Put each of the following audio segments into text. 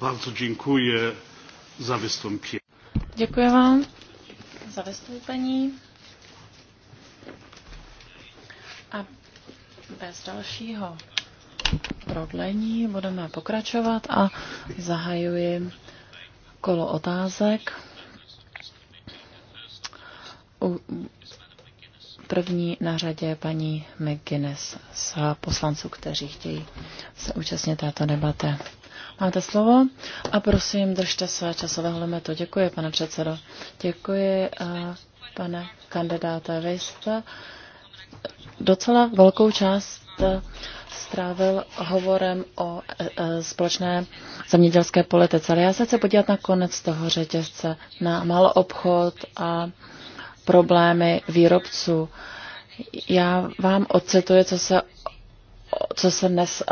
Bardzo dziękuję za wystąpienie. Děkuji vám za vystoupení. A bez dalšího prodlení budeme pokračovat a zahajuji kolo otázek. U první na řadě paní McGuinness z poslanců, kteří chtějí se účastnit této debaty. Máte slovo a prosím, držte své časového limitu. Děkuji, pane předsedo. Děkuji, eh, pane kandidáte. Vy jste docela velkou část eh, strávil hovorem o eh, společné zemědělské politice, ale já se chci podívat na konec toho řetězce, na malý obchod a problémy výrobců. Já vám ocituji, co se, co se dnes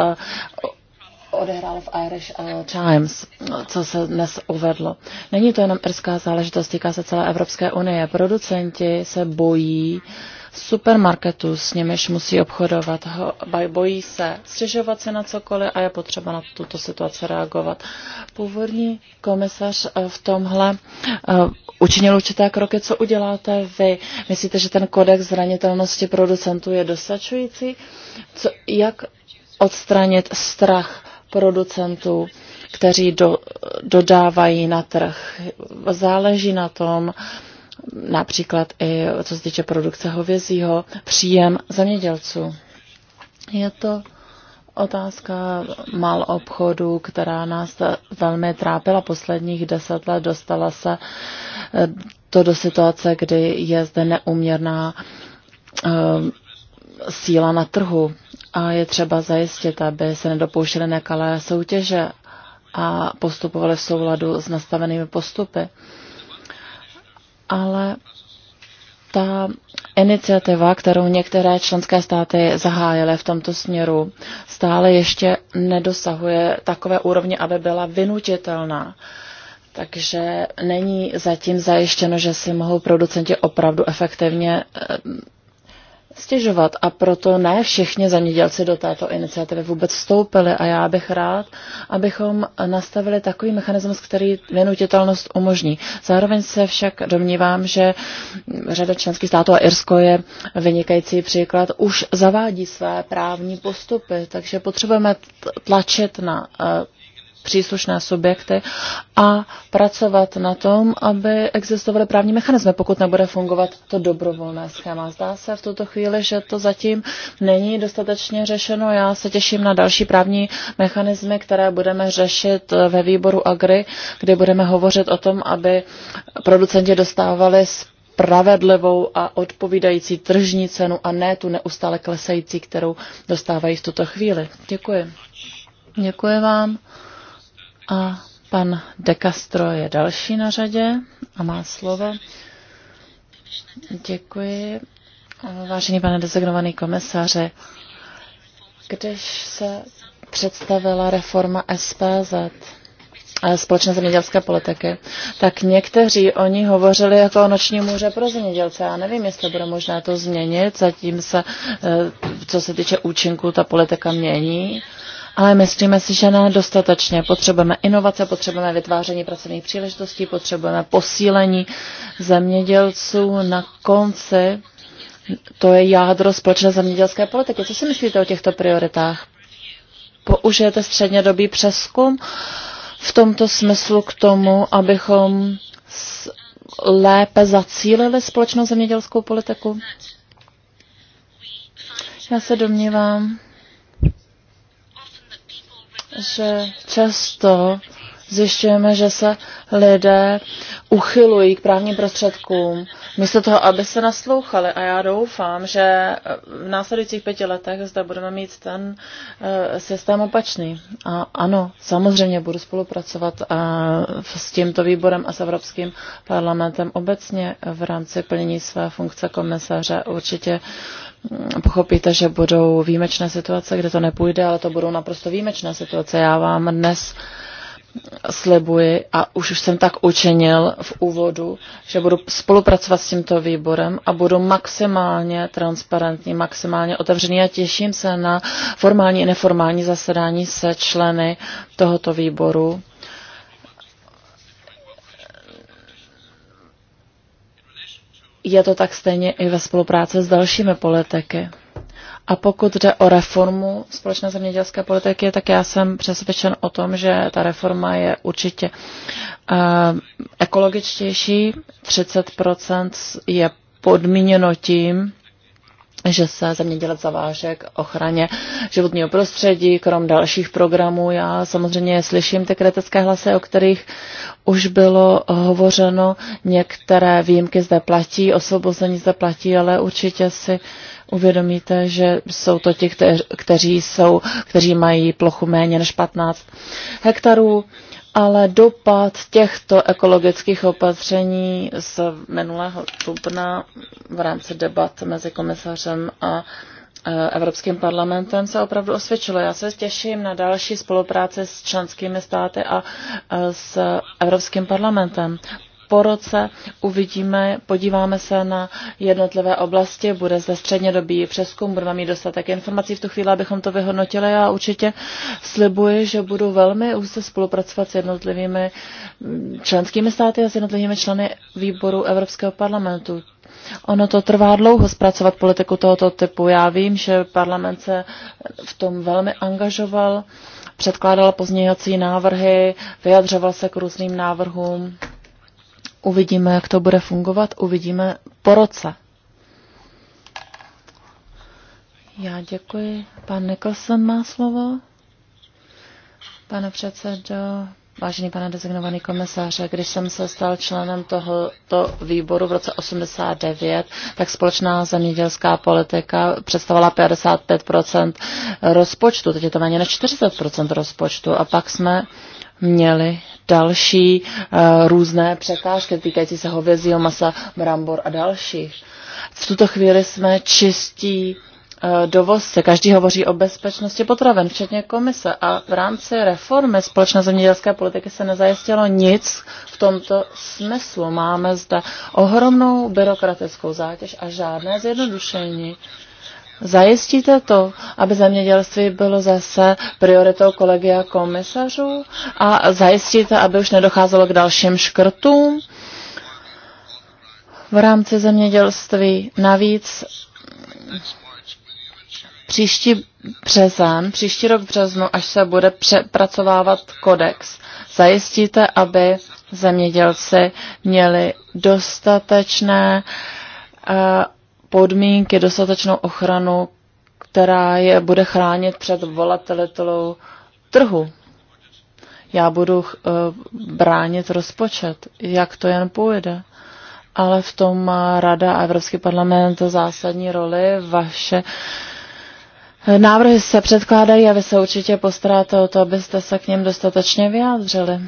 odehrálo v Irish eh, Times, co se dnes uvedlo. Není to jenom irská záležitost, týká se celé Evropské unie. Producenti se bojí supermarketu, s nimiž musí obchodovat, bojí se stěžovat se na cokoliv a je potřeba na tuto situaci reagovat. Původní komisař eh, v tomhle eh, učinil určité kroky, co uděláte vy. Myslíte, že ten kodex zranitelnosti producentů je dostačující? Co, jak odstranit strach producentů, kteří do, dodávají na trh. Záleží na tom, například i co se týče produkce hovězího, příjem zemědělců. Je to otázka mal obchodu, která nás velmi trápila posledních deset let, dostala se eh, to do situace, kdy je zde neuměrná eh, síla na trhu a je třeba zajistit, aby se nedopouštěly nekalé soutěže a postupovaly v souladu s nastavenými postupy. Ale ta iniciativa, kterou některé členské státy zahájily v tomto směru, stále ještě nedosahuje takové úrovně, aby byla vynutitelná. Takže není zatím zajištěno, že si mohou producenti opravdu efektivně eh, stěžovat a proto ne všichni zemědělci do této iniciativy vůbec vstoupili a já bych rád, abychom nastavili takový mechanismus, který vynutitelnost umožní. Zároveň se však domnívám, že řada členských států a Irsko je vynikající příklad, už zavádí své právní postupy, takže potřebujeme tlačit na eh, příslušné subjekty a pracovat na tom, aby existovaly právní mechanismy, pokud nebude fungovat to dobrovolné schéma. Zdá se v tuto chvíli, že to zatím není dostatečně řešeno. Já se těším na další právní mechanismy, které budeme řešit ve výboru Agri, kde budeme hovořit o tom, aby producenti dostávali spravedlivou a odpovídající tržní cenu a ne tu neustále klesající, kterou dostávají v tuto chvíli. Děkuji. Děkuji vám. A pan De Castro je další na řadě a má slovo. Děkuji. Vážený pane dezignovaný komisaře, když se představila reforma SPZ, eh, společné zemědělské politiky, tak někteří o ní hovořili jako o noční můře pro zemědělce. Já nevím, jestli bude možné to změnit, zatím se, eh, co se týče účinku, ta politika mění ale myslíme si, že ne dostatečně. Potřebujeme inovace, potřebujeme vytváření pracovních příležitostí, potřebujeme posílení zemědělců na konci. To je jádro společné zemědělské politiky. Co si myslíte o těchto prioritách? Použijete střednědobý přeskum v tomto smyslu k tomu, abychom lépe zacílili společnou zemědělskou politiku? Já se domnívám, že často zjišťujeme, že se lidé uchylují k právním prostředkům, místo toho, aby se naslouchali. A já doufám, že v následujících pěti letech zde budeme mít ten uh, systém opačný. A ano, samozřejmě budu spolupracovat eh, s tímto výborem a s Evropským parlamentem obecně v rámci plnění své funkce komisaře. Určitě pochopíte, že budou výjimečné situace, kde to nepůjde, ale to budou naprosto výjimečné situace. Já vám dnes slibuji a už jsem tak učinil v úvodu, že budu spolupracovat s tímto výborem a budu maximálně transparentní, maximálně otevřený a těším se na formální i neformální zasedání se členy tohoto výboru je to tak stejně i ve spolupráci s dalšími politiky. A pokud jde o reformu společné zemědělské politiky, tak já jsem přesvědčen o tom, že ta reforma je určitě uh, ekologičtější. 30% je podmíněno tím, že se zemědělec zaváže k ochraně životního prostředí, krom dalších programů. Já samozřejmě slyším ty kritické hlasy, o kterých už bylo hovořeno. Některé výjimky zde platí, osvobození zde platí, ale určitě si uvědomíte, že jsou to ti, kteří, jsou, kteří mají plochu méně než 15 hektarů ale dopad těchto ekologických opatření z minulého dubna v rámci debat mezi komisařem a e, Evropským parlamentem se opravdu osvědčilo. Já se těším na další spolupráci s členskými státy a e, s Evropským parlamentem. Po roce uvidíme, podíváme se na jednotlivé oblasti, bude zde střednědobý přeskum, budeme mít dostatek informací v tu chvíli, abychom to vyhodnotili a určitě slibuji, že budu velmi úzce spolupracovat s jednotlivými mm, členskými státy a s jednotlivými členy výboru Evropského parlamentu. Ono to trvá dlouho zpracovat politiku tohoto typu. Já vím, že parlament se v tom velmi angažoval, předkládal pozměňovací návrhy, vyjadřoval se k různým návrhům. Uvidíme, jak to bude fungovat, uvidíme po roce. Já děkuji. Pan Nicholson má slovo. Pane předsedo, Vážený pane dezignovaný komisáře, když jsem se stal členem tohoto výboru v roce 89, tak společná zemědělská politika představovala 55 rozpočtu, teď je to méně než 40 rozpočtu a pak jsme měli další uh, různé překážky týkající se hovězího masa, brambor a dalších. V tuto chvíli jsme čistí Eh, dovozce. Každý hovoří o bezpečnosti potraven, včetně komise. A v rámci reformy společné zemědělské politiky se nezajistilo nic v tomto smyslu. Máme zde ohromnou byrokratickou zátěž a žádné zjednodušení. Zajistíte to, aby zemědělství bylo zase prioritou kolegia komisařů a zajistíte, aby už nedocházelo k dalším škrtům v rámci zemědělství. Navíc Příští březen, příští rok v březnu, až se bude přepracovávat kodex, zajistíte, aby zemědělci měli dostatečné eh, podmínky, dostatečnou ochranu, která je bude chránit před volatilitou trhu. Já budu eh, bránit rozpočet, jak to jen půjde ale v tom má Rada a Evropský parlament zásadní roli. Vaše Návrhy se předkládají a vy se určitě postaráte o to, abyste se k něm dostatečně vyjádřili.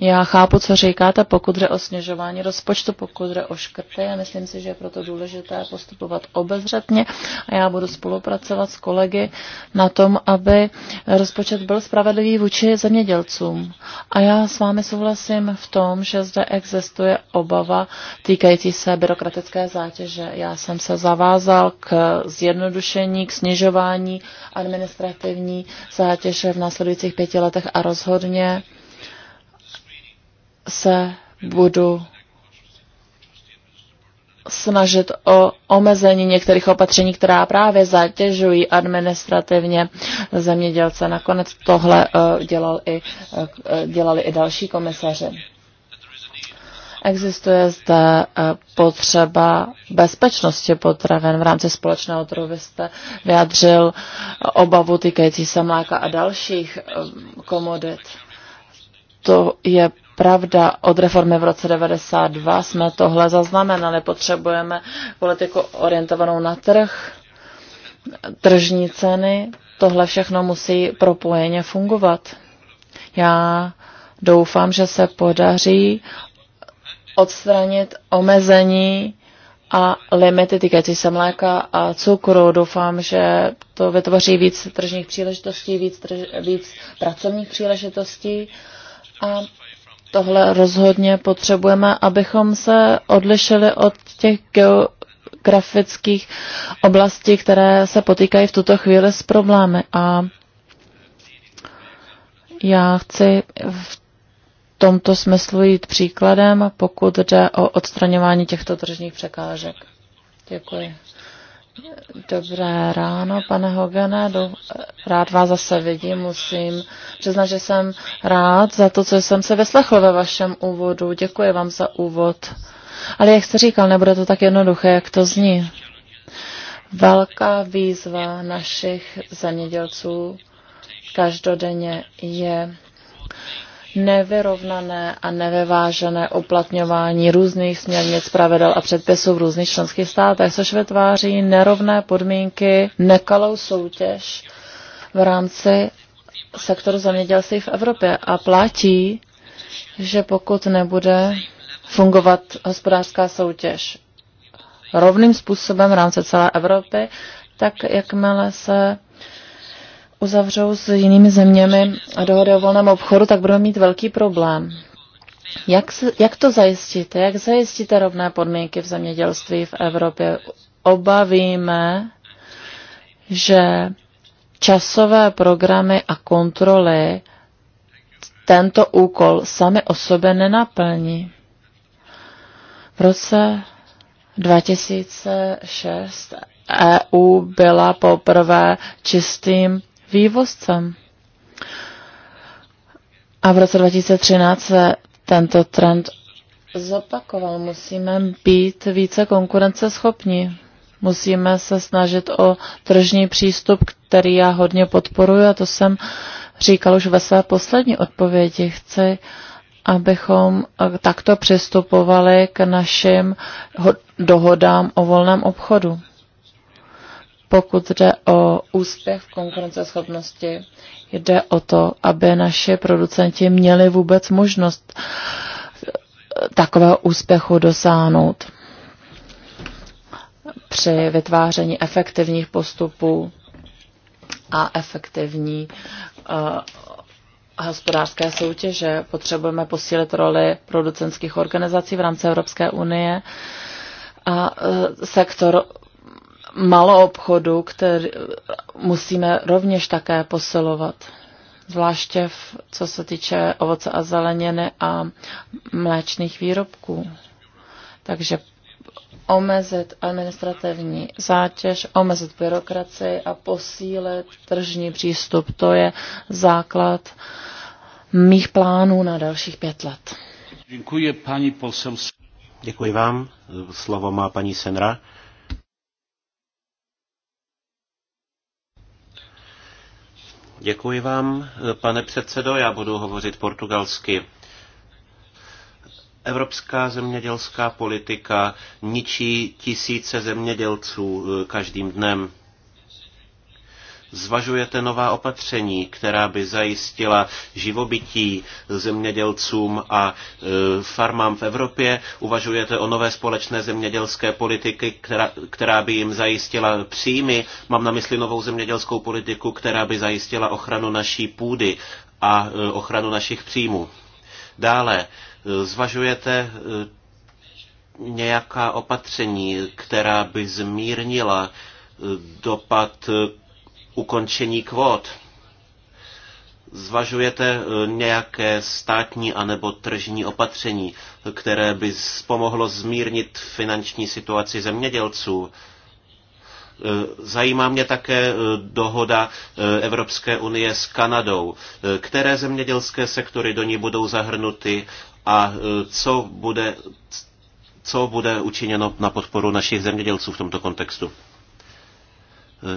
Já chápu, co říkáte, pokud jde o snižování rozpočtu, pokud jde o škrty. Já myslím si, že je proto důležité postupovat obezřetně a já budu spolupracovat s kolegy na tom, aby rozpočet byl spravedlivý vůči zemědělcům. A já s vámi souhlasím v tom, že zde existuje obava týkající se byrokratické zátěže. Já jsem se zavázal k zjednodušení, k snižování administrativní zátěže v následujících pěti letech a rozhodně se budu snažit o omezení některých opatření, která právě zatěžují administrativně zemědělce. Nakonec tohle eh, dělal i, eh, dělali i další komisaři. Existuje zde eh, potřeba bezpečnosti potravin v rámci společného trhu. Vy jste vyjadřil obavu týkající se mláka a dalších komodit. To je pravda. Od reformy v roce 92 jsme tohle zaznamenali. Potřebujeme politiku orientovanou na trh, tržní ceny. Tohle všechno musí propojeně fungovat. Já doufám, že se podaří odstranit omezení a limity týkající se mléka a cukru. Doufám, že to vytvoří víc tržních příležitostí, víc, trž, víc pracovních příležitostí a tohle rozhodně potřebujeme, abychom se odlišili od těch geografických oblastí, které se potýkají v tuto chvíli s problémy. A já chci v tomto smyslu jít příkladem, pokud jde o odstraňování těchto tržních překážek. Děkuji. Dobré ráno, pane Hogane, rád vás zase vidím, musím přiznat, že jsem rád za to, co jsem se vyslechl ve vašem úvodu. Děkuji vám za úvod. Ale jak jste říkal, nebude to tak jednoduché, jak to zní. Velká výzva našich zemědělců každodenně je nevyrovnané a nevyvážené uplatňování různých směrnic, pravidel a předpisů v různých členských státech, což vytváří nerovné podmínky, nekalou soutěž v rámci sektoru zemědělství v Evropě. A platí, že pokud nebude fungovat hospodářská soutěž rovným způsobem v rámci celé Evropy, tak jakmile se uzavřou s jinými zeměmi a dohody o volném obchodu, tak budeme mít velký problém. Jak, jak to zajistíte? Jak zajistíte rovné podmínky v zemědělství v Evropě? Obavíme, že časové programy a kontroly tento úkol sami o sobě nenaplní. V roce 2006 EU byla poprvé čistým vývozcem. A v roce 2013 se tento trend zopakoval. Musíme být více konkurenceschopní. Musíme se snažit o tržní přístup, který já hodně podporuji a to jsem říkal už ve své poslední odpovědi. Chci, abychom eh, takto přistupovali k našim dohodám o volném obchodu pokud jde o úspěch v konkurenceschopnosti, jde o to, aby naši producenti měli vůbec možnost eh, takového úspěchu dosáhnout při vytváření efektivních postupů a efektivní uh, hospodářské soutěže. Potřebujeme posílit roli producentských organizací v rámci Evropské unie a uh, sektor maloobchodu, obchodu, který musíme rovněž také posilovat. Zvláště v, co se týče ovoce a zeleniny a mléčných výrobků. Takže omezit administrativní zátěž, omezit byrokracii a posílit tržní přístup. To je základ mých plánů na dalších pět let. Děkuji, paní posel. Děkuji vám. Slovo má paní Senra. Děkuji vám, pane předsedo, já budu hovořit portugalsky. Evropská zemědělská politika ničí tisíce zemědělců eh, každým dnem zvažujete nová opatření, která by zajistila živobytí zemědělcům a e, farmám v Evropě? Uvažujete o nové společné zemědělské politiky, která, která by jim zajistila příjmy? Mám na mysli novou zemědělskou politiku, která by zajistila ochranu naší půdy a e, ochranu našich příjmů. Dále, e, zvažujete nějaká opatření, která by zmírnila dopad ukončení kvót. Zvažujete eh, nějaké státní anebo tržní opatření, které by pomohlo zmírnit finanční situaci zemědělců? Eh, zajímá mě také eh, dohoda Evropské unie s Kanadou. Které zemědělské sektory do ní budou zahrnuty a co bude, co bude učiněno na podporu našich zemědělců v tomto kontextu?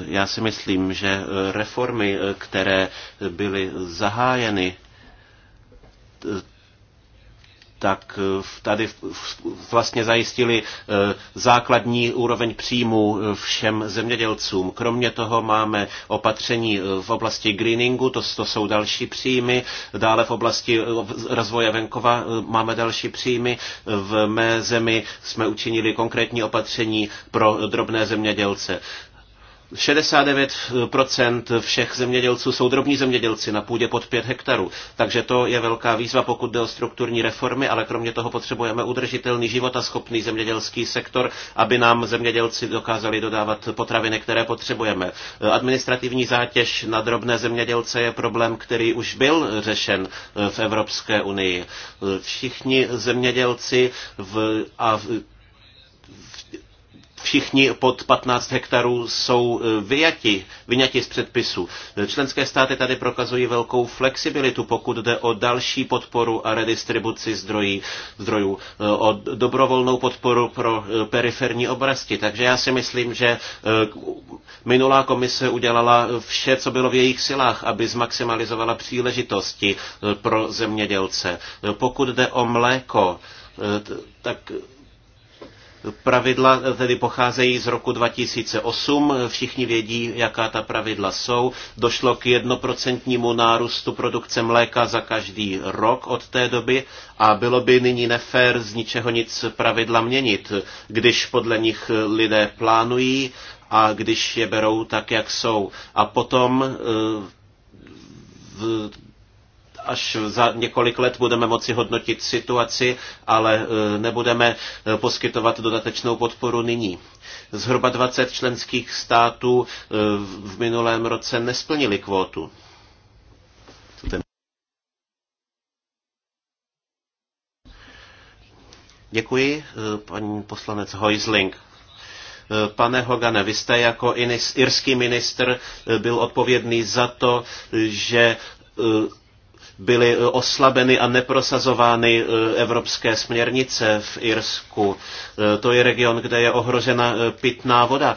Já si myslím, že eh, reformy, eh, které byly zahájeny, eh, tak tady vlastně zajistili základní úroveň příjmů všem zemědělcům. Kromě toho máme opatření v oblasti greeningu, to, to jsou další příjmy, dále v oblasti rozvoje venkova máme další příjmy. V mé zemi jsme učinili konkrétní opatření pro drobné zemědělce. 69% všech zemědělců jsou drobní zemědělci na půdě pod 5 hektarů, takže to je velká výzva, pokud jde o strukturní reformy, ale kromě toho potřebujeme udržitelný život a schopný zemědělský sektor, aby nám zemědělci dokázali dodávat potraviny, které potřebujeme. Administrativní zátěž na drobné zemědělce je problém, který už byl řešen v Evropské unii. Všichni zemědělci v, a všichni pod 15 hektarů jsou e, vyjati, vyňati z předpisu. Členské státy tady prokazují velkou flexibilitu, pokud jde o další podporu a redistribuci zdrojí, zdrojů, e, o dobrovolnou podporu pro e, periferní oblasti. Takže já si myslím, že minulá komise udělala vše, co bylo v jejich silách, aby zmaximalizovala příležitosti pro zemědělce. Pokud jde o mléko, tak Pravidla tedy pocházejí z roku 2008, všichni vědí, jaká ta pravidla jsou. Došlo k jednoprocentnímu nárůstu produkce mléka za každý rok od té doby a bylo by nyní nefér z ničeho nic pravidla měnit, když podle nich lidé plánují a když je berou tak, jak jsou. A potom eh, až za několik let budeme moci hodnotit situaci, ale e, nebudeme e, poskytovat dodatečnou podporu nyní. Zhruba 20 členských států e, v minulém roce nesplnili kvótu. Děkuji, paní poslanec Heusling. Pane Hogane, vy jste jako irský ministr byl odpovědný za to, že byly eh, oslabeny a neprosazovány eh, evropské směrnice v Irsku. Eh, to je region, kde je ohrožena pitná voda.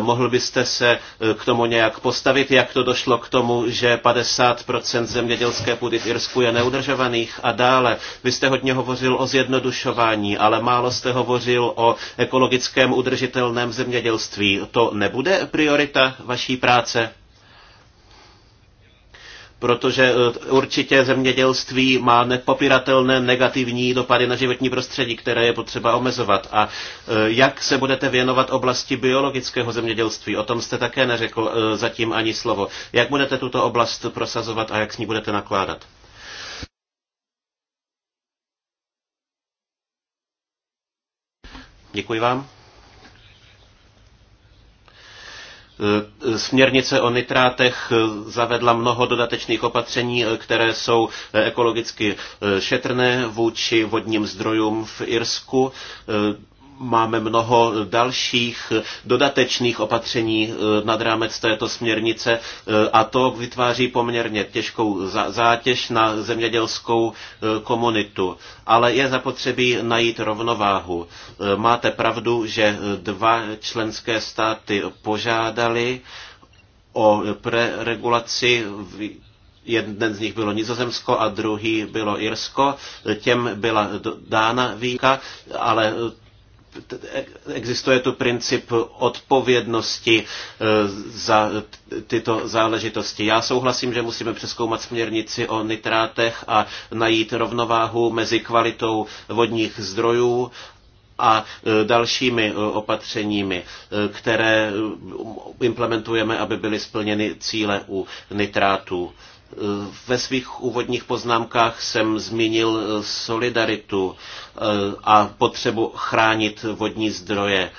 Mohl byste se k tomu nějak postavit, jak to došlo k tomu, že 50% zemědělské půdy v Irsku je neudržovaných a dále. Vy jste hodně hovořil o zjednodušování, ale málo jste hovořil o ekologickém udržitelném zemědělství. To nebude priorita vaší práce? protože e, určitě zemědělství má nepopiratelné negativní dopady na životní prostředí, které je potřeba omezovat. A e, jak se budete věnovat oblasti biologického zemědělství? O tom jste také neřekl e, zatím ani slovo. Jak budete tuto oblast prosazovat a jak s ní budete nakládat? Děkuji vám. Eh, eh, směrnice o nitrátech eh, zavedla mnoho dodatečných opatření, které jsou ekologicky šetrné vůči vodním zdrojům v Irsku máme mnoho dalších dodatečných opatření eh, nad rámec této směrnice eh, a to vytváří poměrně těžkou zátěž na zemědělskou eh, komunitu. Ale je zapotřebí najít rovnováhu. Máte pravdu, že dva členské státy požádali o preregulaci jeden z nich bylo Nizozemsko a druhý bylo Irsko. Těm byla dána výjimka, ale existuje tu princip odpovědnosti eh, za tyto záležitosti. Já souhlasím, že musíme přeskoumat směrnici o nitrátech a najít rovnováhu mezi kvalitou vodních zdrojů a eh, dalšími eh, opatřeními, které implementujeme, aby byly splněny cíle u nitrátů. Ve svých úvodních poznámkách jsem zmínil eh, solidaritu eh, a potřebu chránit vodní zdroje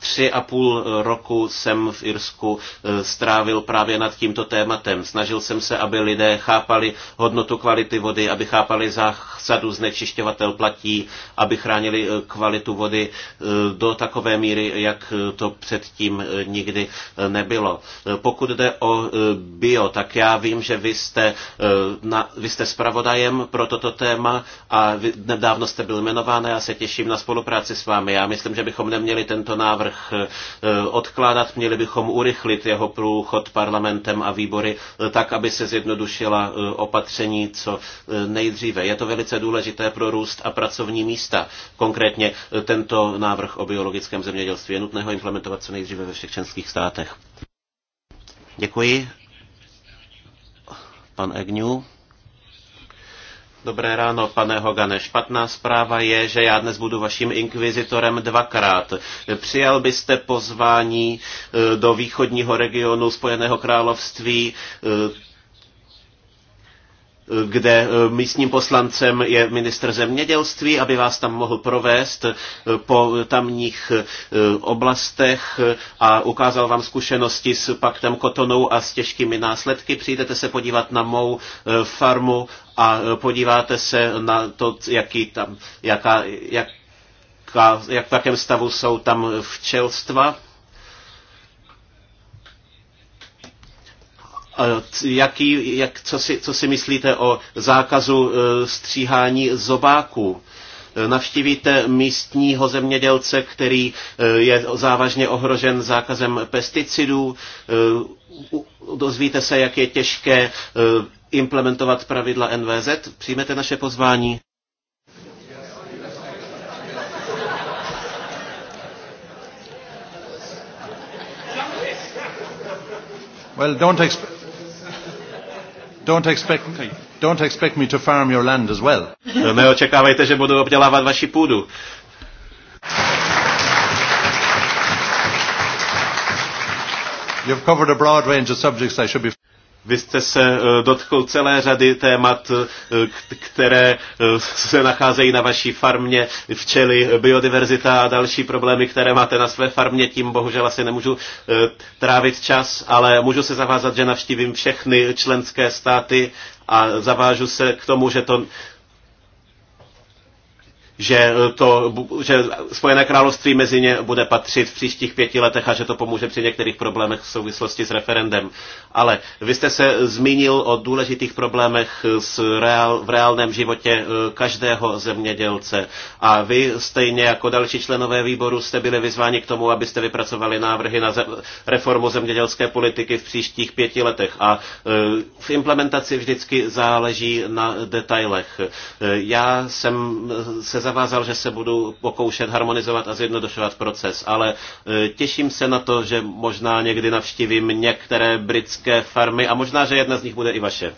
tři a půl roku jsem v Irsku eh, strávil právě nad tímto tématem. Snažil jsem se, aby lidé chápali hodnotu kvality vody, aby chápali zásadu znečišťovatel platí, aby chránili eh, kvalitu vody eh, do takové míry, jak to předtím nikdy nebylo. Pokud jde o bio, tak já vím, že vy jste, na, vy jste spravodajem pro toto téma a vy, nedávno jste byl jmenován a já se těším na spolupráci s vámi. Já myslím, že bychom neměli tento návrh návrh eh, odkládat, měli bychom urychlit jeho průchod parlamentem a výbory eh, tak, aby se zjednodušila eh, opatření co nejdříve. Je to velice důležité pro růst a pracovní místa. Konkrétně tento návrh o biologickém zemědělství je nutné ho implementovat co nejdříve ve všech členských státech. Děkuji. Pan Egňu. Dobré ráno, pane Hogane. Špatná zpráva je, že já dnes budu vaším inkvizitorem dvakrát. Přijal byste pozvání eh, do východního regionu Spojeného království eh, kde eh, místním poslancem je minister zemědělství, aby vás tam mohl provést eh, po tamních eh, oblastech a ukázal vám zkušenosti s paktem kotonou a s těžkými následky. Přijdete se podívat na mou farmu a podíváte se na to, jaký tam, jaká, jak, jak v jakém stavu jsou tam včelstva Jaký, jak, co, si, co si myslíte o zákazu e, stříhání zobáků? E, navštívíte místního zemědělce, který e, je závažně ohrožen zákazem pesticidů? Dozvíte se, jak je těžké implementovat pravidla NVZ? Přijmete naše pozvání? Well, don't expect. Don't expect, don't expect me to farm your land as well. No, neočekávejte, že budu obdělávat vaši půdu. You've covered a broad range of subjects I should be vy jste se eh, dotkl celé řady témat, eh, které eh, se nacházejí na vaší farmě, včely, biodiverzita a další problémy, které máte na své farmě. Tím bohužel asi nemůžu trávit čas, ale můžu se zavázat, že navštívím všechny členské státy a zavážu se k tomu, že to že, eh, to, že Spojené království mezi ně bude patřit v příštích pěti letech a že to pomůže při některých problémech v souvislosti s referendem. Ale vy jste se zmínil o důležitých problémech s reál, v reálném životě eh, každého zemědělce a vy stejně jako další členové výboru jste byli vyzváni k tomu, abyste vypracovali návrhy na zem, reformu zemědělské politiky v příštích pěti letech a eh, v implementaci vždycky záleží na detailech. Já jsem se zavázal, že se budu pokoušet harmonizovat a zjednodušovat proces, ale e, těším se na to, že možná někdy navštívím některé britské farmy a možná, že jedna z nich bude i vaše.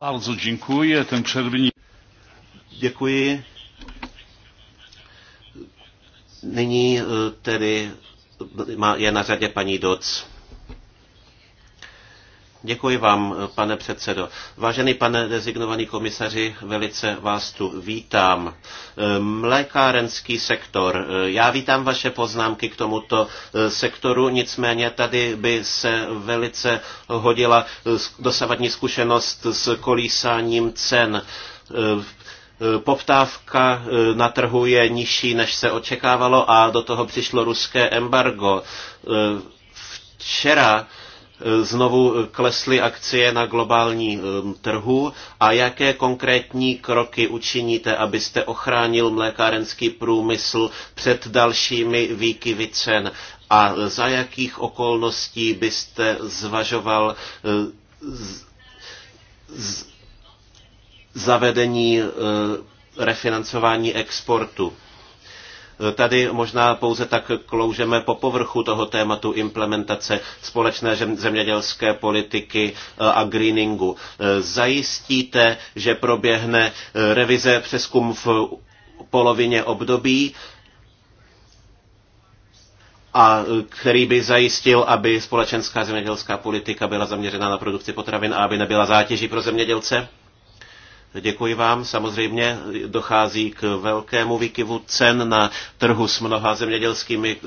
Bardzo dziękuję. Ten czerwini... Děkuji. Nyní e, tedy je na řadě paní Doc. Děkuji vám, pane předsedo. Vážený pane designovaný komisaři, velice vás tu vítám. Mlékárenský sektor. Já vítám vaše poznámky k tomuto eh, sektoru, nicméně tady by se velice hodila eh, dosavadní zkušenost s kolísáním cen. Eh, poptávka na trhu je nižší, než se očekávalo a do toho přišlo ruské embargo. Včera znovu klesly akcie na globální eh, trhu a jaké konkrétní kroky učiníte, abyste ochránil mlékárenský průmysl před dalšími výkyvy cen a za jakých okolností byste zvažoval eh, z, z, zavedení eh, refinancování exportu? Tady možná pouze tak kloužeme po povrchu toho tématu implementace společné zemědělské politiky eh, a greeningu. Eh, zajistíte, že proběhne eh, revize přeskum v polovině období, a který by zajistil, aby společenská zemědělská politika byla zaměřena na produkci potravin a aby nebyla zátěží pro zemědělce? Děkuji vám. Samozřejmě dochází k velkému výkyvu cen na trhu s mnoha zemědělskými eh,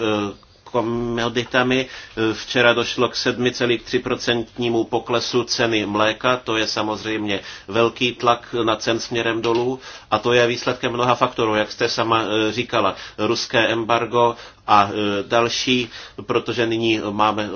komoditami. Včera došlo k 7,3% poklesu ceny mléka, to je samozřejmě velký tlak na cen směrem dolů a to je výsledkem mnoha faktorů, jak jste sama eh, říkala. Ruské embargo a eh, další, protože nyní máme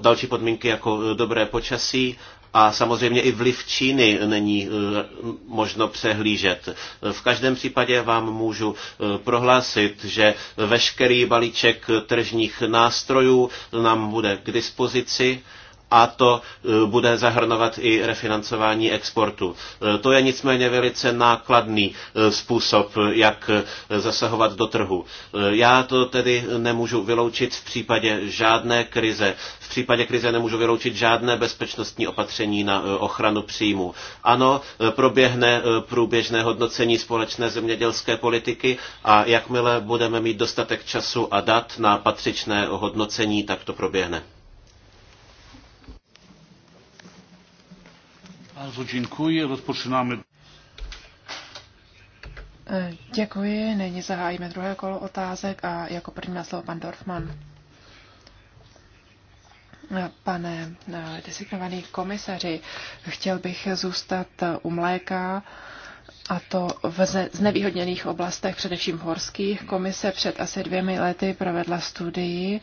další podmínky jako dobré počasí a samozřejmě i vliv Číny není eh, možno přehlížet. V každém případě vám můžu eh, prohlásit, že veškerý balíček tržních nástrojů nám bude k dispozici a to e, bude zahrnovat i refinancování exportu. E, to je nicméně velice nákladný e, způsob, jak zasahovat do trhu. Já to tedy nemůžu vyloučit v případě žádné krize. V případě krize nemůžu vyloučit žádné bezpečnostní opatření na ochranu příjmu. Ano, proběhne průběžné hodnocení společné zemědělské politiky a jakmile budeme mít dostatek času a dat na patřičné hodnocení, tak to proběhne. Bardzo dziękuję. Rozpoczynamy. E, Děkuji. Nyní zahájíme druhé kolo otázek a jako první na slovo pan Dorfman. E, Pane e, designovaný komisaři, chtěl bych zůstat u mléka a to v znevýhodněných oblastech, především horských. Komise před asi dvěmi lety provedla studii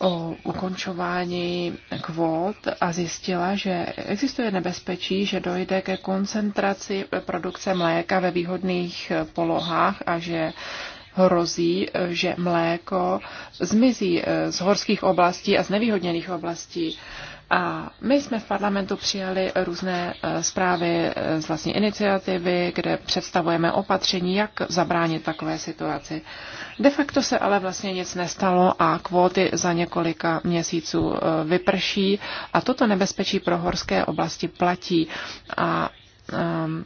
o ukončování kvót a zjistila, že existuje nebezpečí, že dojde ke koncentraci produkce mléka ve výhodných polohách a že hrozí, že mléko zmizí eh, z horských oblastí a z nevýhodněných oblastí. A my jsme v parlamentu přijali různé eh, zprávy eh, z vlastní iniciativy, kde představujeme opatření, jak zabránit takové situaci. De facto se ale vlastně nic nestalo a kvóty za několika měsíců vyprší a toto nebezpečí pro horské oblasti platí. A um,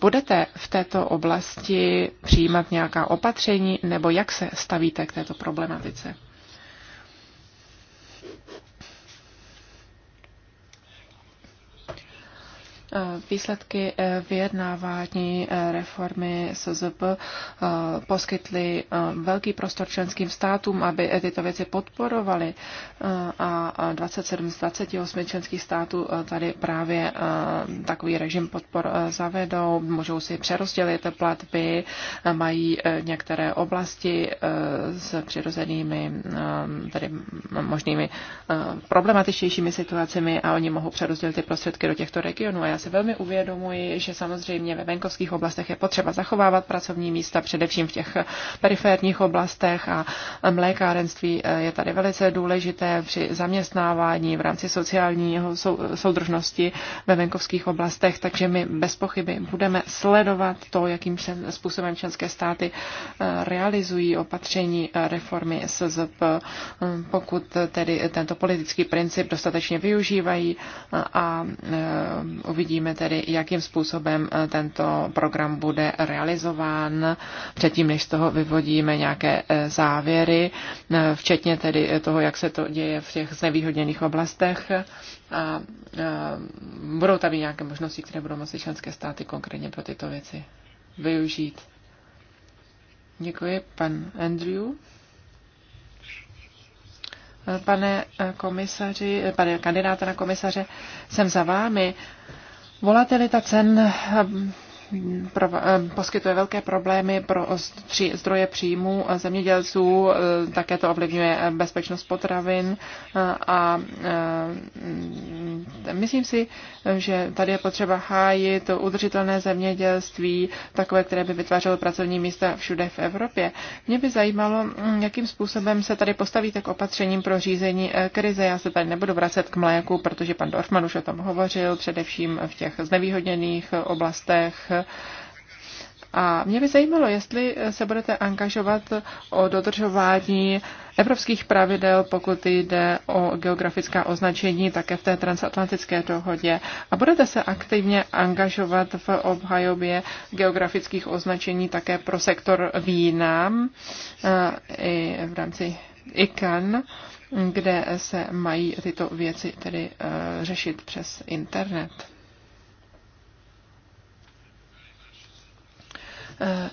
budete v této oblasti přijímat nějaká opatření nebo jak se stavíte k této problematice? Eh, výsledky eh, vyjednávání eh, reformy SZP poskytly velký prostor členským státům, aby tyto věci podporovali a 27 z 28 členských států tady právě takový režim podpor zavedou, můžou si přerozdělit platby, mají některé oblasti s přirozenými tady možnými problematičtějšími situacemi a oni mohou přerozdělit ty prostředky do těchto regionů. A já si velmi uvědomuji, že samozřejmě ve venkovských oblastech je potřeba zachovávat pracovní místa, především v těch periférních oblastech a mlékárenství eh, je tady velice důležité při zaměstnávání v rámci sociálního sou, soudržnosti ve venkovských oblastech, takže my bez pochyby budeme sledovat to, jakým způsobem členské státy eh, realizují opatření eh, reformy SZP, hm, pokud tedy tento politický princip dostatečně využívají a uvidíme, Uvidíme tedy, jakým způsobem eh, tento program bude realizován, předtím, než z toho vyvodíme nějaké eh, závěry, eh, včetně tedy toho, jak se to děje v těch znevýhodněných oblastech. A budou tady nějaké možnosti, které budou moci členské státy konkrétně pro tyto věci využít. Děkuji, pan Andrew. Pane komisaři, pane kandidáta na komisaře, jsem za vámi Volatilita cen Eh, poskytuje velké problémy pro zdroje příjmů zemědělců, eh, také to ovlivňuje eh, bezpečnost potravin a mm, myslím si, že tady je potřeba hájit udržitelné zemědělství, takové, které by vytvářelo pracovní místa všude v Evropě. Mě by zajímalo, mm, jakým způsobem se tady postavíte k opatřením pro řízení krize. Já se tady nebudu vracet k mléku, protože pan Dorfman už o tom hovořil, především v těch znevýhodněných oblastech a mě by zajímalo, jestli se budete angažovat o dodržování evropských pravidel, pokud jde o geografická označení, také v té transatlantické dohodě. A budete se aktivně angažovat v obhajobě geografických označení také pro sektor vínám eh, i v rámci ICAN, kde se mají tyto věci tedy eh, řešit přes internet. Eh,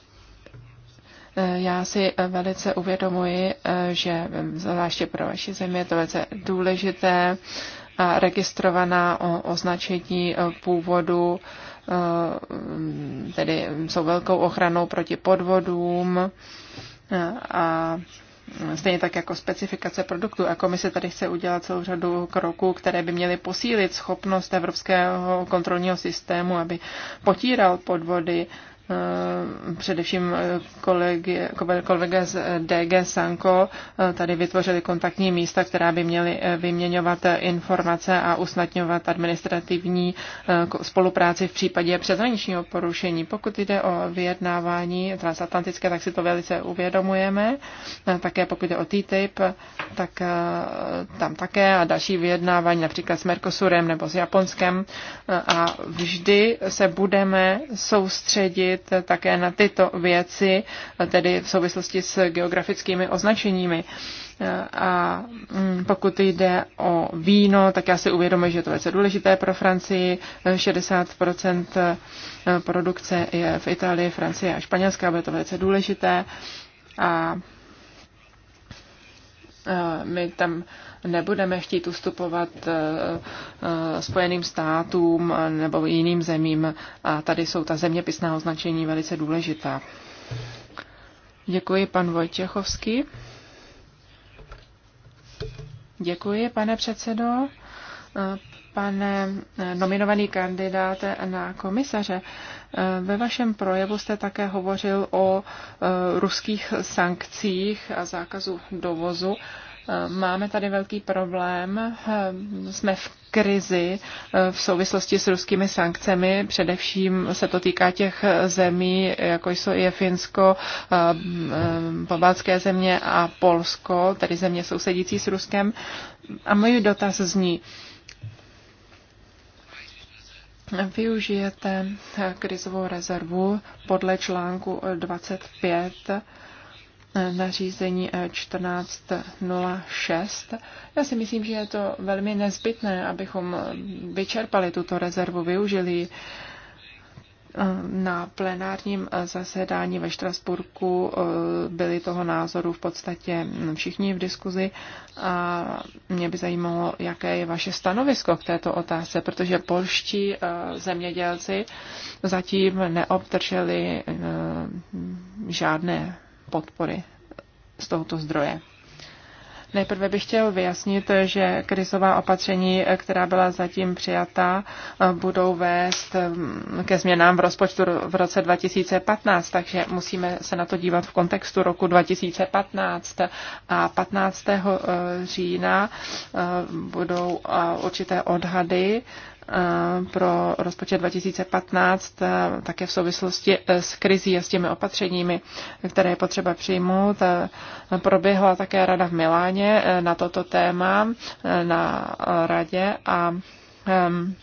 já si velice uvědomuji, eh, že mm, zvláště pro vaši zemi je to velice důležité a registrovaná označení eh, původu tedy jsou velkou ochranou proti podvodům a stejně tak jako specifikace produktů. A komise tady chce udělat celou řadu kroků, které by měly posílit schopnost evropského kontrolního systému, aby potíral podvody Eh, především eh, kolegy, kolegy z eh, DG Sanko tady vytvořili kontaktní místa, která by měly vyměňovat informace a usnadňovat administrativní spolupráci v případě přeshraničního porušení. Pokud jde o vyjednávání transatlantické, tak si to velice uvědomujeme. Také pokud jde o TTIP, tak tam také a další vyjednávání například s Mercosurem nebo s Japonskem a vždy se budeme soustředit zaměřit také na tyto věci, tedy v souvislosti s geografickými označeními. A mm, pokud jde o víno, tak já si uvědomuji, že je to velice důležité pro Francii. 60% eh, produkce je v Itálii, Francii a Španělská, bude to velice důležité. A Eh, my tam nebudeme chtít ustupovat eh, eh, Spojeným státům nebo jiným zemím a tady jsou ta zeměpisná označení velice důležitá. Děkuji, pan Vojtěchovský. Děkuji, pane předsedo pane eh, nominovaný kandidát na komisaře, eh, ve vašem projevu jste také hovořil o eh, ruských sankcích a zákazu dovozu. Máme tady velký problém, jsme v krizi v souvislosti s ruskými sankcemi. Především se to týká těch zemí, jako jsou je Finsko, pobaltské země a Polsko, tedy země sousedící s Ruskem. A můj dotaz zní, využijete krizovou rezervu podle článku 25 nařízení 1406. Já si myslím, že je to velmi nezbytné, abychom vyčerpali tuto rezervu, využili na plenárním eh, zasedání ve Štrasburku eh, byli toho názoru v podstatě všichni v diskuzi a mě by zajímalo, jaké je vaše stanovisko k této otázce, protože polští eh, zemědělci zatím neobdrželi žádné podpory z tohoto zdroje. Nejprve bych chtěl vyjasnit, že krizová opatření, která byla zatím přijata, budou vést mm, ke změnám v rozpočtu v roce 2015, takže musíme se na to dívat v kontextu roku 2015. A 15. Eh, října eh, budou eh, určité odhady Eh, pro rozpočet 2015 eh, také v souvislosti eh, s krizí a s těmi opatřeními, které je potřeba přijmout. Proběhla také rada v Miláně na toto téma na radě a ehm,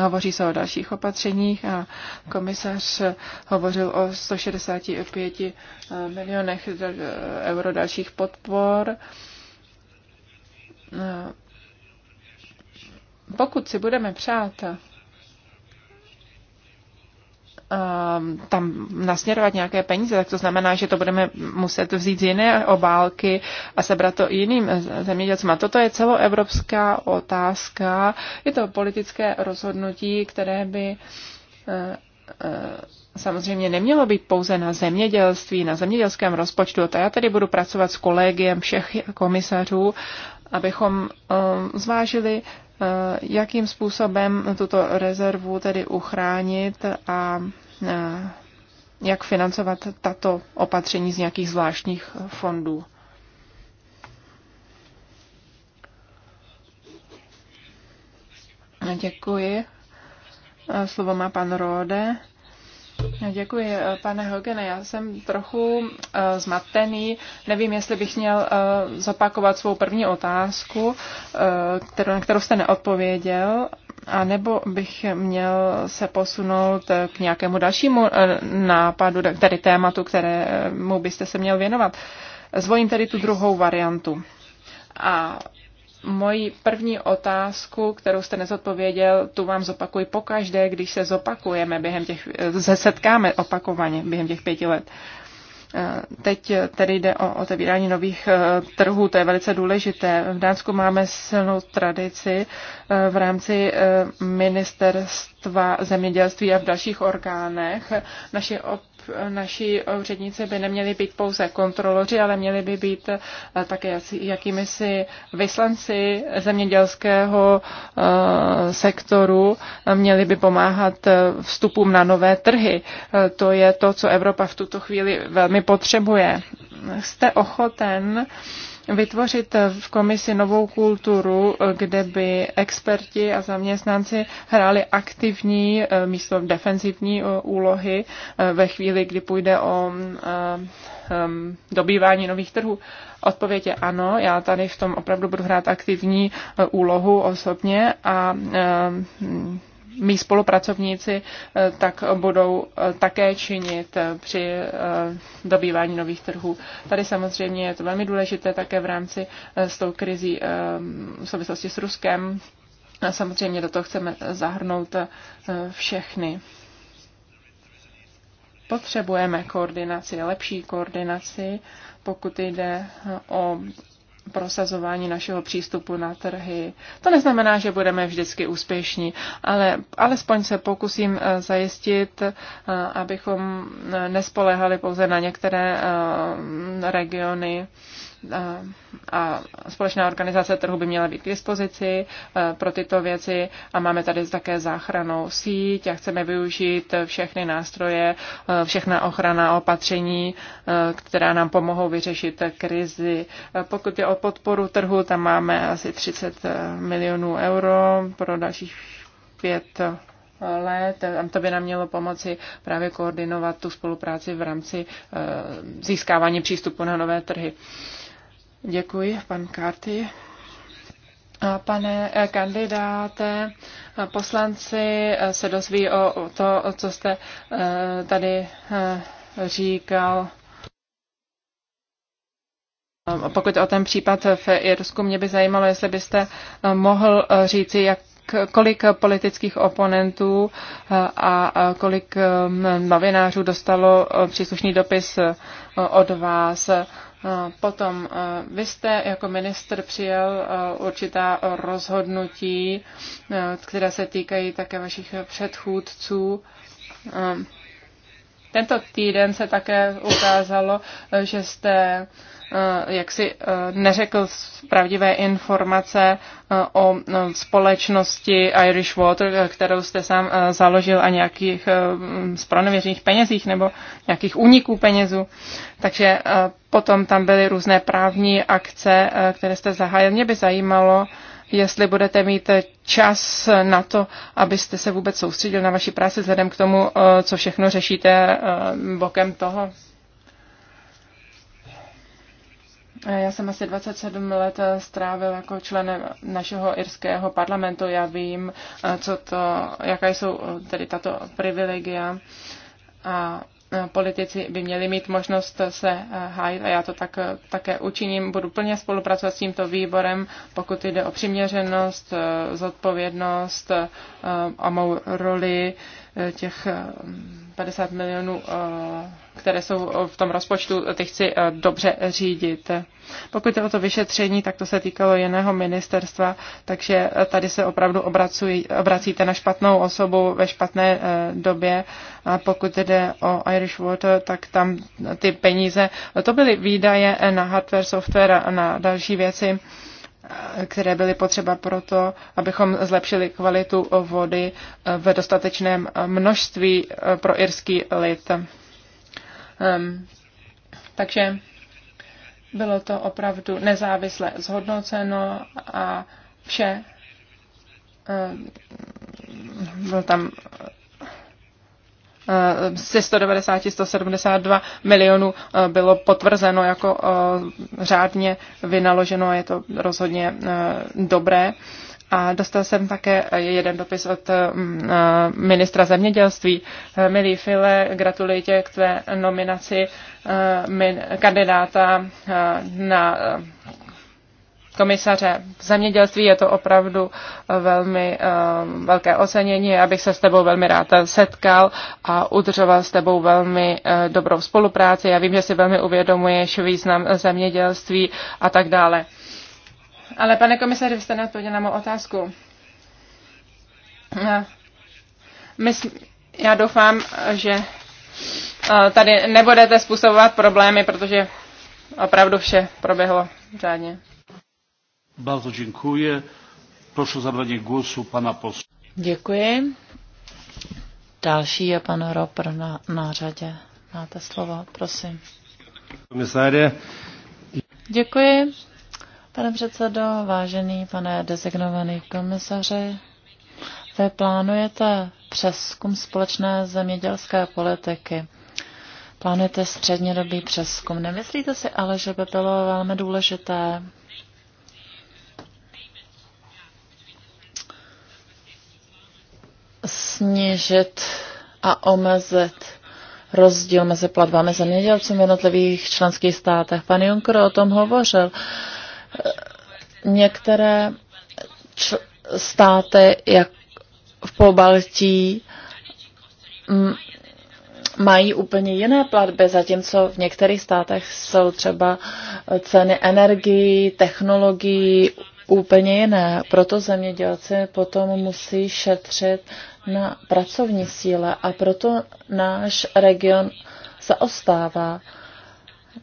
Hovoří se o dalších opatřeních a komisař hovořil o 165 milionech euro dalších podpor pokud si budeme přát ehm, tam nasměrovat nějaké peníze, tak to znamená, že to budeme muset vzít z jiné obálky a sebrat to jiným zemědělcům. A toto je celoevropská otázka. Je to politické rozhodnutí, které by eh, eh, samozřejmě nemělo být pouze na zemědělství, na zemědělském rozpočtu. A já tady budu pracovat s kolegiem všech komisařů, abychom ehm, zvážili Eh, jakým způsobem tuto rezervu tedy uchránit a eh, jak financovat tato opatření z nějakých zvláštních fondů. Děkuji. Eh, slovo má pan Rode. Děkuji, eh, pane Hogene. Já jsem trochu uh, zmatený. Nevím, jestli bych měl uh, zopakovat svou první otázku, uh, kterou, na kterou jste neodpověděl, a nebo bych měl se posunout k nějakému dalšímu uh, nápadu, tedy tématu, kterému byste se měl věnovat. Zvojím tedy tu druhou variantu. A moji první otázku, kterou jste nezodpověděl, tu vám zopakuji pokaždé, když se zopakujeme během těch, se setkáme opakovaně během těch pěti let. Eh, teď tedy jde o otevírání nových eh, trhů, to je velice důležité. V Dánsku máme silnou tradici eh, v rámci ministerstva zemědělství a v dalších orgánech. Naši naší úředníci by neměli být pouze kontroloři, ale měli by být eh, také jakými si vyslanci zemědělského eh, sektoru, měli by pomáhat eh, vstupům na nové trhy. To je to, co Evropa v tuto chvíli velmi potřebuje. Jste ochoten uh, vytvořit v komisi novou kulturu, kde by experti a zaměstnanci hráli aktivní eh, místo defenzivní eh, úlohy eh, ve chvíli, kdy půjde o dobývání nových trhů. Odpověď je ano, já tady v tom opravdu budu hrát aktivní úlohu osobně a mý spolupracovníci eh, tak budou eh, také činit eh, při dobývání nových trhů. Tady samozřejmě je to velmi důležité také v rámci s tou krizí v souvislosti s Ruskem. Samozřejmě do toho chceme zahrnout všechny. Potřebujeme koordinaci, lepší koordinaci, pokud jde o prosazování našeho přístupu na trhy. To neznamená, že budeme vždycky úspěšní, ale alespoň se pokusím eh, zajistit, eh, abychom eh, nespolehali pouze na některé regiony a společná organizace trhu by měla být k dispozici e, pro tyto věci a máme tady také záchranou síť a chceme využít všechny nástroje, e, všechna ochrana opatření, e, která nám pomohou vyřešit krizi. Pokud je o podporu trhu, tam máme asi 30 milionů euro pro dalších pět let. Tam to by nám mělo pomoci právě koordinovat tu spolupráci v rámci získávání přístupu na nové trhy. Děkuji, pan Karty. Pane eh, kandidáte, eh, poslanci eh, se dozví o to, co jste tady říkal. Pokud o ten případ v Irsku, mě by zajímalo, jestli byste mohl říci, jak kolik politických oponentů a kolik novinářů dostalo příslušný dopis od vás. Potom vy jste jako minister přijel určitá rozhodnutí, která se týkají také vašich předchůdců. Tento týden se také ukázalo, že jste eh, jak si eh, neřekl pravdivé informace eh, o no, společnosti Irish Water, kterou jste sám založil a nějakých spronověřených penězích nebo nějakých úniků penězů. Takže potom tam byly různé právní akce, které jste zahájil. Mě by zajímalo, jestli budete mít čas na to, abyste se vůbec soustředil na vaši práci vzhledem k tomu, eh, co všechno řešíte eh, bokem toho. Já jsem asi 27 let eh, strávil jako člen našeho irského parlamentu. Já vím, co to, jaká jsou tedy tato privilegia. A politici by měli mít možnost se eh, hájit a já to tak, eh, také učiním. Budu plně spolupracovat s tímto výborem, pokud jde o přiměřenost, eh, zodpovědnost a mou roli těch 50 milionů, eh, které jsou v tom rozpočtu, ty chci eh, dobře řídit. Pokud je o to vyšetření, tak to se týkalo jiného ministerstva, takže eh, tady se opravdu obracují, obracíte na špatnou osobu ve špatné době. A pokud jde o Irish Water, tak tam ty peníze, to byly výdaje na hardware, software a na další věci které byly potřeba proto, abychom zlepšili kvalitu vody v dostatečném množství eh, pro irský lid. Ehm, takže bylo to opravdu nezávisle zhodnoceno a vše eh, byl tam ze 190 172 milionů eh, bylo potvrzeno jako eh, řádně vynaloženo a je to rozhodně eh, dobré. A dostal jsem také jeden dopis od mm, ministra zemědělství. Milý File, gratuluji tě k tvé nominaci kandidáta na komisaře. V zemědělství je to opravdu eh, velmi um, velké ocenění. Abych se s tebou velmi rád setkal a udržoval s tebou velmi uh, dobrou spolupráci. Já vím, že si velmi uvědomuješ význam zemědělství a tak dále. Ale pane komisaři, vy jste neodpověděl na mou otázku. Myslím, já doufám, že tady nebudete způsobovat problémy, protože opravdu vše proběhlo řádně. Bardzo dziękuję. Proszę o zabranie głosu pana posła. Děkuji. Další je pan Ropr na, na řadě. Máte slovo, prosím. Komisáře. Děkuji. Pane předsedo, vážený pane designovaný komisaři, vy plánujete přeskum společné zemědělské politiky. Plánujete střednědobý přeskum. Nemyslíte si ale, že by bylo velmi důležité snížit a omezit rozdíl mezi platbami zemědělců v jednotlivých členských státech. Pan Juncker o tom hovořil. Některé státy, jak v Pobaltí, mají úplně jiné platby, zatímco v některých státech jsou třeba ceny energií, technologií úplně jiné. Proto zemědělci potom musí šetřit na pracovní síle a proto náš region zaostává.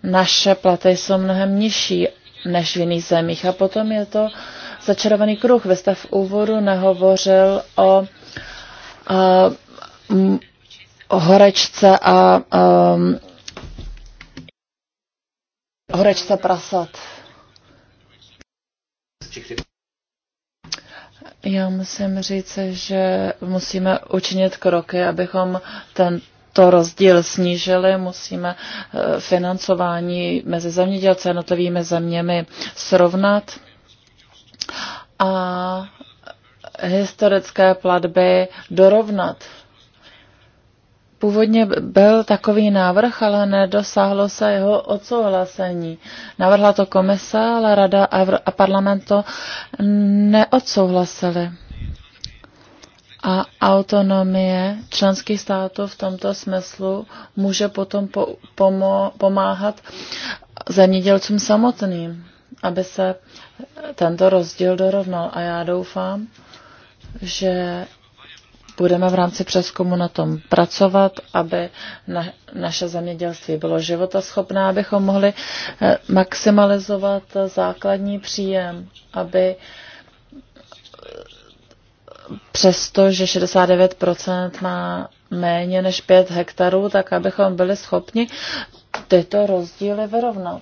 Naše platy jsou mnohem nižší než v jiných zemích. A potom je to začarovaný kruh. Vy jste v úvodu nehovořil o a, m, horečce a um, horečce prasat. Já musím říct, že musíme učinit kroky, abychom ten, to rozdíl snížili, musíme eh, financování mezi zemědělci a jednotlivými zeměmi srovnat. A historické platby dorovnat. Původně byl takový návrh, ale nedosáhlo se jeho odsouhlasení. Navrhla to komise, ale rada a parlament to neodsouhlasili. A autonomie členských států v tomto smyslu může potom po, pomáhat zemědělcům samotným, aby se tento rozdíl dorovnal. A já doufám, že budeme v rámci přeskumu na tom pracovat, aby na, naše zemědělství bylo životaschopné, abychom mohli eh, maximalizovat základní příjem, aby přesto, že 69% má méně než 5 hektarů, tak abychom byli schopni tyto rozdíly vyrovnat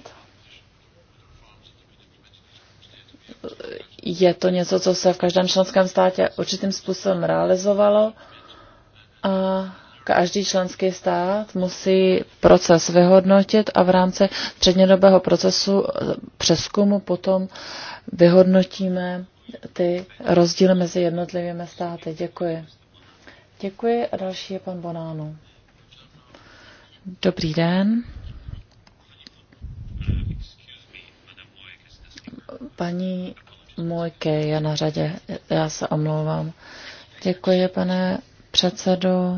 je to něco, co se v každém členském státě určitým způsobem realizovalo a každý členský stát musí proces vyhodnotit a v rámci střednědobého procesu eh, přeskumu potom vyhodnotíme ty rozdíly mezi jednotlivými státy. Děkuji. Děkuji a další je pan Bonánu. Dobrý den. Paní můj kej je na řadě, já se omlouvám. Děkuji, pane předsedo.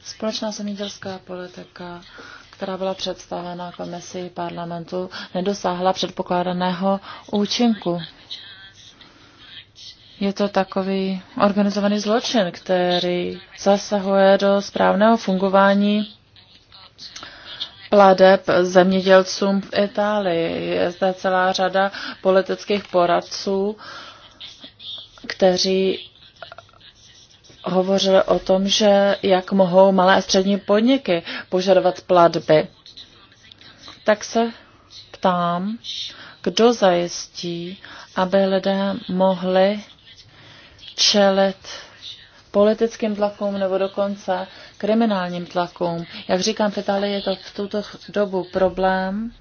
Společná zemědělská politika, která byla představena komisí parlamentu, nedosáhla předpokládaného účinku. Je to takový organizovaný zločin, který zasahuje do správného fungování pladeb zemědělcům v Itálii. Je zde celá řada politických poradců, kteří hovořili o tom, že jak mohou malé a střední podniky požadovat platby. Tak se ptám, kdo zajistí, aby lidé mohli čelit politickým tlakům nebo dokonce kriminálním tlakům. Jak říkám, v Itálii je to v tuto dobu problém.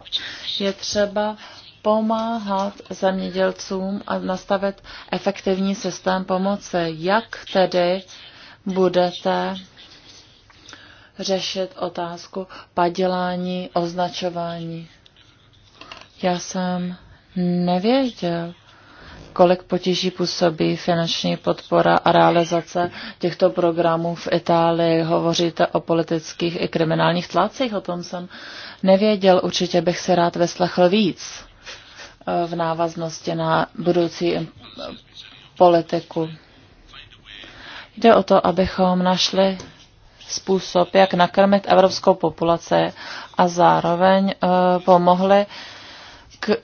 Je třeba pomáhat zemědělcům a nastavit efektivní systém pomoci. Jak tedy budete řešit otázku padělání, označování? Já jsem nevěděl, kolik potíží působí finanční podpora a realizace těchto programů v Itálii. Hovoříte o politických i kriminálních tlácích, o tom jsem nevěděl, určitě bych se rád vyslechl víc eh, v návaznosti na budoucí eh, politiku. Jde o to, abychom našli způsob, jak nakrmit evropskou populaci a zároveň eh, pomohli uh,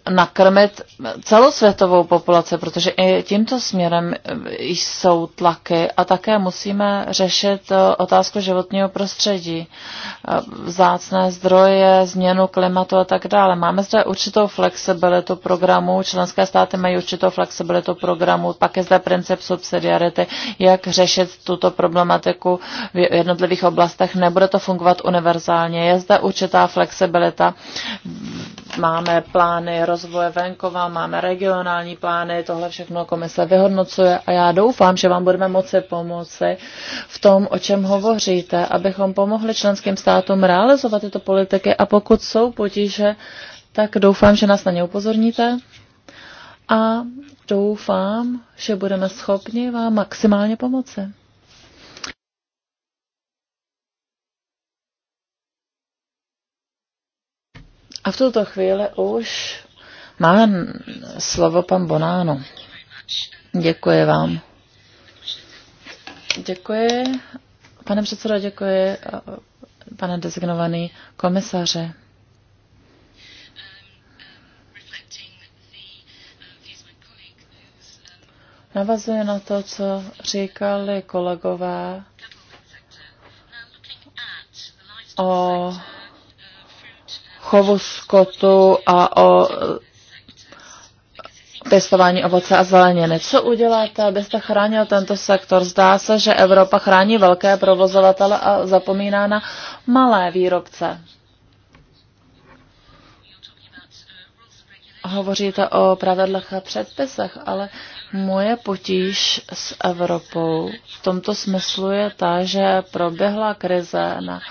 nakrmit celosvětovou populaci, protože i tímto směrem jsou tlaky a také musíme řešit eh, otázku životního prostředí, eh, vzácné zdroje, změnu klimatu a tak dále. Máme zde určitou flexibilitu programu, členské státy mají určitou flexibilitu programu, pak je zde princip subsidiarity, jak řešit tuto problematiku v jednotlivých oblastech. Nebude to fungovat univerzálně, je zde určitá flexibilita Máme plány rozvoje venkova, máme regionální plány, tohle všechno komise vyhodnocuje a já doufám, že vám budeme moci pomoci v tom, o čem hovoříte, abychom pomohli členským státům realizovat tyto politiky a pokud jsou potíže, tak doufám, že nás na ně upozorníte a doufám, že budeme schopni vám maximálně pomoci. A v tuto chvíli už máme slovo pan Bonáno. Děkuji vám. Děkuji. Pane předsedo, děkuji. Pane designovaný komisaře. Navazuje na to, co říkali kolegové o chovu skotu a o pěstování ovoce a zeleniny. Co uděláte, abyste chránil tento sektor? Zdá se, že Evropa chrání velké provozovatele a zapomíná na malé výrobce. Hovoříte o pravidlech a předpisech, ale moje potíž s Evropou v tomto smyslu je ta, že proběhla krize na uh,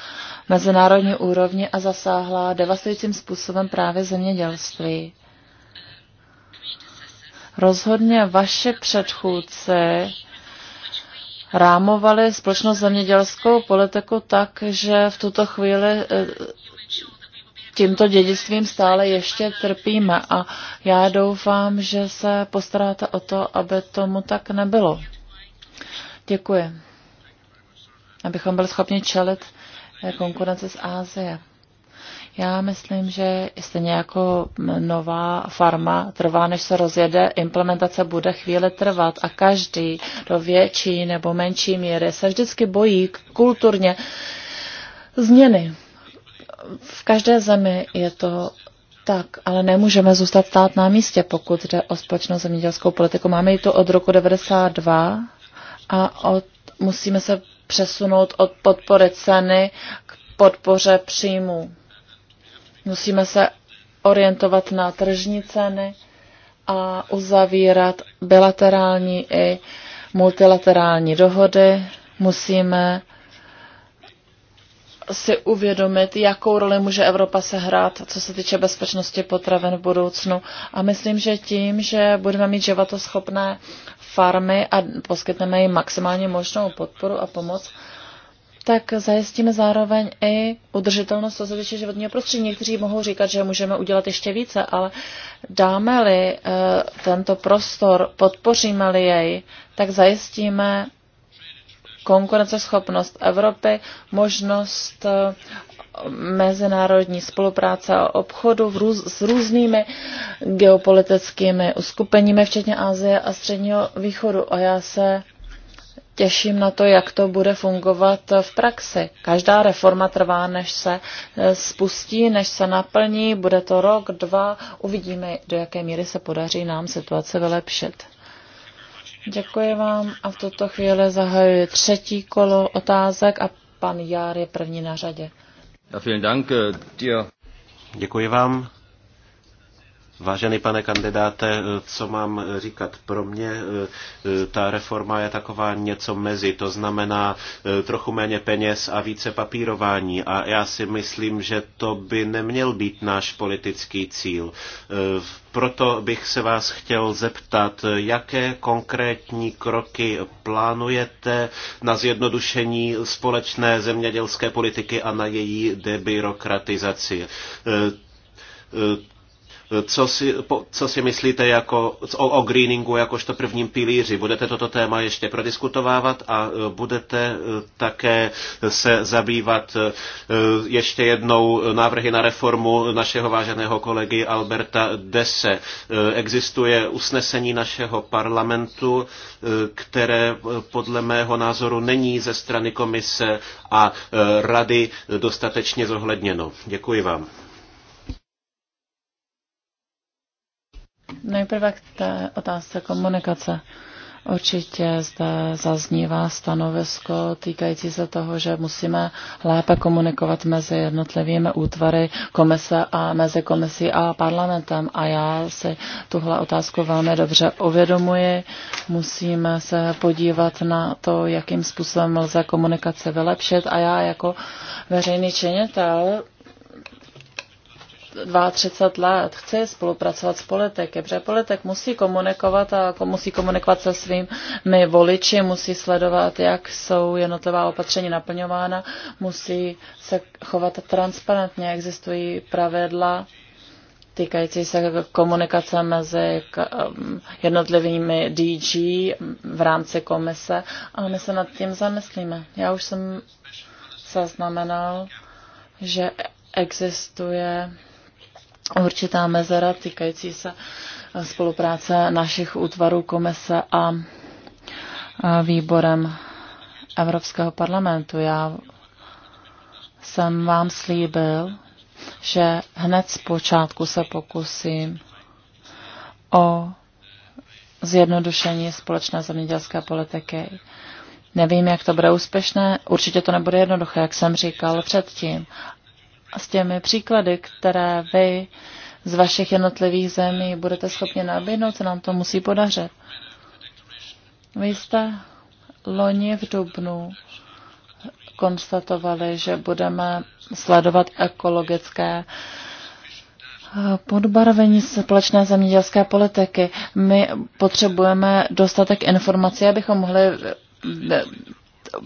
mezinárodní úrovni a zasáhla devastujícím způsobem právě zemědělství. Rozhodně vaše předchůdce rámovali společnost zemědělskou politiku tak, že v tuto chvíli eh, tímto dědictvím stále ještě trpíme a já doufám, že se postaráte o to, aby tomu tak nebylo. Děkuji. Abychom byli schopni čelit konkurence z Ázie. Já myslím, že stejně jako nová farma trvá, než se rozjede, implementace bude chvíli trvat a každý do větší nebo menší míry se vždycky bojí kulturně změny. V každé zemi je to tak, ale nemůžeme zůstat stát na místě, pokud jde o společnou zemědělskou politiku. Máme ji tu od roku 92 a od, musíme se přesunout od podpory ceny k podpoře příjmů. Musíme se orientovat na tržní ceny a uzavírat bilaterální i multilaterální dohody. Musíme si uvědomit, jakou roli může Evropa sehrát, co se týče bezpečnosti potravin v budoucnu. A myslím, že tím, že budeme mít životoschopné farmy a poskytneme jim maximálně možnou podporu a pomoc, tak zajistíme zároveň i udržitelnost co se týče životního prostředí. Někteří mohou říkat, že můžeme udělat ještě více, ale dáme-li eh, tento prostor, podpoříme-li jej, tak zajistíme konkurenceschopnost Evropy, možnost eh, mezinárodní spolupráce a obchodu v růz, s různými geopolitickými uskupeními, včetně Asie a Středního východu. A já se těším na to, jak to bude fungovat v praxi. Každá reforma trvá, než se eh, spustí, než se naplní, bude to rok, dva, uvidíme, do jaké míry se podaří nám situace vylepšit. Děkuji vám a v tuto chvíli zahajuji třetí kolo otázek a pan Jár je první na řadě. Ja, vielen Dank, äh, dir. Děkuji vám. Vážený pane kandidáte, co mám říkat? Pro mě ta reforma je taková něco mezi, to znamená trochu méně peněz a více papírování. A já si myslím, že to by neměl být náš politický cíl. Proto bych se vás chtěl zeptat, jaké konkrétní kroky plánujete na zjednodušení společné zemědělské politiky a na její debirokratizaci. Co si, po, co si myslíte jako, o, o greeningu jakožto prvním pilíři? Budete toto téma ještě prodiskutovávat a e, budete e, také se zabývat e, ještě jednou návrhy na reformu našeho váženého kolegy Alberta Dese. Existuje usnesení našeho parlamentu, které podle mého názoru není ze strany komise a rady dostatečně zohledněno. Děkuji vám. Nejprve k té otázce komunikace. Určitě zde zaznívá stanovisko týkající se toho, že musíme lépe komunikovat mezi jednotlivými útvary komise a mezi komisí a parlamentem. A já si tuhle otázku velmi dobře uvědomuji. Musíme se podívat na to, jakým způsobem lze komunikace vylepšit. A já jako veřejný činitel 32 let chci spolupracovat s politiky, protože politik musí komunikovat a musí komunikovat se svými voliči, musí sledovat, jak jsou jednotlivá opatření naplňována, musí se chovat transparentně, existují pravidla týkající se komunikace mezi um, jednotlivými DG v rámci komise, ale my se nad tím zamyslíme. Já už jsem zaznamenal, že existuje určitá mezera týkající se spolupráce našich útvarů komise a výborem Evropského parlamentu. Já jsem vám slíbil, že hned z počátku se pokusím o zjednodušení společné zemědělské politiky. Nevím, jak to bude úspěšné, určitě to nebude jednoduché, jak jsem říkal předtím, s těmi příklady, které vy z vašich jednotlivých zemí budete schopni nabídnout, se nám to musí podařit. Vy jste loni v Dubnu konstatovali, že budeme sledovat ekologické eh, podbarvení společné zemědělské politiky. My potřebujeme dostatek informací, abychom mohli eh, eh,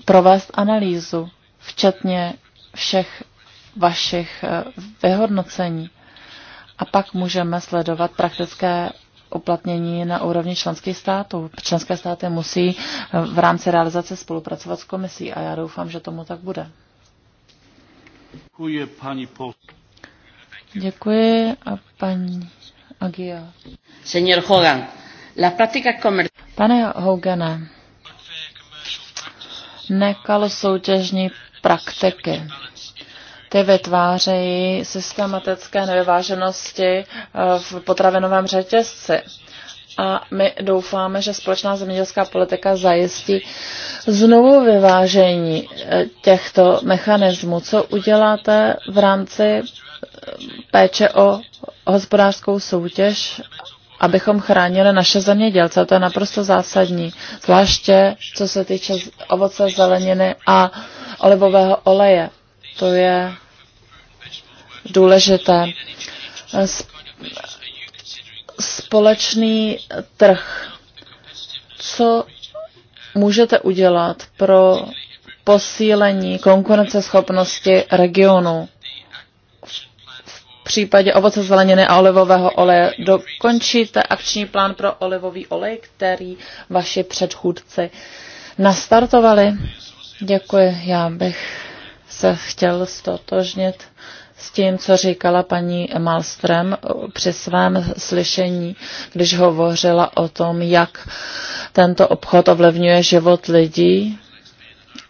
provést analýzu, včetně všech vašich eh, vyhodnocení. A pak můžeme sledovat praktické uplatnění na úrovni členských států. Členské státy musí eh, v rámci realizace spolupracovat s komisí a já doufám, že tomu tak bude. Děkuji, paní Děkuji a paní Agia. Señor Hogan, las prácticas comerciales... Pane Hogane, nekalo soutěžní praktiky ty vytvářejí systematické nevyváženosti eh, v potravinovém řetězci. A my doufáme, že společná zemědělská politika zajistí znovu vyvážení eh, těchto mechanismů. Co uděláte v rámci eh, péče o hospodářskou soutěž abychom chránili naše zemědělce. To je naprosto zásadní, zvláště co se týče ovoce, zeleniny a olivového oleje. To je důležité. Společný trh. Co můžete udělat pro posílení konkurenceschopnosti regionu? V případě ovoce zeleniny a olivového oleje dokončíte akční plán pro olivový olej, který vaši předchůdci nastartovali. Děkuji, já bych se chtěl stotožnit s tím, co říkala paní Malstrem při svém slyšení, když hovořila o tom, jak tento obchod ovlivňuje život lidí.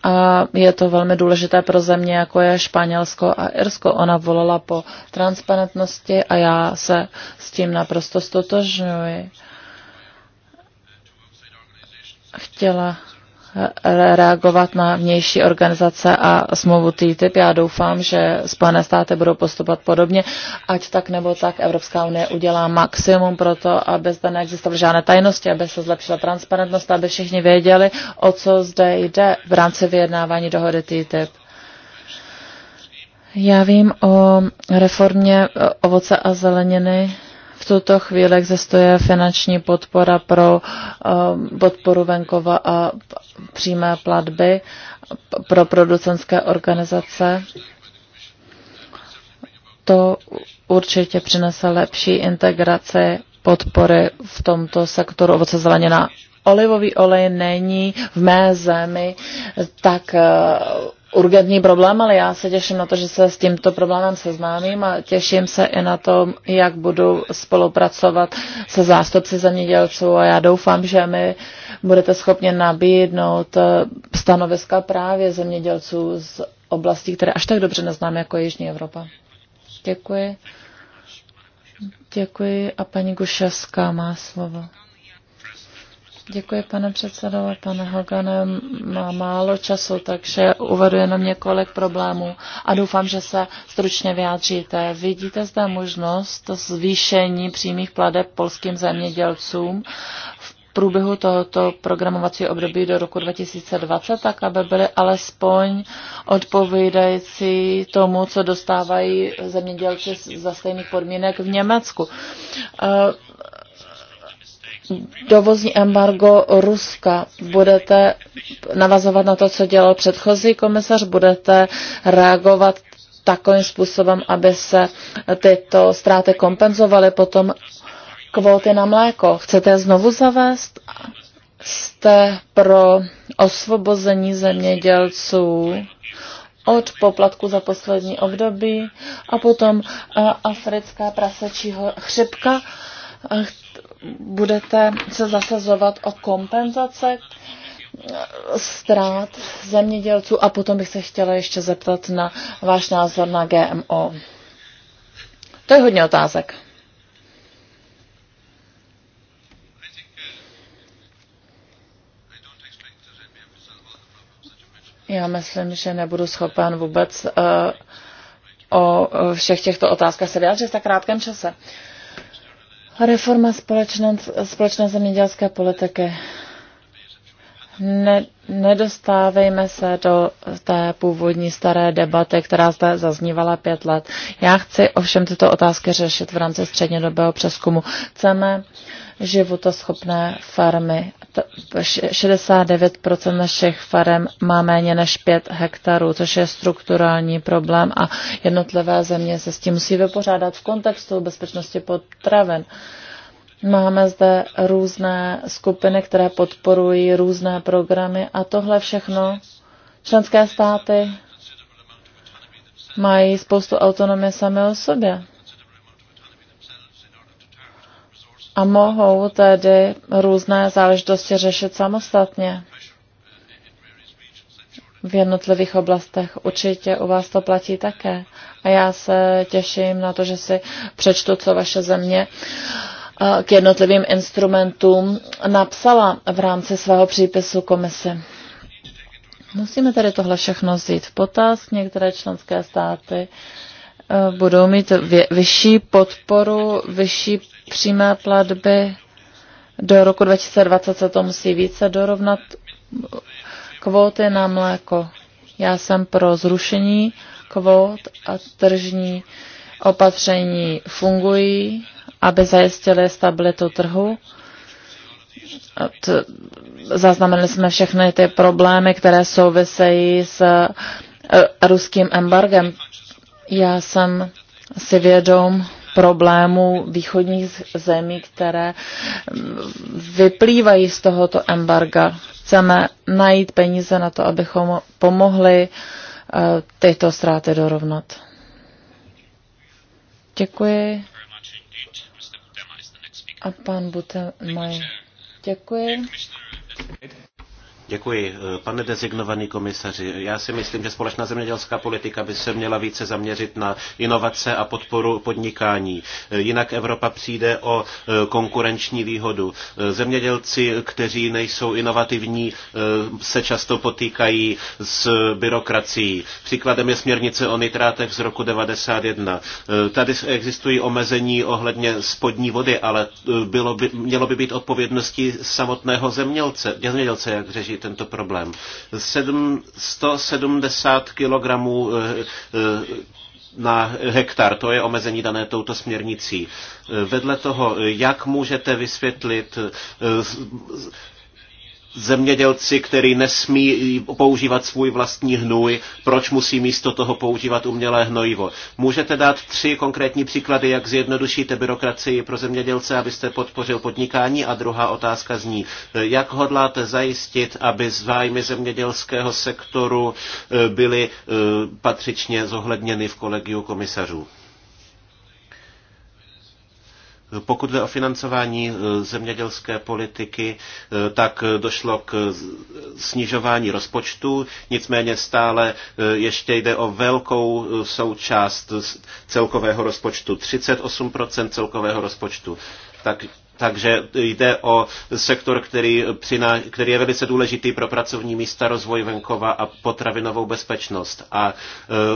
A je to velmi důležité pro země, jako je Španělsko a Irsko. Ona volala po transparentnosti a já se s tím naprosto stotožňuji. Chtěla reagovat na vnější organizace a smlouvu TTIP. Já doufám, že Spojené státy budou postupovat podobně, ať tak nebo tak Evropská unie udělá maximum pro to, aby zde neexistovaly žádné tajnosti, aby se zlepšila transparentnost, aby všichni věděli, o co zde jde v rámci vyjednávání dohody TTIP. Já vím o reformě ovoce a zeleniny v tuto chvíli existuje finanční podpora pro um, podporu venkova a přímé platby pro producenské organizace. To určitě přinese lepší integraci podpory v tomto sektoru ovoce zelenina. Olivový olej není v mé zemi tak eh, urgentní problém, ale já se těším na to, že se s tímto problémem seznámím a těším se i na to, jak budu spolupracovat se zástupci zemědělců a já doufám, že mi budete schopni nabídnout eh, stanoviska právě zemědělců z oblastí, které až tak dobře neznám jako Jižní Evropa. Děkuji. Děkuji a paní Gušeská má slovo. Děkuji, pane předsedo. Pane Hogane má málo času, takže uvedu jenom několik problémů a doufám, že se stručně vyjádříte. Vidíte zde možnost zvýšení přímých pladeb polským zemědělcům průběhu tohoto programovacího období do roku 2020, tak aby byly alespoň odpovídající tomu, co dostávají zemědělci za stejných podmínek v Německu. Eh, dovozní embargo Ruska. Budete navazovat na to, co dělal předchozí komisař? Budete reagovat takovým způsobem, aby se tyto ztráty kompenzovaly potom kvóty na mléko. Chcete je znovu zavést? Jste pro osvobození zemědělců od poplatku za poslední období a potom eh, africká prasečí chřipka. Budete se zasazovat o kompenzace eh, ztrát zemědělců a potom bych se chtěla ještě zeptat na váš názor na GMO. To je hodně otázek. Já myslím, že nebudu schopen vůbec eh, o všech těchto otázkách se vyjádřit v tak krátkém čase. Reforma společné, společné zemědělské politiky. Ne, nedostávejme se do té původní staré debaty, která zde zaznívala pět let. Já chci ovšem tyto otázky řešit v rámci střednědobého přeskumu. Chceme uh, životaschopné farmy. 69% našich farem má méně než 5 hektarů, což je strukturální problém a jednotlivé země se s tím musí vypořádat v kontextu bezpečnosti potravin. Máme zde různé skupiny, které podporují různé programy a tohle všechno členské státy mají spoustu autonomie samé o sobě. a mohou tedy různé záležitosti řešit samostatně v jednotlivých oblastech. Určitě u vás to platí také. A já se těším na to, že si přečtu, co vaše země eh, k jednotlivým instrumentům napsala v rámci svého přípisu komise. Musíme tedy tohle všechno vzít v potaz. Některé členské státy Eh, budou mít vyšší podporu, vyšší přímé platby. Do roku 2020 se to musí více dorovnat kvóty na mléko. Já jsem pro zrušení kvót a tržní opatření fungují, aby zajistili stabilitu trhu. Zaznamenali jsme všechny ty problémy, které souvisejí s eh, ruským embargem. Já jsem si vědom problémů východních zemí, které mm, vyplývají z tohoto embarga. Chceme najít peníze na to, abychom pomohli eh, tyto ztráty dorovnat. Děkuji. A pan Butemaj. Děkuji. Děkuji. Eh, pane designovaný komisaři, já si myslím, že společná zemědělská politika by se měla více zaměřit na inovace a podporu podnikání. Eh, jinak Evropa přijde o eh, konkurenční výhodu. Zemědělci, kteří nejsou inovativní, se často potýkají s byrokracií. Příkladem je směrnice o nitrátech z roku 91. Tady existují omezení ohledně spodní vody, ale bylo by, mělo by být odpovědností samotného zemědělce, zemědělce jak řešit, tento problém. 170 kg eh, eh, na hektar, to je omezení dané touto směrnicí. Vedle toho, jak můžete vysvětlit eh, zemědělci, který nesmí používat svůj vlastní hnůj, proč musí místo toho používat umělé hnojivo. Můžete dát tři konkrétní příklady, jak zjednodušíte byrokracii pro zemědělce, abyste podpořil podnikání? A druhá otázka zní, jak hodláte zajistit, aby zájmy zemědělského sektoru eh, byly eh, patřičně zohledněny v kolegiu komisařů? Pokud jde o financování eh, zemědělské politiky, eh, tak eh, došlo k snižování rozpočtu, nicméně stále ještě jde o velkou součást celkového rozpočtu, 38% celkového rozpočtu. Tak takže jde o sektor, který, přiná, který je velice důležitý pro pracovní místa, rozvoj venkova a potravinovou bezpečnost. A e,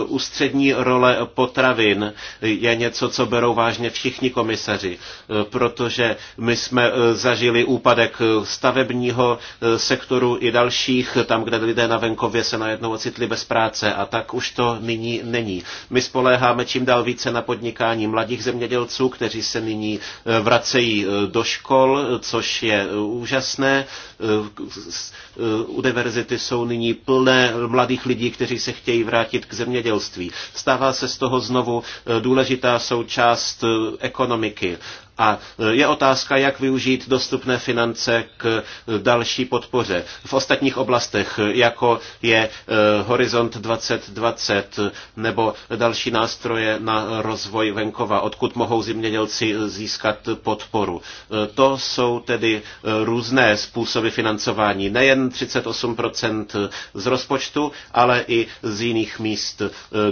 ústřední role potravin je něco, co berou vážně všichni komisaři, e, protože my jsme e, zažili úpadek stavebního sektoru i dalších, tam, kde lidé na venkově se najednou ocitli bez práce a tak už to nyní není. My spoléháme čím dál více na podnikání mladých zemědělců, kteří se nyní vracejí do do škol, což je e, úžasné. E, e, univerzity jsou nyní plné mladých lidí, kteří se chtějí vrátit k zemědělství. Stává se z toho znovu důležitá součást ekonomiky. A je otázka, jak využít dostupné finance k další podpoře v ostatních oblastech, jako je eh, Horizont 2020 nebo další nástroje na rozvoj venkova, odkud mohou zemědělci získat podporu. Eh, to jsou tedy eh, různé způsoby financování, nejen 38% z rozpočtu, ale i z jiných míst,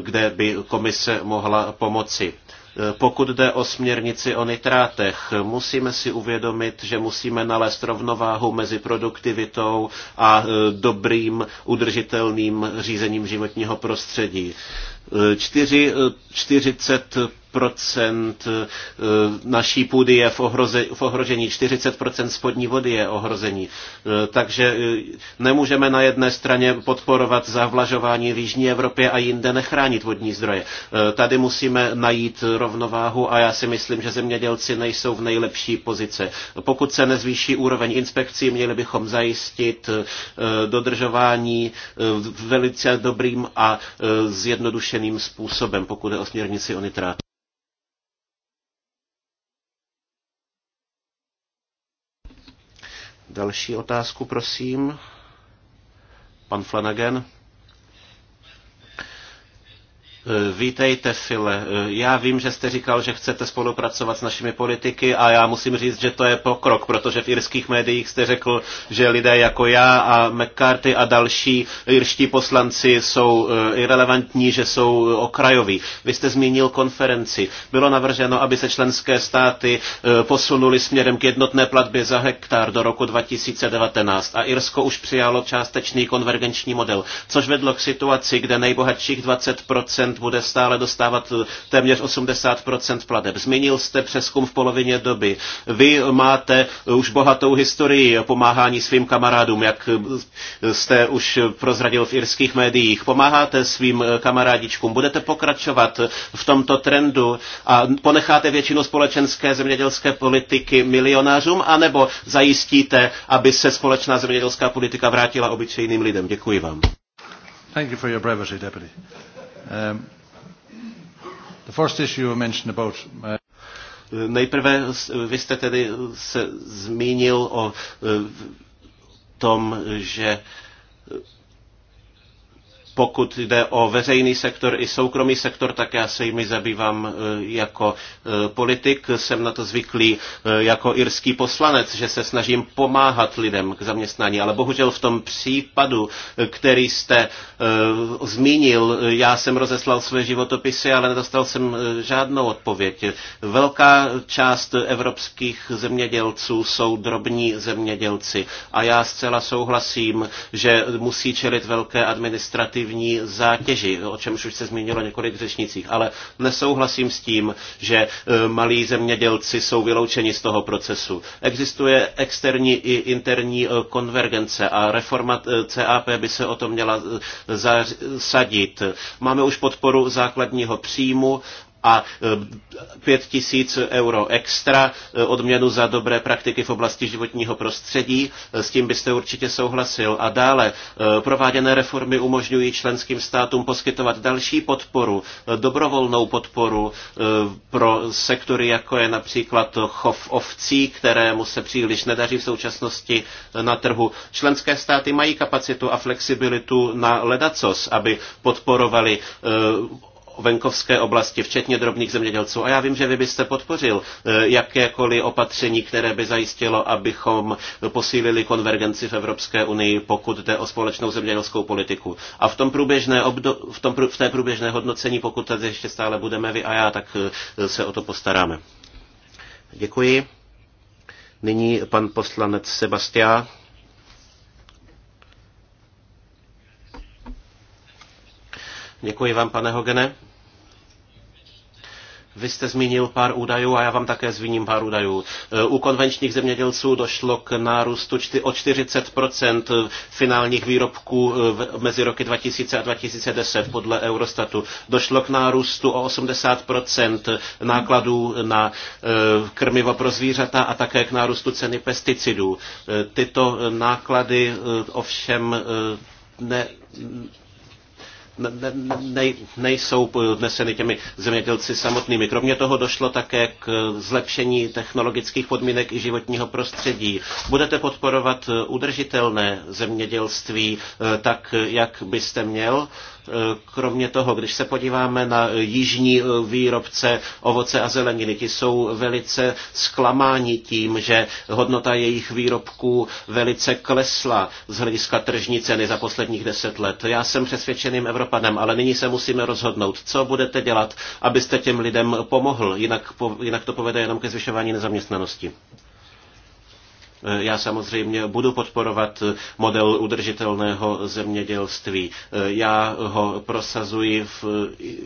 kde by komise mohla pomoci. Eh, pokud jde o směrnici o nitrátech, musíme si uvědomit, že musíme nalézt rovnováhu mezi produktivitou a eh, dobrým udržitelným řízením životního prostředí. 4, eh, 40 Eh, naší půdy je v, ohroze, v ohrožení, 40 spodní vody je ohrožení. Eh, takže eh, nemůžeme na jedné straně podporovat zavlažování v Jižní Evropě a jinde nechránit vodní zdroje. Tady musíme najít rovnováhu a já si myslím, že zemědělci nejsou v nejlepší pozici. Pokud se nezvýší úroveň inspekcí, měli bychom zajistit dodržování velice dobrým a zjednodušeným způsobem, pokud je o směrnici o nitrát. Další otázku, prosím. Pan Flanagan. Eh, vítejte, File. Eh, já vím, že jste říkal, že chcete spolupracovat s našimi politiky a já musím říct, že to je pokrok, protože v irských médiích jste řekl, že lidé jako já a McCarthy a další irští poslanci jsou eh, irrelevantní, že jsou okrajoví. Vy jste zmínil konferenci. Bylo navrženo, aby se členské státy posunuli směrem k jednotné platbě za hektar do roku 2019 a Irsko už přijalo částečný konvergenční model, což vedlo k situaci, kde nejbohatších 20 klient bude stále dostávat téměř 80% plateb. Změnil jste přeskum v polovině doby. Vy máte už bohatou historii pomáhání svým kamarádům, jak jste už prozradil v irských médiích. Pomáháte svým kamarádičkům, budete pokračovat v tomto trendu a ponecháte většinu společenské zemědělské politiky milionářům, anebo zajistíte, aby se společná zemědělská politika vrátila obyčejným lidem. Děkuji vám. Thank you for your brevity, Deputy. Um, uh, Nejprve vy jste tedy se zmínil o uh, tom, že pokud jde o veřejný sektor i soukromý sektor, tak já se jimi zabývám e, jako e, politik. Jsem na to zvyklý e, jako irský poslanec, že se snažím pomáhat lidem k zaměstnání. Ale bohužel v tom případu, který jste zmínil, já jsem rozeslal své životopisy, ale nedostal jsem žádnou odpověď. Velká část evropských zemědělců jsou drobní zemědělci a já zcela souhlasím, že musí čelit velké administrativě administrativní zátěži, o čemž už se zmínilo několik řečnicích, ale nesouhlasím s tím, že e, malí zemědělci jsou vyloučeni z toho procesu. Existuje externí i interní e, konvergence a reforma e, CAP by se o to měla zasadit. Máme už podporu základního příjmu a 5 e, tisíc euro extra e, odměnu za dobré praktiky v oblasti životního prostředí. E, s tím byste určitě souhlasil. A dále prováděné reformy umožňují členským státům poskytovat další podporu, dobrovolnou podporu pro sektory, jako je například chov ovcí, kterému se příliš nedaří v současnosti na trhu. Členské státy mají kapacitu a flexibilitu na ledacos, aby podporovali venkovské oblasti, včetně drobných zemědělců. A já vím, že vy byste podpořil eh, jakékoliv opatření, které by zajistilo, abychom posílili konvergenci v Evropské unii, pokud jde o společnou zemědělskou politiku. A v tom, průběžné obdo- v, tom v té průběžné hodnocení, pokud tady ještě stále budeme vy a já, tak eh, se o to postaráme. Děkuji. Nyní pan poslanec Sebastián. Děkuji vám, pane Hogene. Vy jste zmínil pár údajů a já vám také zmíním pár údajů. E, u konvenčních zemědělců došlo k nárůstu o 40 finálních výrobků e, mezi roky 2000 a 2010 podle Eurostatu. Došlo k nárůstu o 80 nákladů na e, krmivo pro zvířata a také k nárůstu ceny pesticidů. Tyto náklady ovšem ne, ne, ne, nejsou neseny těmi zemědělci samotnými. Kromě toho došlo také k zlepšení technologických podmínek i životního prostředí. Budete podporovat udržitelné zemědělství eh, tak, jak byste měl? E, kromě toho, když se podíváme na jižní e, výrobce ovoce a zeleniny, ti jsou velice zklamáni tím, že hodnota jejich výrobků velice klesla z hlediska tržní ceny za posledních deset let. Já jsem přesvědčeným Evropanem, ale nyní se musíme rozhodnout, co budete dělat, abyste těm lidem pomohl, jinak, po, jinak to povede jenom ke zvyšování nezaměstnanosti. Eh, já samozřejmě budu podporovat eh, model udržitelného zemědělství. Eh, já ho prosazuji, v,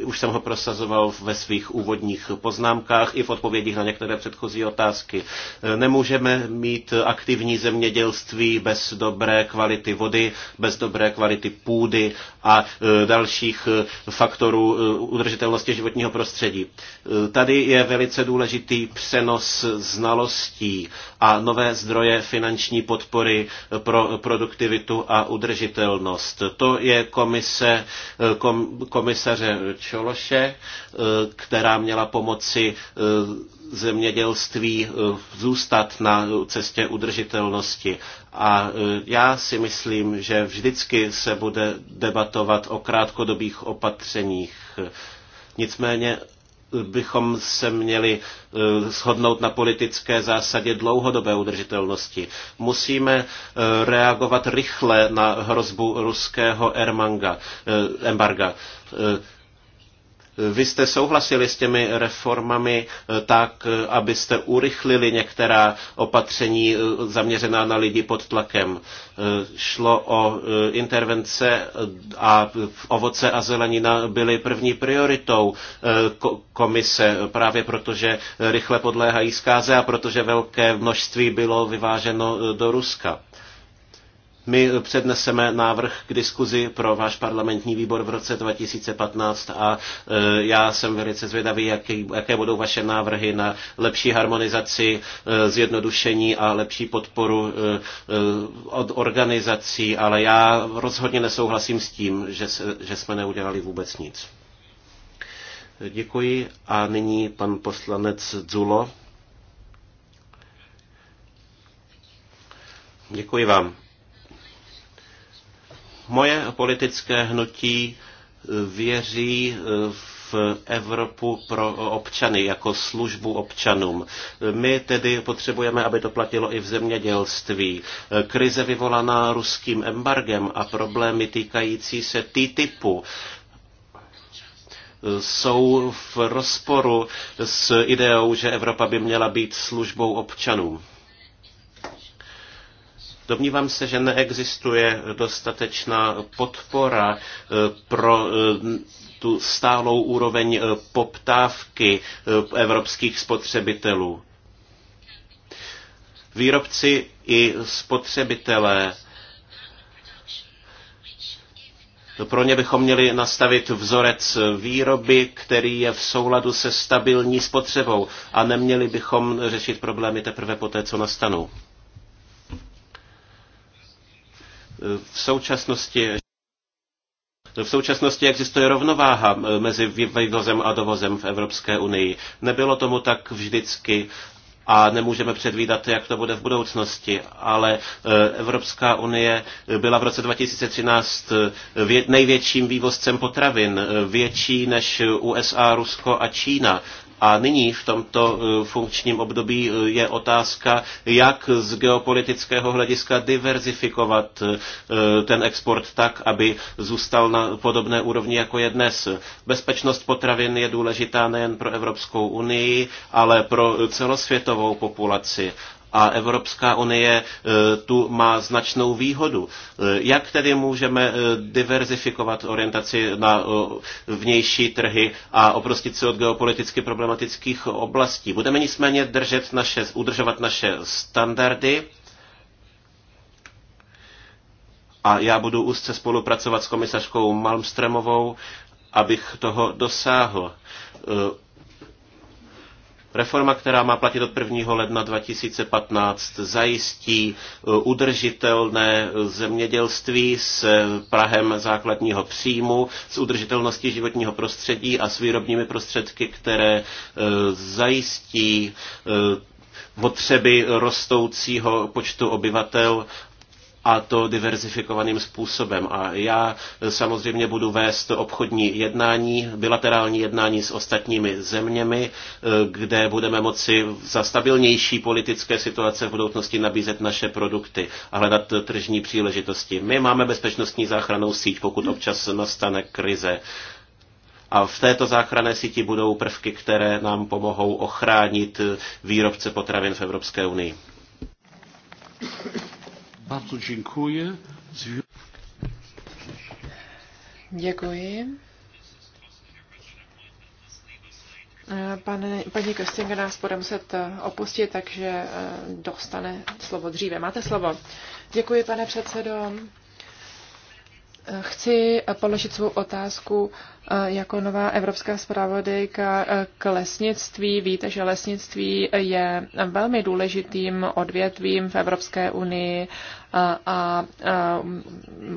už jsem ho prosazoval ve svých úvodních poznámkách i v odpovědích na některé předchozí otázky. Nemůžeme mít aktivní zemědělství bez dobré kvality vody, bez dobré kvality půdy a dalších faktorů udržitelnosti životního prostředí. Tady je velice důležitý přenos znalostí a nové zdroje zdroje finanční podpory pro produktivitu a udržitelnost. To je komise kom, komisaře Čološe, která měla pomoci eh, zemědělství eh, zůstat na cestě udržitelnosti. A eh, já si myslím, že vždycky se bude debatovat o krátkodobých opatřeních. Nicméně bychom se měli eh, shodnout na politické zásadě dlouhodobé udržitelnosti. Musíme eh, reagovat rychle na hrozbu ruského eh, embarga vy jste souhlasili s těmi reformami eh, tak, eh, abyste urychlili některá opatření eh, zaměřená na lidi pod tlakem. Šlo o intervence a ovoce a zelenina byly první prioritou komise, právě protože rychle podléhají zkáze a protože velké množství bylo vyváženo do Ruska. My předneseme návrh k diskuzi pro váš parlamentní výbor v roce 2015 a e, já jsem velice zvědavý, jaký, jaké budou vaše návrhy na lepší harmonizaci, e, zjednodušení a lepší podporu e, od organizací, ale já rozhodně nesouhlasím s tím, že, že jsme neudělali vůbec nic. Děkuji a nyní pan poslanec Zulo. Děkuji vám. Moje politické hnutí eh, věří eh, v Evropu pro občany, jako službu občanům. My tedy potřebujeme, aby to platilo i v zemědělství. Eh, krize vyvolaná ruským embargem a problémy týkající se TTIPu jsou v rozporu s ideou, že Evropa by měla být službou občanům. Domnívám se, že neexistuje dostatečná podpora eh, pro eh, tu stálou úroveň eh, poptávky evropských spotřebitelů. Výrobci i spotřebitelé pro ně bychom měli nastavit vzorec výroby, který je v souladu se stabilní spotřebou a neměli bychom řešit problémy teprve poté, co nastanou. V současnosti v současnosti existuje rovnováha mezi vývozem a dovozem v Evropské unii. Nebylo tomu tak vždycky a nemůžeme předvídat, jak to bude v budoucnosti, ale e, Evropská unie byla v roce 2013 e, největším vývozcem potravin, e, větší než USA, Rusko a Čína. A nyní v tomto eh, funkčním období eh, je otázka, jak z geopolitického hlediska diverzifikovat eh, ten export tak, aby zůstal na podobné úrovni, jako je dnes. Bezpečnost potravin je důležitá nejen pro Evropskou unii, ale pro celosvětovou populaci a Evropská unie e, tu má značnou výhodu. E, jak tedy můžeme e, diverzifikovat orientaci na vnější trhy a oprostit se od geopoliticky problematických oblastí? Budeme nicméně držet naše, udržovat naše standardy a já budu úzce spolupracovat s komisařkou Malmströmovou, abych toho dosáhl Reforma, která má platit od 1. ledna 2015, zajistí e, udržitelné zemědělství s Prahem základního příjmu, s udržitelností životního prostředí a s výrobními prostředky, které e, zajistí e, potřeby rostoucího počtu obyvatel a to diverzifikovaným způsobem. A já samozřejmě budu vést obchodní jednání, bilaterální jednání s ostatními zeměmi, eh, kde budeme moci za stabilnější politické situace v budoucnosti nabízet naše produkty a hledat tržní příležitosti. My máme bezpečnostní záchranou síť, pokud občas nastane krize. A v této záchranné síti budou prvky, které nám pomohou ochránit výrobce potravin v Evropské unii. Bardzo dziękuję. Děkuji. E, Pan paní Köstinger nás bude muset e, opustit, takže e, dostane slovo dříve. Máte slovo. Děkuji, pane předsedo. Chci položit svou otázku eh, jako nová evropská zpravodajka eh, k lesnictví. Víte, že lesnictví je velmi důležitým odvětvím v Evropské unii a, a eh,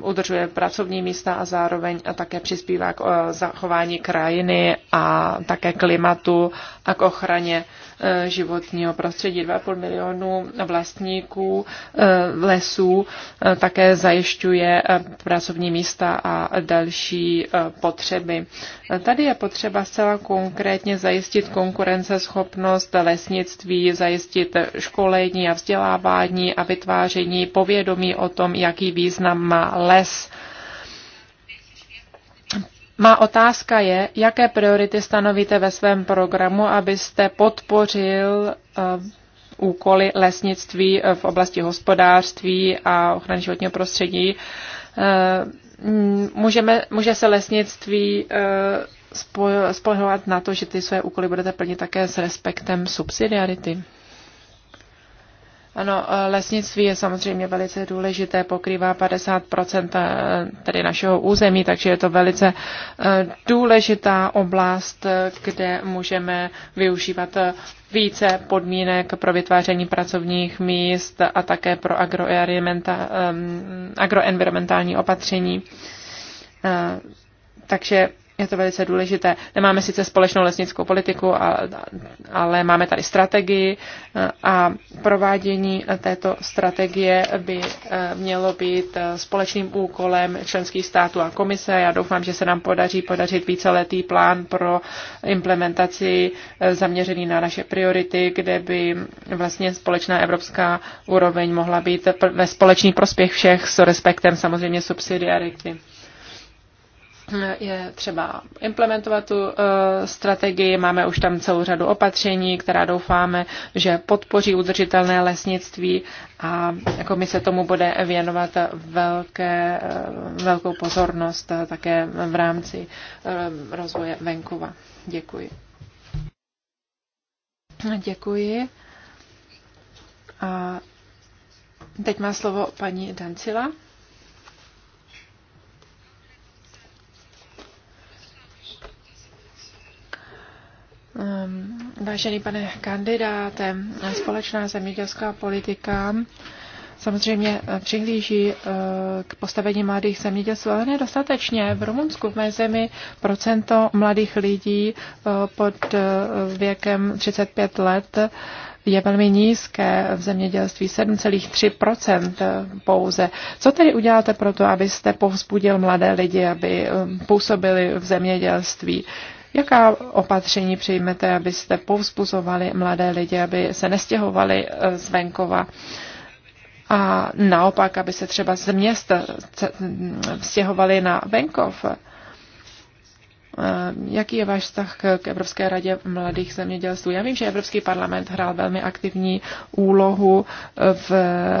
udržuje pracovní místa a zároveň a také přispívá k zachování krajiny a také klimatu a k ochraně životního prostředí. 2,5 milionu vlastníků eh, lesů eh, také zajišťuje eh, pracovní místa a další potřeby. Tady je potřeba zcela konkrétně zajistit konkurenceschopnost lesnictví, zajistit školení a vzdělávání a vytváření povědomí o tom, jaký význam má les má otázka je, jaké priority stanovíte ve svém programu, abyste podpořil eh, úkoly lesnictví eh, v oblasti hospodářství a ochrany životního prostředí. Eh, můžeme, může se lesnictví spolehovat na to, že ty své úkoly budete plnit také s respektem subsidiarity? Ano, eh, lesnictví je samozřejmě velice důležité, pokrývá 50 eh, tedy našeho území, takže je to velice eh, důležitá oblast, kde můžeme využívat více podmínek pro vytváření pracovních míst a také pro ehm, agroenvironmentální opatření. Takže je to velice důležité. Nemáme sice společnou lesnickou politiku, ale máme tady strategii a provádění této strategie by e, mělo být e, společným úkolem členských států a komise. Já doufám, že se nám podaří podařit víceletý plán pro implementaci e, zaměřený na naše priority, kde by vlastně společná evropská úroveň mohla být ve společný prospěch všech s respektem samozřejmě subsidiarity je třeba implementovat tu eh, strategii. Máme už tam celou řadu opatření, která doufáme, že podpoří udržitelné lesnictví a komise jako tomu bude věnovat velké, eh, velkou pozornost eh, také v rámci rozvoje venkova. Děkuji. Děkuji. A teď má slovo paní Dancila. Ehm, vážený pane kandidáte, společná zemědělská politika samozřejmě eh, přihlíží eh, k postavení mladých zemědělců, ale nedostatečně. V Rumunsku, v mé zemi, procento mladých lidí eh, pod věkem 35 let je velmi nízké v zemědělství, 7,3% pouze. Co tedy uděláte pro to, abyste povzbudil mladé lidi, aby působili v zemědělství? Jaká opatření přijmete, abyste povzbuzovali mladé lidi, aby se nestěhovali eh, z venkova? A naopak, aby se třeba z měst eh, hm, stěhovali na venkov. Eh, jaký je váš vztah k Evropské radě mladých zemědělců? Já vím, že Evropský parlament hrál velmi aktivní úlohu v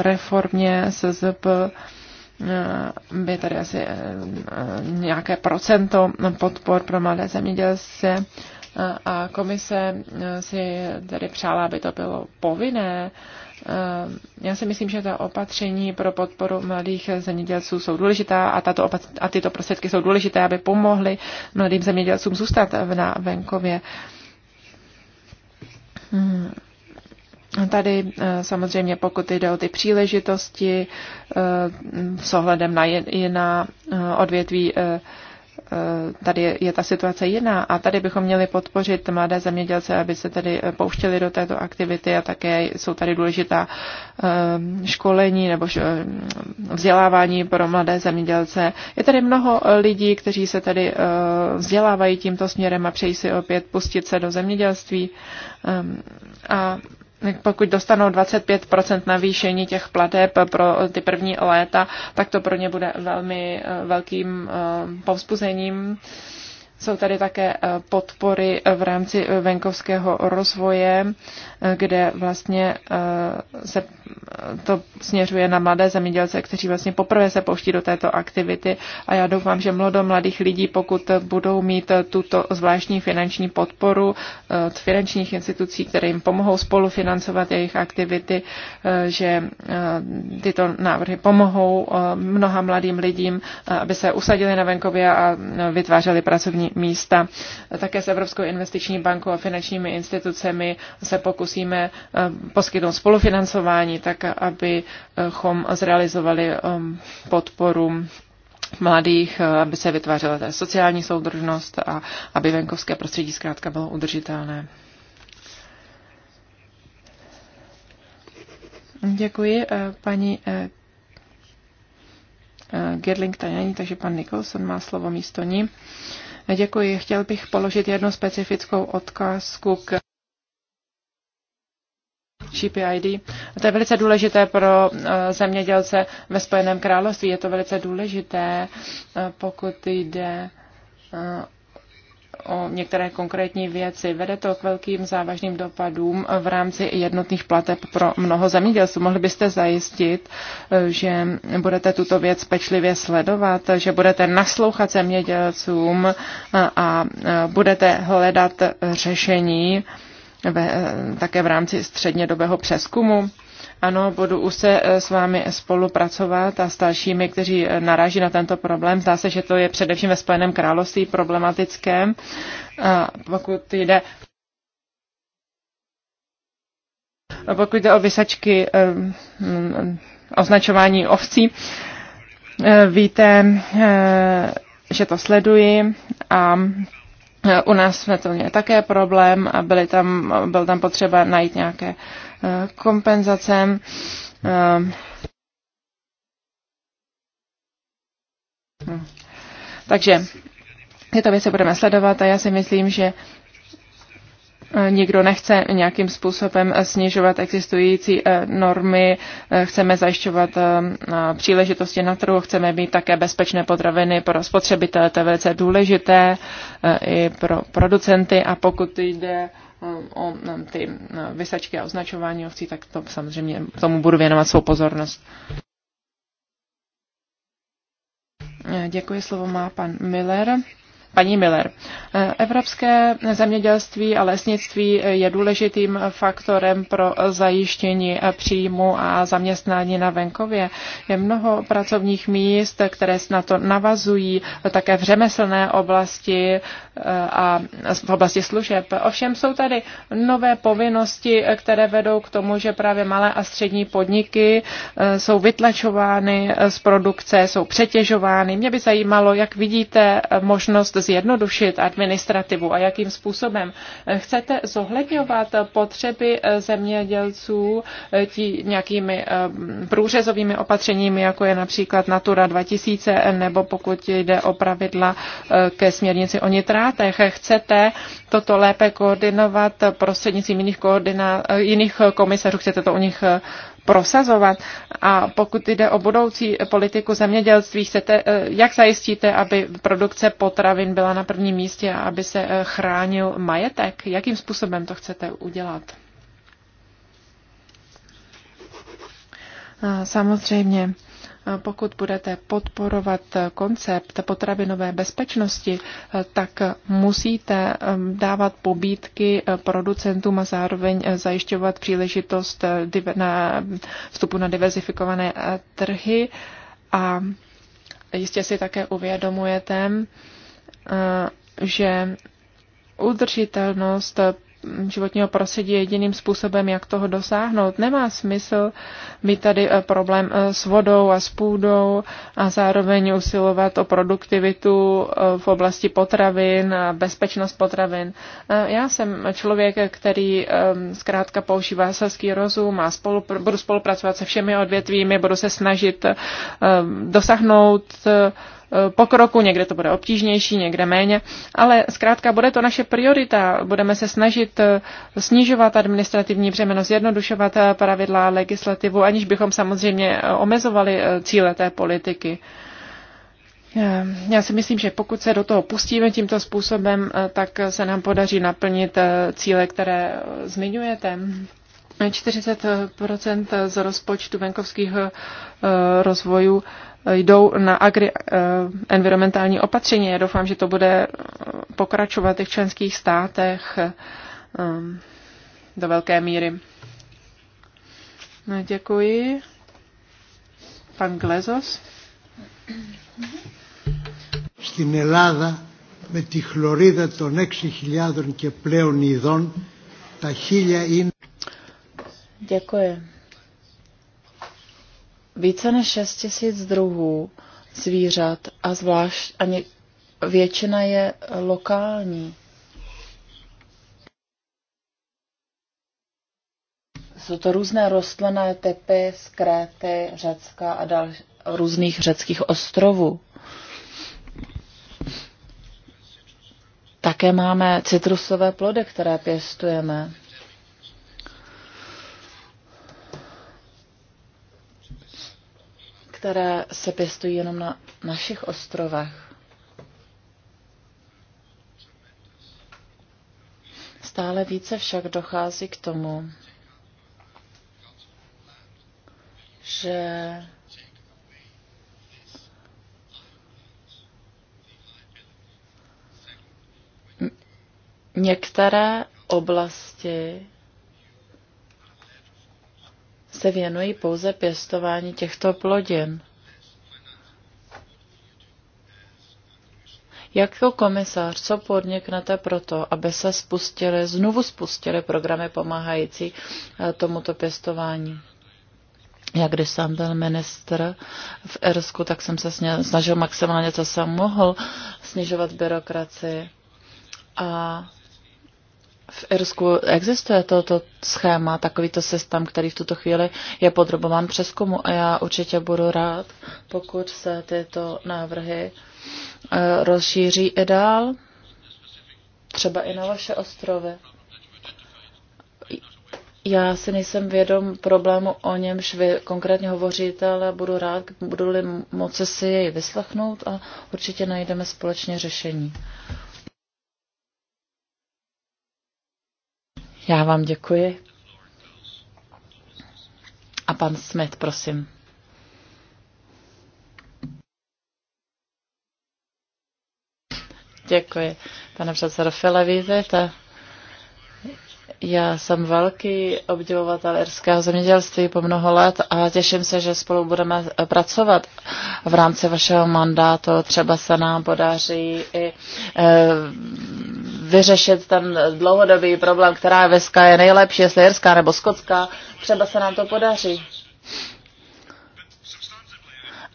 reformě SZP by eh, tady asi eh, eh, nějaké procento podpor pro mladé zemědělce a komise si tady přála, aby to bylo povinné. Já si myslím, že ta opatření pro podporu mladých zemědělců jsou důležitá a, tato a tyto prostředky jsou důležité, aby pomohly mladým zemědělcům zůstat na venkově. Hmm. Tady eh, samozřejmě, pokud jde o ty příležitosti eh, s ohledem na jiná eh, odvětví, tady je ta situace jiná a tady bychom měli podpořit mladé zemědělce, aby se tedy pouštěli do této aktivity a také jsou tady důležitá školení nebo vzdělávání pro mladé zemědělce. Je tady mnoho lidí, kteří se tady vzdělávají tímto směrem a přejí si opět pustit se do zemědělství ehm, a pokud dostanou 25% navýšení těch plateb pro ty první léta, tak to pro ně bude velmi eh, velkým eh, povzbuzením. Jsou tady také eh, podpory v rámci venkovského rozvoje kde vlastně eh, se to směřuje na mladé zemědělce, kteří vlastně poprvé se pouští do této aktivity a já doufám, že mlodo mladých lidí, pokud budou mít tuto zvláštní finanční podporu eh, od finančních institucí, které jim pomohou spolufinancovat jejich aktivity, eh, že tyto návrhy pomohou mnoha mladým lidím, aby se usadili na venkově a vytvářeli pracovní místa. Také s Evropskou investiční bankou a finančními institucemi se pokusí musíme eh, poskytnout spolufinancování, tak abychom eh, zrealizovali eh, podporu mladých, aby se vytvářela ta sociální soudržnost a aby venkovské prostředí zkrátka bylo udržitelné. Děkuji, paní Gerling Tajani, takže pan Nicholson má slovo místo ní. Děkuji. Chtěl bych položit jednu specifickou otázku k GPID. To je velice důležité pro eh, zemědělce ve Spojeném království. Je to velice důležité, eh, pokud jde eh, o některé konkrétní věci. Vede to k velkým závažným dopadům v rámci jednotných plateb pro mnoho zemědělců. Mohli byste zajistit, že budete tuto věc pečlivě sledovat, že budete naslouchat zemědělcům a budete hledat řešení, ve, eh, také v rámci střednědobého přeskumu. Ano, budu už se eh, s vámi spolupracovat a s dalšími, kteří eh, naráží na tento problém. Zdá se, že to je především ve Spojeném království problematické. A pokud jde pokud jde o vysačky označování ovcí, víte, že to sleduji a Eh, u nás jsme to měli také problém a byly tam, byl tam potřeba najít nějaké eh, kompenzace. Eh, hm. Takže tyto věci budeme sledovat a já si myslím, že Nikdo nechce nějakým způsobem snižovat existující eh, normy, eh, chceme zajišťovat eh, příležitosti na trhu, chceme mít také bezpečné potraviny pro spotřebitele, to je velice důležité i pro producenty a pokud jde o ty vysačky a označování ovcí, tak to samozřejmě tomu budu věnovat svou pozornost. Děkuji, slovo má pan Miller paní Miller. Evropské zemědělství a lesnictví je důležitým faktorem pro zajištění příjmu a zaměstnání na venkově. Je mnoho pracovních míst, které na to navazují, také v řemeslné oblasti eh, a v oblasti služeb. Ovšem jsou tady nové povinnosti, které vedou k tomu, že právě malé a střední podniky eh, jsou vytlačovány z produkce, jsou přetěžovány. Mě by zajímalo, jak vidíte možnost zjednodušit administrativu a jakým způsobem. Chcete zohledňovat potřeby eh, zemědělců eh, tí, nějakými eh, průřezovými opatřeními, jako je například Natura 2000, nebo pokud jde o pravidla ke směrnici o nitrátech. Chcete toto lépe koordinovat prostřednictvím jiných, koordina, jiných komisařů, chcete to u nich prosazovat. A pokud jde o budoucí politiku zemědělství, chcete, eh, jak zajistíte, aby produkce potravin byla na prvním místě a aby se eh, chránil majetek? Jakým způsobem to chcete udělat? Samozřejmě pokud budete podporovat koncept potravinové bezpečnosti, tak musíte um, dávat pobídky eh, producentům a zároveň eh, zajišťovat příležitost eh, na vstupu na diverzifikované trhy. A jistě si také uvědomujete, že udržitelnost životního prostředí je jediným způsobem, jak toho dosáhnout. Nemá smysl mít tady eh, problém eh, s vodou a s půdou a zároveň usilovat o produktivitu eh, v oblasti potravin a bezpečnost potravin. Já jsem člověk, který zkrátka používá selský rozum a spolu, budu spolupracovat se všemi odvětvími, budu se snažit dosáhnout Eh, pokroku, někde to bude obtížnější, někde méně, ale zkrátka bude to naše priorita. Budeme se snažit eh, snižovat administrativní břemeno, zjednodušovat eh, pravidla legislativu, aniž bychom samozřejmě omezovali cíle té politiky. Já si myslím, že pokud se do toho pustíme tímto způsobem, tak se nám podaří naplnit cíle, které zmiňujete. 40 z rozpočtu venkovských rozvojů jdou na agri, eh, environmentální opatření. Já doufám, že to bude pokračovat i v členských státech ehm, do velké míry. No, děkuji. Pan Glezos. Στην Ελλάδα με τη χλωρίδα των 6.000 και πλέον ειδών τα χίλια είναι... Děkuji více než 6 tisíc druhů zvířat a zvlášť ani většina je lokální. Jsou to různé rostlené typy z Kréty, Řecka a dal, různých řeckých ostrovů. Také máme citrusové plody, které pěstujeme. které se pěstují jenom na našich ostrovech. Stále více však dochází k tomu, že některé oblasti se věnují pouze pěstování těchto plodin. Jako komisář, co podniknete proto, aby se spustily, znovu spustily programy pomáhající eh, tomuto pěstování? Já když jsem byl ministr v Irsku, tak jsem se snažil maximálně, co jsem mohl, snižovat byrokracii. A v Irsku existuje toto schéma, takovýto systém, který v tuto chvíli je podrobován přeskumu a já určitě budu rád, pokud se tyto návrhy eh, rozšíří i dál, třeba i na vaše ostrovy. Já si nejsem vědom problému, o němž vy konkrétně hovoříte, ale budu rád, budu-li moci si jej vyslechnout a určitě najdeme společně řešení. Já vám děkuji. A pan Smith, prosím. Děkuji. Pane předsedo File, vítejte. Já jsem velký obdivovatel irského zemědělství po mnoho let a těším se, že spolu budeme pracovat v rámci vašeho mandátu. Třeba se nám podaří i e, vyřešit ten dlouhodobý problém, která veska je nejlepší, jestli irská nebo skotská. Třeba se nám to podaří.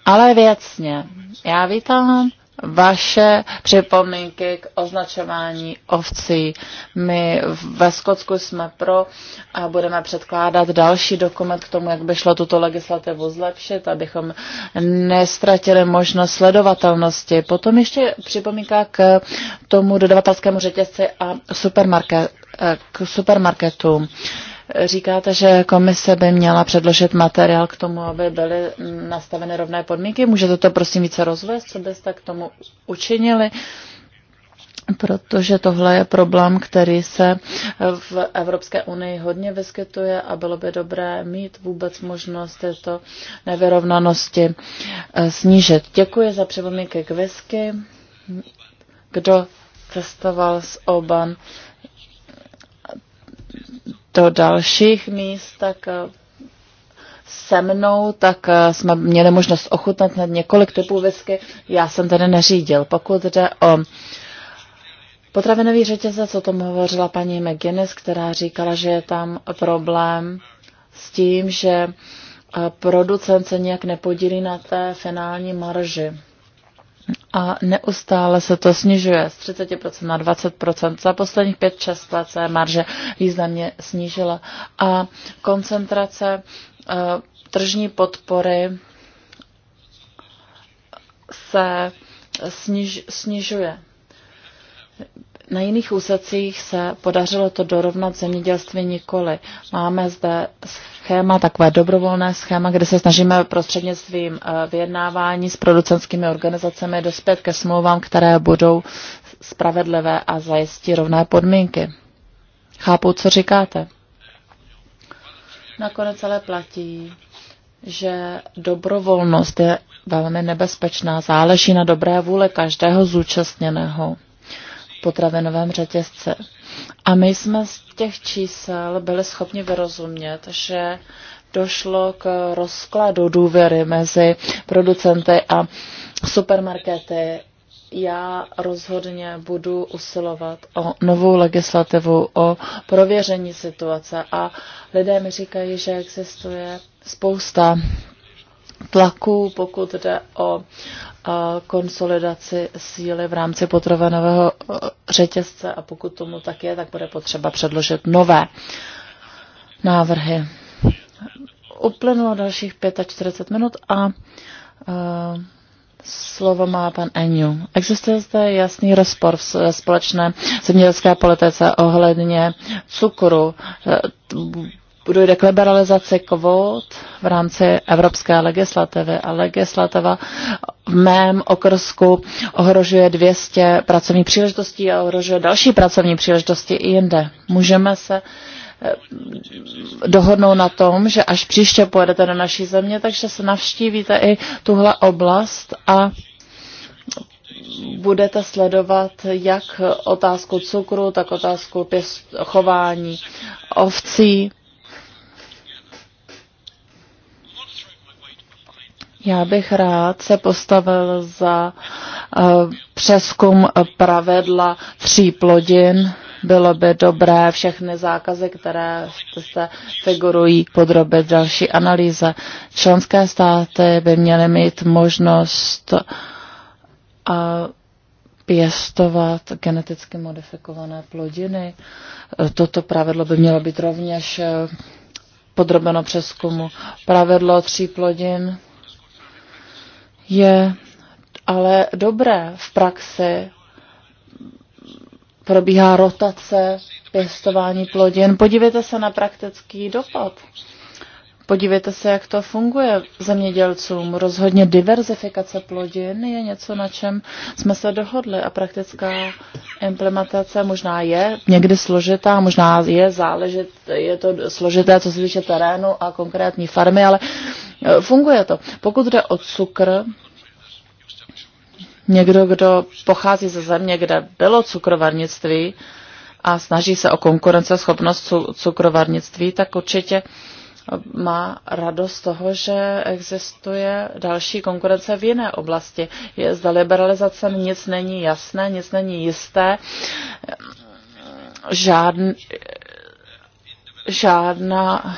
Ale věcně. Já vítám vaše připomínky k označování ovcí. My ve Skotsku jsme pro a budeme předkládat další dokument k tomu, jak by šlo tuto legislativu zlepšit, abychom nestratili možnost sledovatelnosti. Potom ještě připomínka k tomu dodavatelskému řetězci a supermarket, k supermarketu. Říkáte, že komise by měla předložit materiál k tomu, aby byly nastaveny rovné podmínky. Můžete to prosím více rozvést, co byste k tomu učinili? Protože tohle je problém, který se v Evropské unii hodně vyskytuje a bylo by dobré mít vůbec možnost této nevyrovnanosti eh, snížit. Děkuji za připomínky k whisky. Kdo cestoval z Oban? do dalších míst, tak eh, se mnou, tak eh, jsme měli možnost ochutnat na několik typů whisky. Já jsem tady neřídil. Pokud jde o potravinový řetězec, o tom hovořila paní McGuinness, která říkala, že je tam problém s tím, že eh, producent se nějak nepodílí na té finální marži a neustále se to snižuje z 30% na 20%. Za posledních 5-6 let se marže významně snížila a koncentrace eh, tržní podpory se sniž, snižuje. Na jiných úsecích se podařilo to dorovnat zemědělství nikoli. Máme zde schéma, takové dobrovolné schéma, kde se snažíme prostřednictvím eh, vyjednávání s producentskými organizacemi dospět ke smlouvám, které budou spravedlivé a zajistí rovné podmínky. Chápu, co říkáte. Nakonec ale platí, že dobrovolnost je velmi nebezpečná. Záleží na dobré vůli každého zúčastněného potravinovém řetězce. A my jsme z těch čísel byli schopni vyrozumět, že došlo k rozkladu důvěry mezi producenty a supermarkety. Já rozhodně budu usilovat o novou legislativu, o prověření situace a lidé mi říkají, že existuje spousta tlaku, pokud jde o konsolidaci síly v rámci potravinového e, řetězce a pokud tomu tak je, tak bude potřeba předložit nové návrhy. Uplynulo dalších 45 minut a e, slovo má pan Enju. Existuje zde jasný rozpor v společné zemědělské politice ohledně cukru e, dojde k jako liberalizaci kvót v rámci evropské legislativy a legislativa v mém okrsku ohrožuje 200 pracovních příležitostí a ohrožuje další pracovní příležitosti i jinde. Můžeme se eh, dohodnou na tom, že až příště pojedete do naší země, takže se navštívíte i tuhle oblast a budete sledovat jak otázku cukru, tak otázku pěst, chování ovcí Já bych rád se postavil za eh, přeskum eh, pravidla tří plodin. Bylo by dobré všechny zákazy, které se figurují, podrobit další analýze. Členské státy by měly mít možnost eh, pěstovat geneticky modifikované plodiny. Toto pravidlo by mělo být rovněž podrobeno přeskumu. Pravidlo tří plodin je ale dobré v praxi probíhá rotace pěstování plodin. Podívejte se na praktický dopad. Podívejte se, jak to funguje zemědělcům. Rozhodně diverzifikace plodin je něco, na čem jsme se dohodli a praktická implementace možná je někdy složitá, možná je záležit, je to složité, co se týče terénu a konkrétní farmy, ale Eh, funguje to. Pokud jde o cukr, někdo, kdo pochází ze země, kde bylo cukrovarnictví a snaží se o konkurenceschopnost cukrovarnictví, tak určitě eh, má radost toho, že existuje další konkurence v jiné oblasti. Je zda liberalizacem nic není jasné, nic není jisté. Žádn, žádná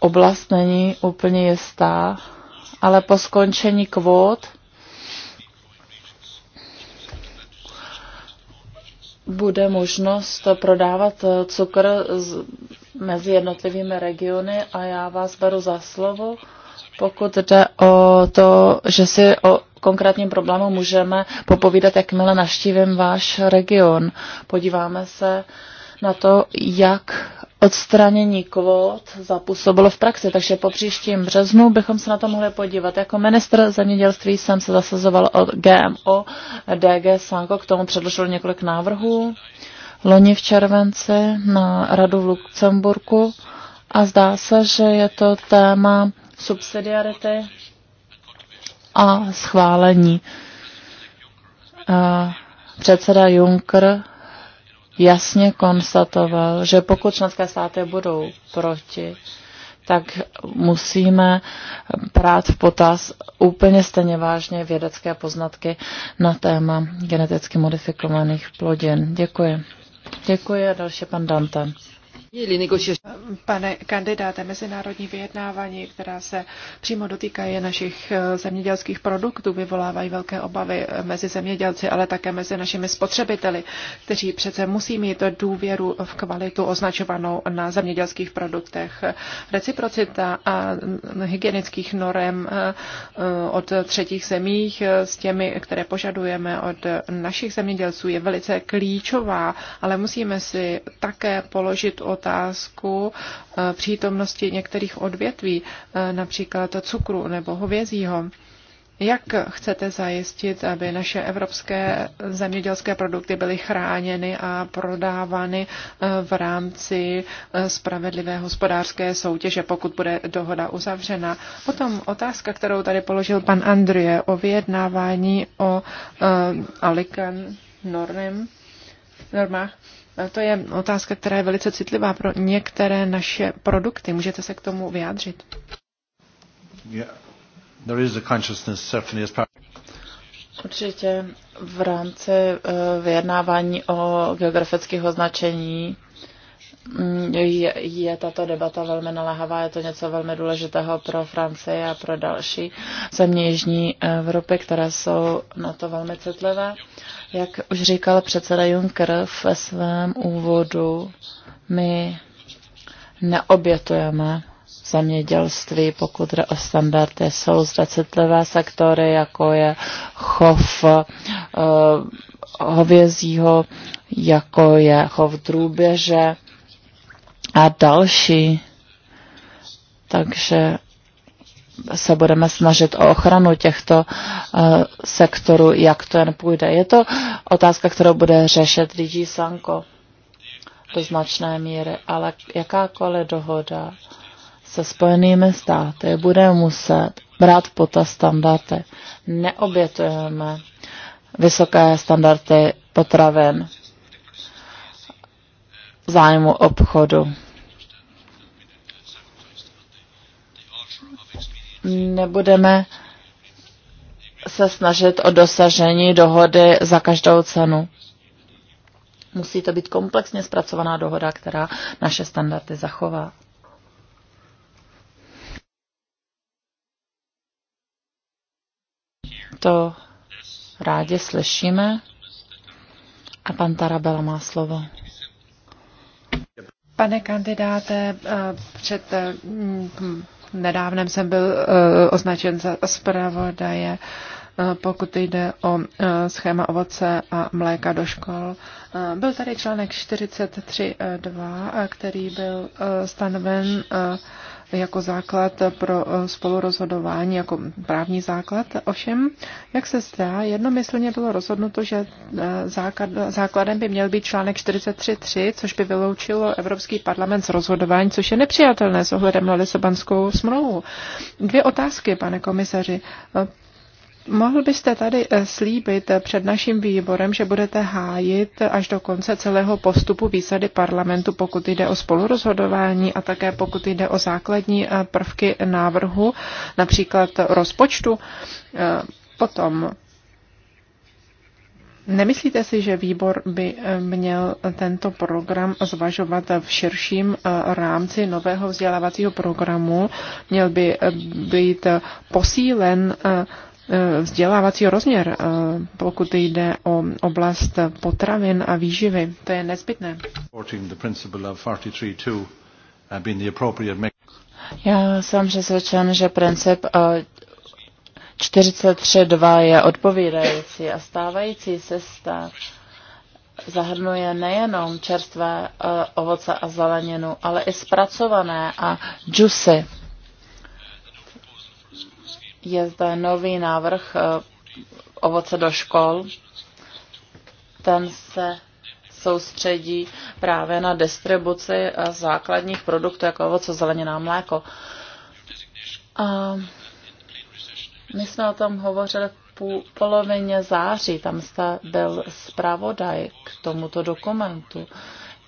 oblast není úplně jistá, ale po skončení kvót bude možnost prodávat cukr mezi jednotlivými regiony a já vás beru za slovo, pokud jde o to, že si o konkrétním problému můžeme popovídat, jakmile naštívím váš region. Podíváme se na to, jak odstranění kvót zapůsobilo v praxi, takže po příštím březnu bychom se na to mohli podívat. Jako ministr zemědělství jsem se zasazoval od GMO, DG Sanko k tomu předložil několik návrhů loni v červenci na radu v Lucemburku a zdá se, že je to téma subsidiarity a schválení. Eh, předseda Juncker jasně konstatoval, že pokud členské státy budou proti, tak musíme brát v potaz úplně stejně vážně vědecké poznatky na téma geneticky modifikovaných plodin. Děkuji. Děkuji a další pan Dante. Pane kandidáte, mezinárodní vyjednávání, která se přímo dotýkají našich eh, zemědělských produktů, vyvolávají velké obavy eh, mezi zemědělci, ale také mezi našimi spotřebiteli, kteří přece musí mít důvěru v kvalitu označovanou na zemědělských produktech. Reciprocita a hygienických norem eh, od třetích zemích s těmi, které požadujeme od našich zemědělců, je velice klíčová, ale musíme si také položit od otázku eh, přítomnosti některých odvětví, eh, například cukru nebo hovězího. Jak chcete zajistit, aby naše evropské zemědělské produkty byly chráněny a prodávány eh, v rámci spravedlivé hospodářské soutěže, pokud bude dohoda uzavřena? Potom otázka, kterou tady položil pan Andrie o vyjednávání o uh, Alican Nornem normách. to je otázka, která je velice citlivá pro některé naše produkty. Můžete se k tomu vyjádřit? Určitě v rámci eh, vyjednávání o geografických označení Mm, je, je tato debata velmi naléhavá, je to něco velmi důležitého pro Francii a pro další země Jižní Evropy, které jsou na to velmi citlivé. Jak už říkal předseda Juncker ve svém úvodu, my neobětujeme zemědělství, pokud jde o standardy. Jsou zde citlivé sektory, jako je chov uh, hovězího, jako je chov drůběže, a další. Takže se budeme snažit o ochranu těchto uh, sektorů, jak to jen půjde. Je to otázka, kterou bude řešit DG Sanko do značné míry, ale jakákoliv dohoda se Spojenými státy bude muset brát pota standardy. Neobětujeme vysoké standardy potravin zájmu obchodu. Nebudeme se snažit o dosažení dohody za každou cenu. Musí to být komplexně zpracovaná dohoda, která naše standardy zachová. To rádi slyšíme. A pan Tarabela má slovo. Pane kandidáte, eh, před eh, hm, nedávnem jsem byl eh, označen za zpravodaje, pokud jde o schéma ovoce a mléka do škol. Byl tady článek 43.2, který byl stanoven jako základ pro eh, spolurozhodování, jako právní základ. Ovšem, jak se zdá, jednomyslně bylo rozhodnuto, že eh, základem by měl být článek 43.3, což by vyloučilo Evropský parlament z rozhodování, což je nepřijatelné s ohledem na Lisabonskou smlouvu. Dvě otázky, pane komisaři. Mohl byste tady eh, slíbit eh, před naším výborem, že budete hájit až do konce celého postupu výsady parlamentu, pokud jde o spolurozhodování a také pokud jde o základní eh, prvky návrhu, například rozpočtu. Potom Nemyslíte si, že výbor by měl tento program zvažovat v širším rámci nového vzdělávacího programu? Měl by být posílen Eh, vzdělávací rozměr, eh, pokud jde o oblast potravin a výživy. To je nezbytné. Uh, Já jsem přesvědčen, že princip 43.2 eh, je odpovídající a stávající systém zahrnuje nejenom čerstvé ovoce a zeleninu, ale i zpracované a džusy je zde nový návrh eh, ovoce do škol. Ten se soustředí právě na distribuci eh, základních produktů, jako ovoce, zelenina, mléko. A my jsme o tom hovořili v polovině září, tam jste byl zpravodaj k tomuto dokumentu.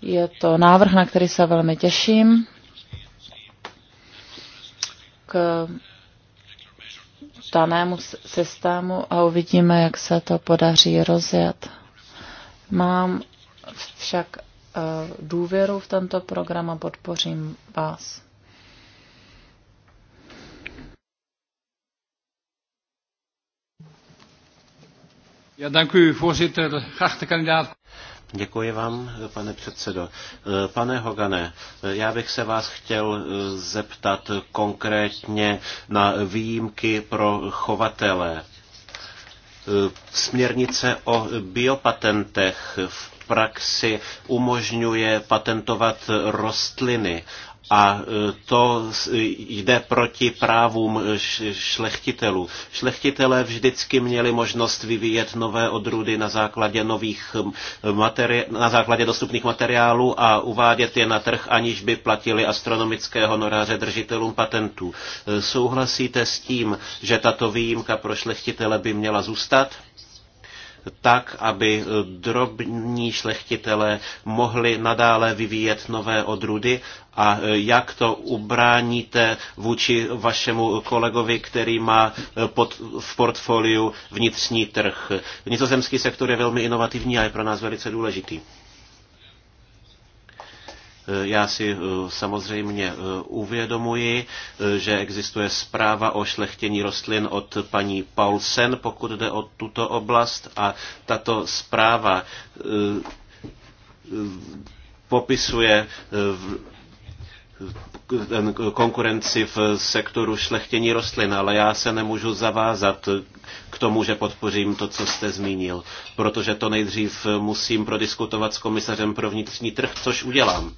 Je to návrh, na který se velmi těším. K danému systému a uvidíme, jak se to podaří rozjet. Mám však eh, důvěru v tento program a podpořím vás. Ja, dank u voorzitter. Geachte kandidaat. Děkuji vám, pane předsedo. Pane Hogane, já bych se vás chtěl zeptat konkrétně na výjimky pro chovatele. Směrnice o biopatentech v praxi umožňuje patentovat rostliny a e, to jde proti právům šlechtitelů. Šlechtitelé vždycky měli možnost vyvíjet nové odrůdy na základě nových materi- na základě dostupných materiálů a uvádět je na trh, aniž by platili astronomické honoráře držitelům patentů. E, souhlasíte s tím, že tato výjimka pro šlechtitele by měla zůstat? tak, aby drobní šlechtitele mohli nadále vyvíjet nové odrudy a jak to ubráníte vůči vašemu kolegovi, který má pod, v portfoliu vnitřní trh. Nizozemský sektor je velmi inovativní a je pro nás velice důležitý. Eh, já si eh, samozřejmě eh, uvědomuji, že existuje zpráva o šlechtění rostlin od paní Paulsen, pokud jde o tuto oblast a tato zpráva popisuje konkurenci v sektoru šlechtění rostlin, ale já se nemůžu zavázat k tomu, že podpořím to, co jste zmínil, protože to nejdřív musím prodiskutovat s komisařem pro vnitřní trh, což udělám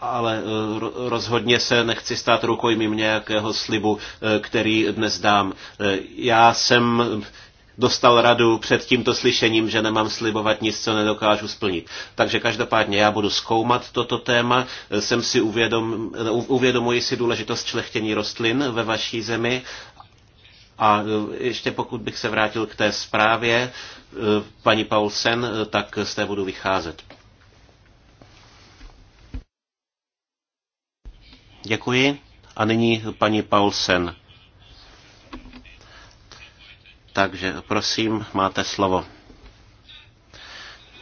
ale eh, rozhodně se nechci stát rukojmím nějakého slibu, eh, který dnes dám. Eh, já jsem dostal radu před tímto slyšením, že nemám slibovat nic, co nedokážu splnit. Takže každopádně já budu zkoumat toto téma, jsem si uvědom, uvědomuji si důležitost šlechtění rostlin ve vaší zemi a ještě pokud bych se vrátil k té zprávě paní Paulsen, tak z té budu vycházet. Děkuji. A nyní paní Paulsen. Takže prosím, máte slovo.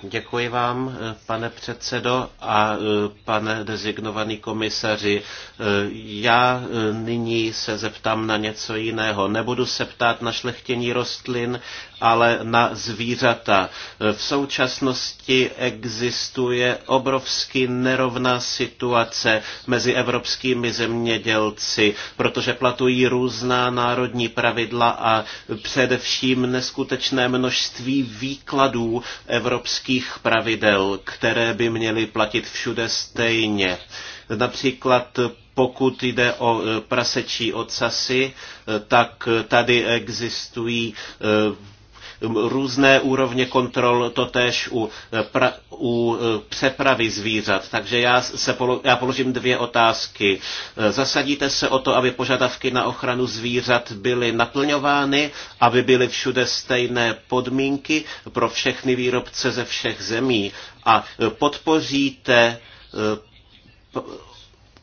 Děkuji vám, pane předsedo a e, pane dezignovaný komisaři. E, já e, nyní se zeptám na něco jiného. Nebudu se ptát na šlechtění rostlin ale na zvířata. V současnosti existuje obrovsky nerovná situace mezi evropskými zemědělci, protože platují různá národní pravidla a především neskutečné množství výkladů evropských pravidel, které by měly platit všude stejně. Například pokud jde o e, prasečí ocasy, e, tak tady existují e, různé úrovně kontrol, totéž u, e, pra, u e, přepravy zvířat. Takže já, se polo, já položím dvě otázky. E, zasadíte se o to, aby požadavky na ochranu zvířat byly naplňovány, aby byly všude stejné podmínky pro všechny výrobce ze všech zemí a podpoříte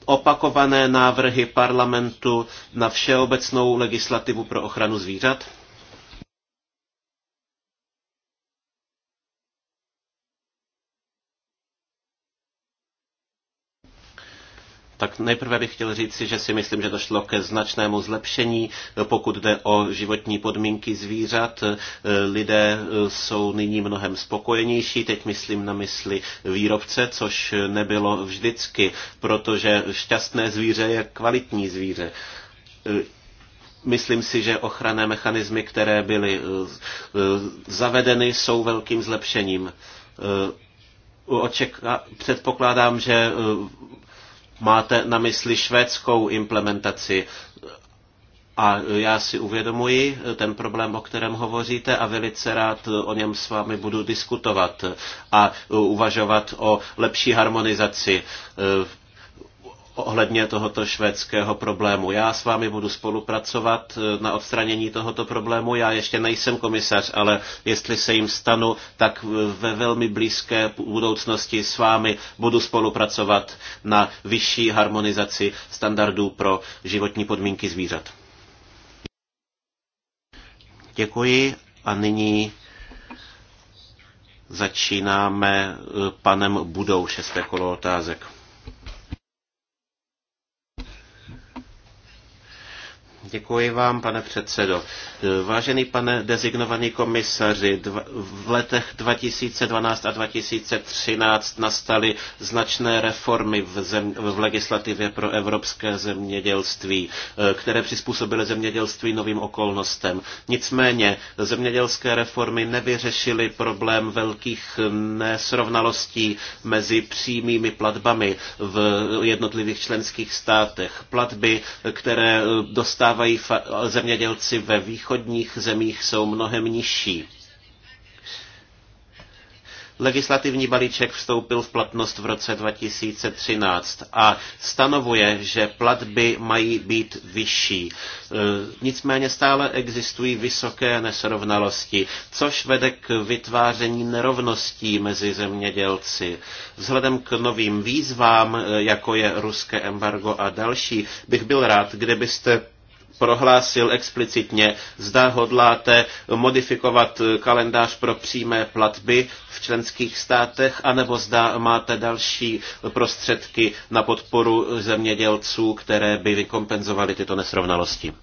opakované návrhy parlamentu na všeobecnou legislativu pro ochranu zvířat? Tak nejprve bych chtěl říci, že si myslím, že došlo ke značnému zlepšení, pokud jde o životní podmínky zvířat. Lidé eh, jsou nyní mnohem spokojenější, teď myslím na mysli výrobce, což nebylo vždycky, protože šťastné zvíře je kvalitní zvíře. Eh, myslím si, že ochranné mechanismy, které byly eh, zavedeny, jsou velkým zlepšením. Očeká, předpokládám, že máte na mysli švédskou implementaci. A já si uvědomuji ten problém, o kterém hovoříte a velice rád o něm s vámi budu diskutovat a uvažovat o lepší harmonizaci ohledně tohoto švédského problému. Já s vámi budu spolupracovat eh, na odstranění tohoto problému. Já ještě nejsem komisař, ale jestli se jim stanu, tak ve velmi blízké budoucnosti s vámi budu spolupracovat na vyšší harmonizaci standardů pro životní podmínky zvířat. Děkuji a nyní začínáme eh, panem Budou šesté kolo otázek. Děkuji vám, pane předsedo. Vážený pane designovaný komisaři, v letech 2012 a 2013 nastaly značné reformy v, zem, v legislativě pro evropské zemědělství, které přizpůsobily zemědělství novým okolnostem. Nicméně zemědělské reformy nevyřešily problém velkých nesrovnalostí mezi přímými platbami v jednotlivých členských státech. Platby, které dostávají dostávají zemědělci ve východních zemích, jsou mnohem nižší. Legislativní balíček vstoupil v platnost v roce 2013 a stanovuje, že platby mají být vyšší. E, nicméně stále existují vysoké nesrovnalosti, což vede k vytváření nerovností mezi zemědělci. Vzhledem k novým výzvám, e, jako je ruské embargo a další, bych byl rád, kdybyste prohlásil explicitně, zda hodláte modifikovat kalendář pro přímé platby v členských státech, anebo zda máte další prostředky na podporu zemědělců, které by vykompenzovaly tyto nesrovnalosti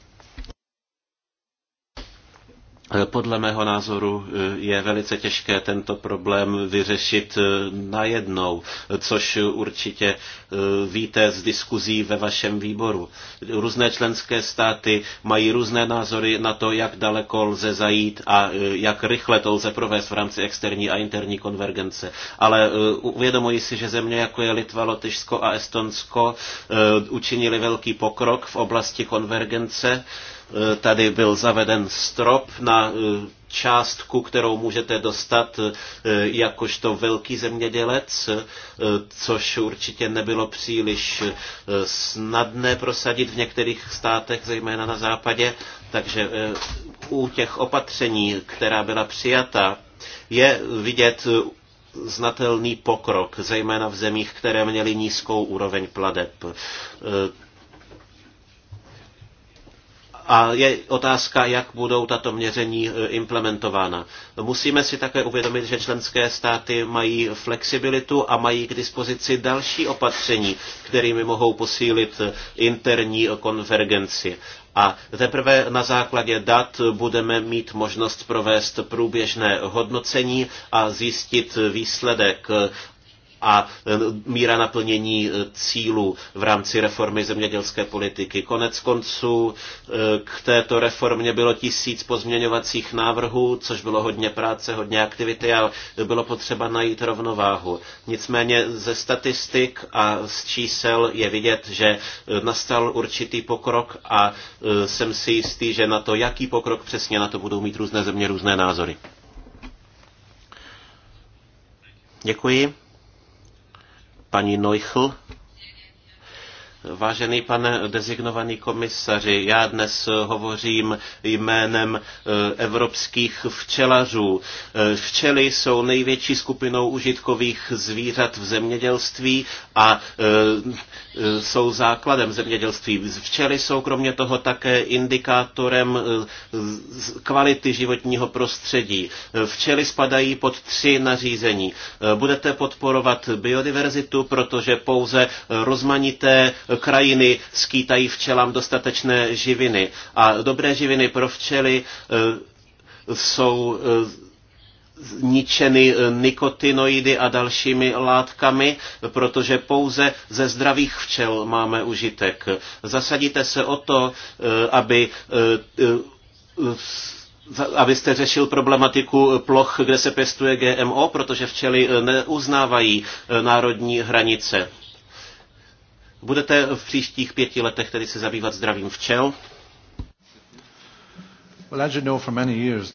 podle mého názoru eh, je velice těžké tento problém vyřešit eh, najednou, což určitě eh, víte z diskuzí ve vašem výboru. Různé členské státy mají různé názory na to, jak daleko lze zajít a jak rychle to lze provést v rámci externí a interní konvergence. Ale uvědomuji si, že země jako je Litva, Lotyšsko a Estonsko učinili velký pokrok v oblasti konvergence. Eh, tady byl zaveden strop na eh, částku, kterou můžete dostat eh, jakožto velký zemědělec, což určitě nebylo příliš snadné prosadit v některých státech, zejména na západě. Takže u těch opatření, která byla přijata, je vidět znatelný pokrok, zejména v zemích, které měly nízkou úroveň pladeb. A je otázka, jak budou tato měření e, implementována. No, musíme si také uvědomit, že členské státy mají flexibilitu a mají k dispozici další opatření, kterými mohou posílit e, interní konvergenci. A teprve na základě dat budeme mít možnost provést průběžné hodnocení a zjistit výsledek a e, míra naplnění e, cílů v rámci reformy zemědělské politiky. Konec konců e, k této reformě bylo tisíc pozměňovacích návrhů, což bylo hodně práce, hodně aktivity a bylo potřeba najít rovnováhu. Nicméně ze statistik a z čísel je vidět, že nastal určitý pokrok a jsem si jistý, že na to, jaký pokrok přesně na to budou mít různé země různé názory. Děkuji paní Neuchl. Vážený pane dezignovaný komisaři, já dnes hovořím jménem eh, evropských včelařů. Eh, včely jsou největší skupinou užitkových zvířat v zemědělství a eh, jsou základem zemědělství. Včely jsou kromě toho také indikátorem kvality životního prostředí. Včely spadají pod tři nařízení. Budete podporovat biodiverzitu, protože pouze rozmanité krajiny skýtají včelám dostatečné živiny. A dobré živiny pro včely eh, jsou eh, ničeny eh, nikotinoidy a dalšími látkami, protože pouze ze zdravých včel máme užitek. Zasadíte se o to, aby abyste řešil problematiku ploch, kde se pěstuje GMO, protože včely neuznávají národní hranice. Budete v příštích pěti letech tedy se zabývat zdravím včel? Well, as you know, for many years.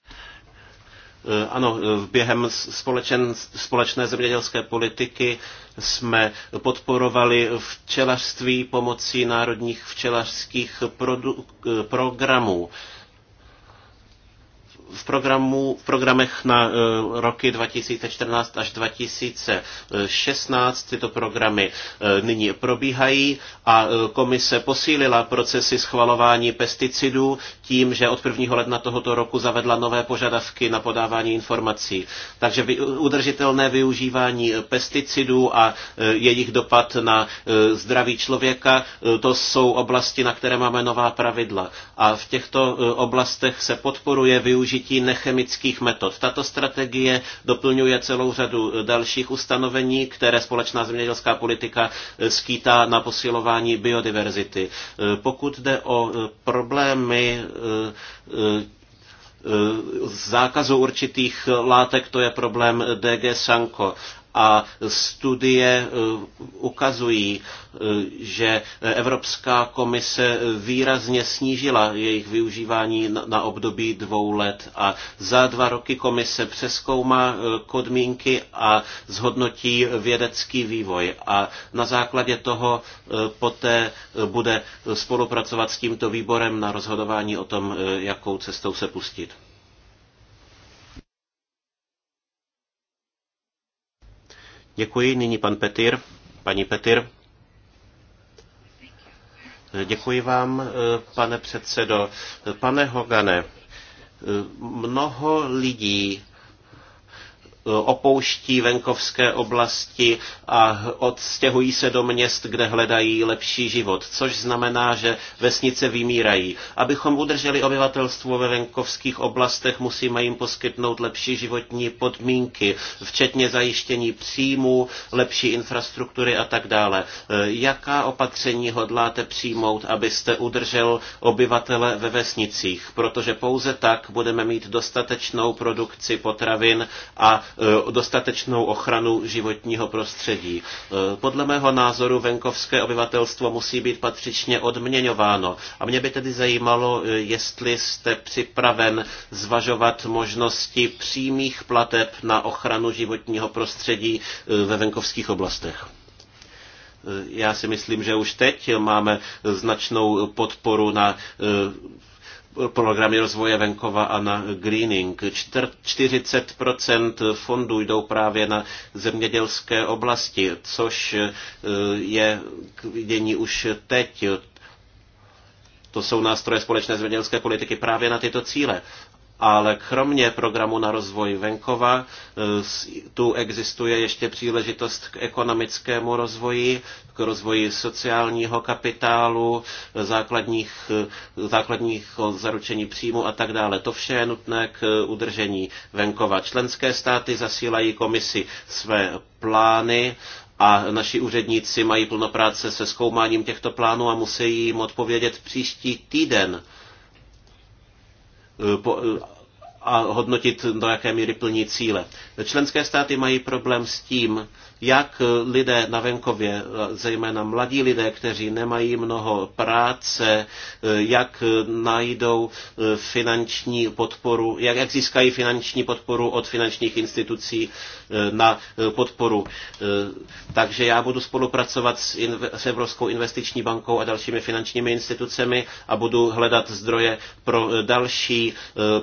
Eh, ano, eh, během společen, společné zemědělské politiky jsme podporovali včelařství pomocí národních včelařských produ, eh, programů v, programu, v programech na eh, roky 2014 až 2016 tyto programy eh, nyní probíhají a eh, komise posílila procesy schvalování pesticidů tím, že od 1. ledna tohoto roku zavedla nové požadavky na podávání informací. Takže udržitelné využívání pesticidů a jejich dopad na zdraví člověka, to jsou oblasti, na které máme nová pravidla. A v těchto oblastech se podporuje využívání využití nechemických metod. Tato strategie doplňuje celou řadu dalších ustanovení, které společná zemědělská politika eh, skýtá na posilování biodiverzity. Eh, pokud jde o eh, problémy zákazu určitých látek, to je problém DG Sanko a studie eh, ukazují, eh, že Evropská komise výrazně snížila jejich využívání na období dvou let a za dva roky komise přeskoumá eh, podmínky a zhodnotí vědecký vývoj a na základě toho poté bude spolupracovat s tímto výborem na rozhodování o tom, jakou cestou se pustit. Děkuji. Nyní pan Petir, Paní Petir. Děkuji vám, pane předsedo. Pane Hogane, mnoho lidí opouští venkovské oblasti a odstěhují se do měst, kde hledají lepší život, což znamená, že vesnice vymírají. Abychom udrželi obyvatelstvo ve venkovských oblastech, musíme jim poskytnout lepší životní podmínky, včetně zajištění příjmů, lepší infrastruktury a tak dále. Jaká opatření hodláte přijmout, abyste udržel obyvatele ve vesnicích? Protože pouze tak budeme mít dostatečnou produkci potravin a Eh, dostatečnou ochranu životního prostředí. Eh, podle mého názoru venkovské obyvatelstvo musí být patřičně odměňováno. A mě by tedy zajímalo, eh, jestli jste připraven zvažovat možnosti přímých plateb na ochranu životního prostředí ve venkovských oblastech. Já si myslím, že už teď máme značnou podporu na programy rozvoje venkova a na greening. 40 fondů jdou právě na zemědělské oblasti, což e, je k vidění už teď. To jsou nástroje společné zemědělské politiky právě na tyto cíle ale kromě programu na rozvoj venkova e, tu existuje ještě příležitost k ekonomickému rozvoji, k rozvoji sociálního kapitálu, základních, e, základních zaručení příjmu a tak dále. To vše je nutné k udržení venkova. Členské státy zasílají komisi své plány a naši úředníci mají plno práce se zkoumáním těchto plánů a musí jim odpovědět příští týden. Eh, eh, a hodnotit, do jaké míry plní cíle. Členské státy mají problém s tím, jak lidé na venkově, zejména mladí lidé, kteří nemají mnoho práce, jak najdou eh, finanční podporu, jak, jak získají finanční podporu od finančních institucí eh, na eh, podporu. Takže já budu spolupracovat s, s Evropskou investiční bankou a dalšími finančními institucemi a budu hledat zdroje pro další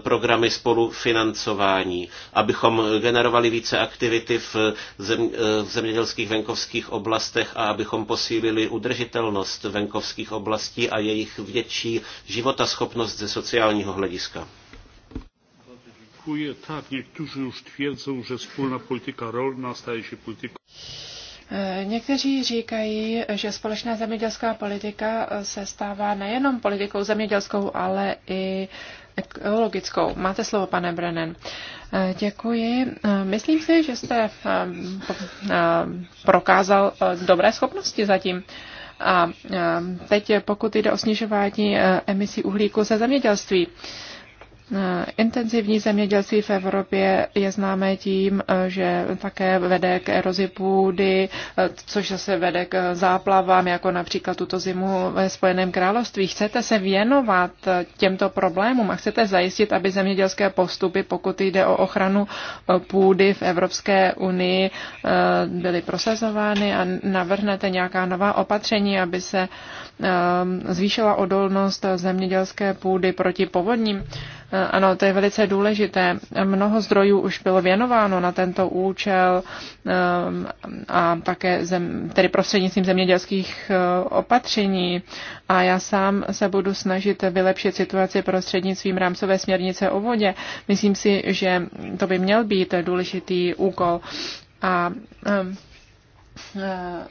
programy spolufinancování, abychom generovali více aktivity v, zem, v zemědělských venkovských oblastech a abychom posílili udržitelnost venkovských oblastí a jejich větší životaschopnost ze sociálního hlediska. Děkuji. Tak, někteří už tvrdí, že společná politika rolná staje se politikou. Eh, někteří říkají, že společná zemědělská politika eh, se stává nejenom politikou zemědělskou, ale i ekologickou. Máte slovo, pane Brennan. Eh, děkuji. Eh, myslím si, že jste eh, prokázal dobré schopnosti zatím. A teď pokud jde o snižování emisí uhlíku ze zemědělství. Eh, intenzivní zemědělství v Evropě je známé tím, eh, že také vede k erozi půdy, eh, což zase vede k záplavám, jako například tuto zimu ve Spojeném království. Chcete se věnovat těmto problémům a chcete zajistit, aby zemědělské postupy, pokud jde o ochranu půdy v Evropské unii, byly prosazovány a navrhnete nějaká nová opatření, aby se Ehm, zvýšila odolnost zemědělské půdy proti povodním. Eh, ano, to je velice důležité. Mnoho zdrojů už bylo věnováno na tento účel ehm, a také zem, tedy prostřednictvím zemědělských eh, opatření. A já sám se budu snažit vylepšit situaci prostřednictvím rámcové směrnice o vodě. Myslím si, že to by měl být důležitý úkol. A, a, ehm, a eh,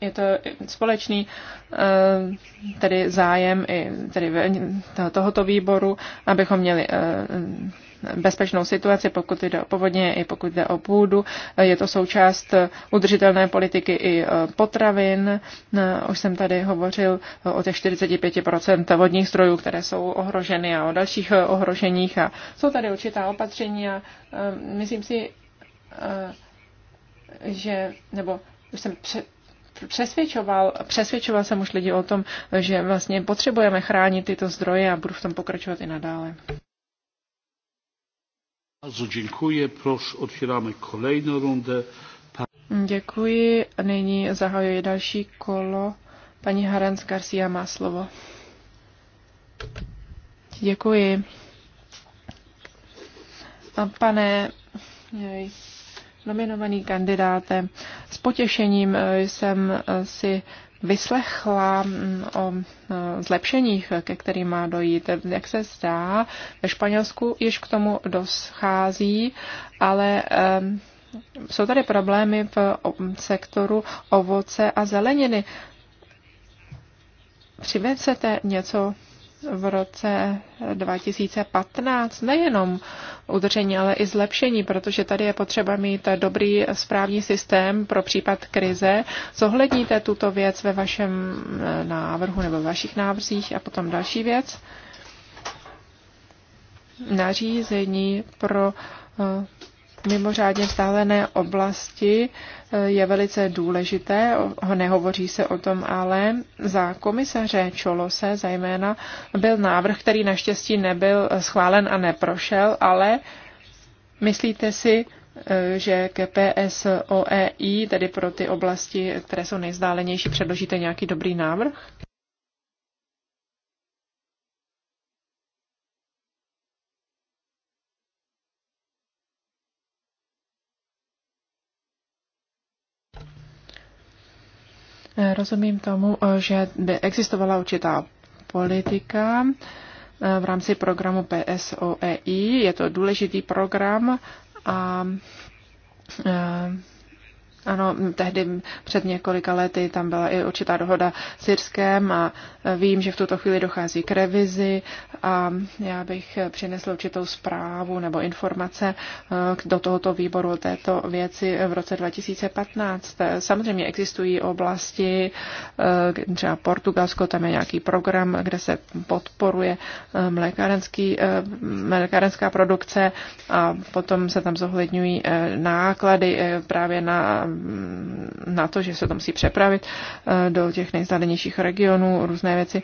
je to společný eh, tedy zájem i tedy tohoto výboru, abychom měli eh, bezpečnou situaci, pokud jde o povodně i pokud jde o půdu. Je to součást udržitelné politiky i eh, potravin. Už jsem tady hovořil o těch 45% vodních strojů, které jsou ohroženy a o dalších ohroženích. A jsou tady určitá opatření a myslím si, že nebo jsem pře- přesvědčoval, přesvědčoval jsem už lidi o tom, že vlastně potřebujeme chránit tyto zdroje a budu v tom pokračovat i nadále. Bardzo dziękuję. Proszę, otwieramy kolejną rundę. Děkuji. Nyní zahajuji další kolo. Paní Haranz Garcia má slovo. Děkuji. A pane, jej nominovaný kandidátem. S potěšením eh, jsem eh, si vyslechla mm, o eh, zlepšeních, ke kterým má dojít. Jak se zdá, ve Španělsku již k tomu doschází, ale jsou tady problémy v sektoru ovoce a zeleniny. Přivezete něco v roce 2015 nejenom udržení, ale i zlepšení, protože tady je potřeba mít dobrý správní systém pro případ krize. Zohledníte tuto věc ve vašem eh, návrhu nebo vašich návrzích a potom další věc. Nařízení pro eh, mimořádně vzdálené oblasti eh, je velice důležité, nehovoří se o tom, ale za komisaře Čolose zejména byl návrh, který naštěstí nebyl eh, schválen a neprošel, ale myslíte si, eh, že ke PSOEI, tedy pro ty oblasti, které jsou nejzdálenější, předložíte nějaký dobrý návrh? Rozumím tomu, eh, že by existovala určitá politika eh, v rámci programu PSOEI. Je to důležitý program a eh, ano, tehdy před několika lety tam byla i určitá dohoda s Irskem a vím, že v tuto chvíli dochází k revizi a já bych přinesl určitou zprávu nebo informace eh, do tohoto výboru o této věci v roce 2015. Samozřejmě existují oblasti, eh, třeba Portugalsko, tam je nějaký program, kde se podporuje eh, mlékárenská produkce a potom se tam zohledňují náklady právě na na to, že se to musí přepravit eh, do těch nejzdálenějších regionů, různé věci.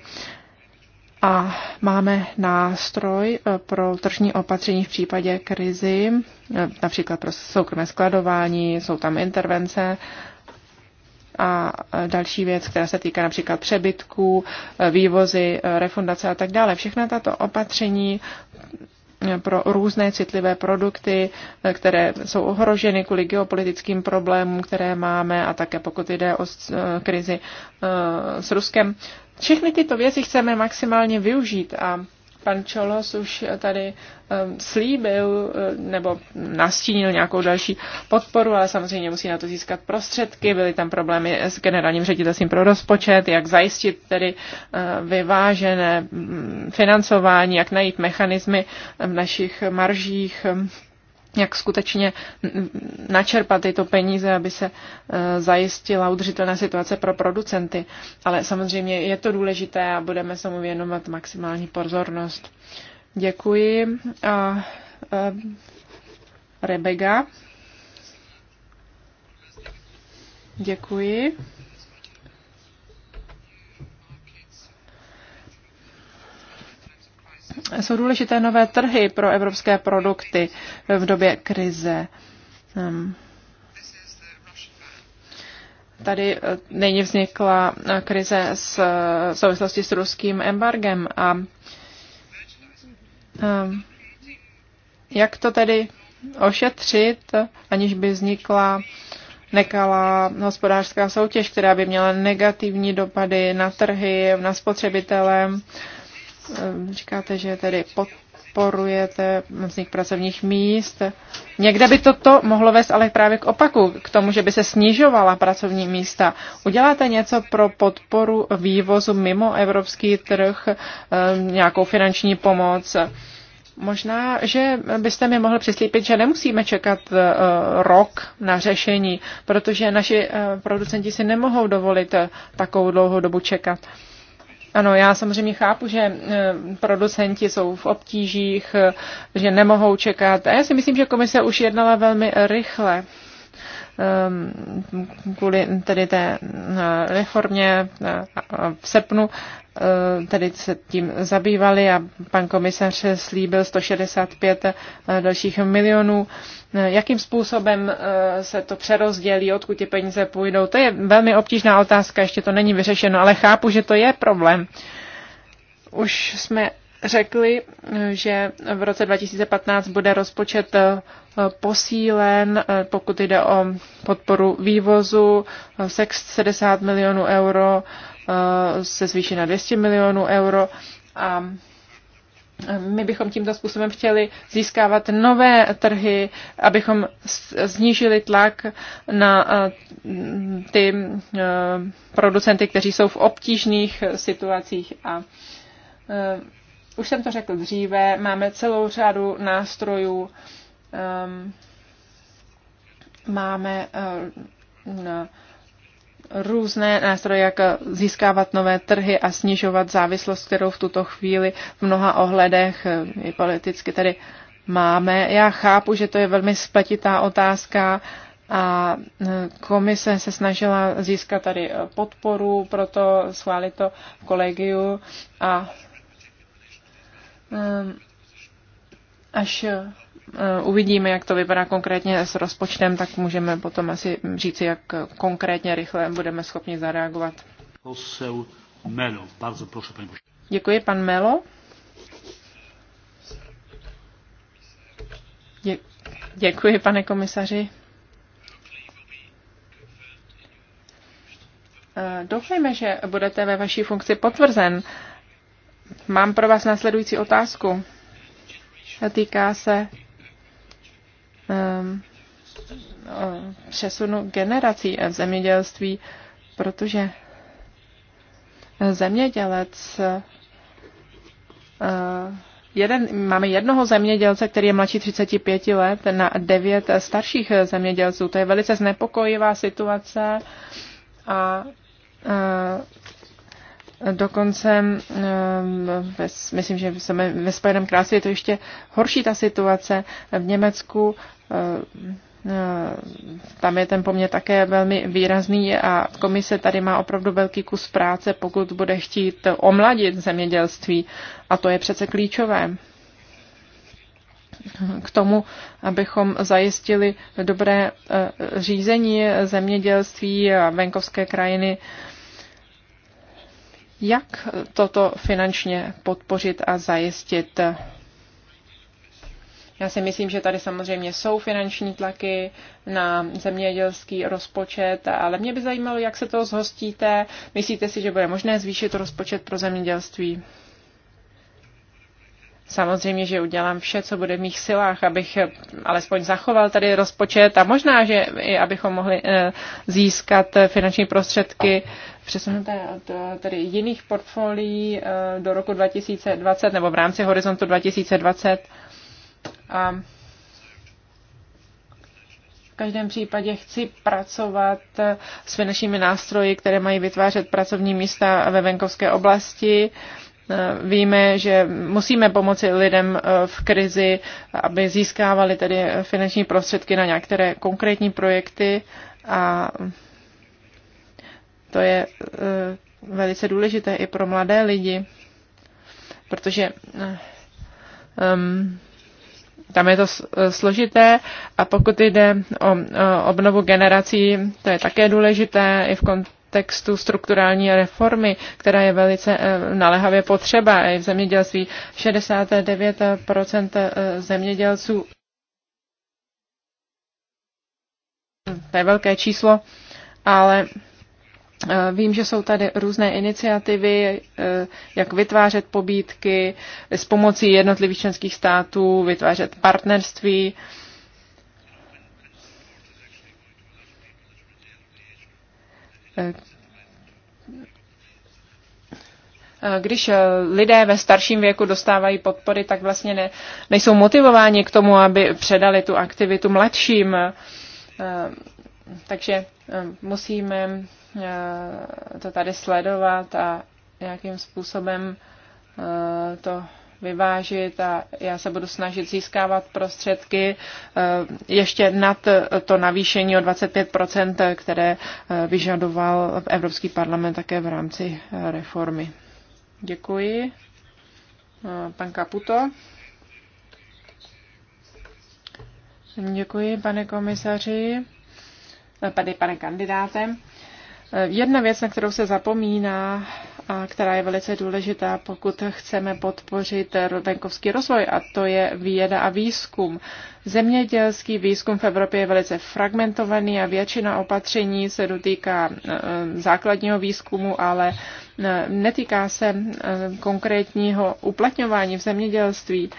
A máme nástroj eh, pro tržní opatření v případě krizi, eh, například pro soukromé skladování, jsou tam intervence a další věc, která se týká například přebytků, vývozy, refundace a tak dále. Všechna tato opatření pro různé citlivé produkty, eh, které jsou ohroženy kvůli geopolitickým problémům, které máme a také pokud jde o eh, krizi eh, s Ruskem. Všechny tyto věci chceme maximálně využít a Pan Čolos už tady ehm, slíbil eh, nebo nastínil nějakou další podporu, ale samozřejmě musí na to získat prostředky. Byly tam problémy s generálním ředitelstvím pro rozpočet, jak zajistit tedy eh, vyvážené mm, financování, jak najít mechanismy v našich maržích ehm, jak skutečně načerpat tyto peníze, aby se eh, zajistila udržitelná situace pro producenty. Ale samozřejmě je to důležité a budeme se mu věnovat maximální pozornost. Děkuji. A, a, eh, Rebega. Děkuji. jsou důležité nové trhy pro evropské produkty v době krize. Ehm. Tady eh, nyní vznikla eh, krize s, v souvislosti s ruským embargem a ehm, jak to tedy ošetřit, aniž by vznikla nekalá hospodářská soutěž, která by měla negativní dopady na trhy, na spotřebitele Ehm, říkáte, že tedy podporujete vznik pracovních míst. Někde by toto mohlo vést ale právě k opaku, k tomu, že by se snižovala pracovní místa. Uděláte něco pro podporu vývozu mimo evropský trh, ehm, nějakou finanční pomoc? Možná, že byste mi mohl přislípit, že nemusíme čekat e, rok na řešení, protože naši e, producenti si nemohou dovolit e, takovou dlouhou dobu čekat. Ano, já samozřejmě chápu, že eh, producenti jsou v obtížích, eh, že nemohou čekat. A já si myslím, že komise už jednala velmi rychle ehm, kvůli tedy té eh, reformě v srpnu Eh, tedy se tím zabývali a pan komisař slíbil 165 eh, dalších milionů. Eh, jakým způsobem se to přerozdělí, odkud ty peníze půjdou, to je velmi obtížná otázka, ještě to není vyřešeno, ale chápu, že to je problém. Už jsme řekli, že v roce 2015 bude rozpočet posílen, pokud jde o podporu vývozu, 60 milionů euro Eh, se zvýší na 200 milionů euro a my bychom tímto způsobem chtěli získávat nové trhy, abychom snížili tlak na eh, ty eh, producenty, kteří jsou v obtížných situacích. A už jsem to řekl dříve, máme celou řadu nástrojů, máme různé nástroje, jak získávat nové trhy a snižovat závislost, kterou v tuto chvíli v mnoha ohledech eh, i politicky tady máme. Já chápu, že to je velmi spletitá otázka a eh, komise se snažila získat tady eh, podporu, proto schválit to v kolegiu a ehm, až Eh, uvidíme, jak to vypadá konkrétně s rozpočtem, tak můžeme potom asi říci, jak konkrétně rychle budeme schopni zareagovat. Melo, bardzo proszę, Děkuji, pan Melo. Děkuji, pane komisaři. Eh, doufejme, že budete ve vaší funkci potvrzen. Mám pro vás následující otázku. Týká se Ehm, eh, přesunu generací v eh, zemědělství, protože eh, zemědělec jeden, máme jednoho zemědělce, který je mladší 35 let, na devět starších zemědělců. To je velice znepokojivá situace a Dokonce, ehm, ve, myslím, že ve Spojeném království je to ještě horší ta situace. V Německu Eh, tam je ten poměr také velmi výrazný a komise tady má opravdu velký kus práce, pokud bude chtít omladit zemědělství a to je přece klíčové k tomu, abychom zajistili dobré eh, řízení zemědělství a venkovské krajiny. Jak toto finančně podpořit a zajistit? Já si myslím, že tady samozřejmě jsou finanční tlaky na zemědělský rozpočet, ale mě by zajímalo, jak se toho zhostíte. Myslíte si, že bude možné zvýšit rozpočet pro zemědělství? Samozřejmě, že udělám vše, co bude v mých silách, abych alespoň zachoval tady rozpočet a možná, že i abychom mohli eh, získat finanční prostředky přesunuté od eh, jiných portfolií eh, do roku 2020 nebo v rámci horizontu 2020 a v každém případě chci pracovat s finančními nástroji, které mají vytvářet pracovní místa ve venkovské oblasti. Víme, že musíme pomoci lidem eh, v krizi, aby získávali tedy finanční prostředky na některé konkrétní projekty a to je eh, velice důležité i pro mladé lidi, protože um, tam je to eh, složité a pokud jde o eh, obnovu generací, to je také důležité i v kontextu strukturální reformy, která je velice eh, naléhavě potřeba i v zemědělství. 69% zemědělců to je velké číslo, ale Eh, vím, že jsou tady různé iniciativy, eh, jak vytvářet pobídky s pomocí jednotlivých členských států, vytvářet partnerství. Eh, když lidé ve starším věku dostávají podpory, tak vlastně ne, nejsou motivováni k tomu, aby předali tu aktivitu mladším. Takže musíme to tady sledovat a nějakým způsobem e, to vyvážit a já se budu snažit získávat prostředky e, ještě nad to navýšení o 25%, které e, vyžadoval Evropský parlament také v rámci reformy. Děkuji. Pan Kaputo. Děkuji, pane komisaři, tady pane kandidátem. Eh, jedna věc, na kterou se zapomíná, a která je velice důležitá, pokud chceme podpořit venkovský rozvoj, a to je věda a výzkum. Zemědělský výzkum v Evropě je velice fragmentovaný a většina opatření se dotýká eh, základního výzkumu, ale eh, netýká se konkrétního uplatňování v zemědělství,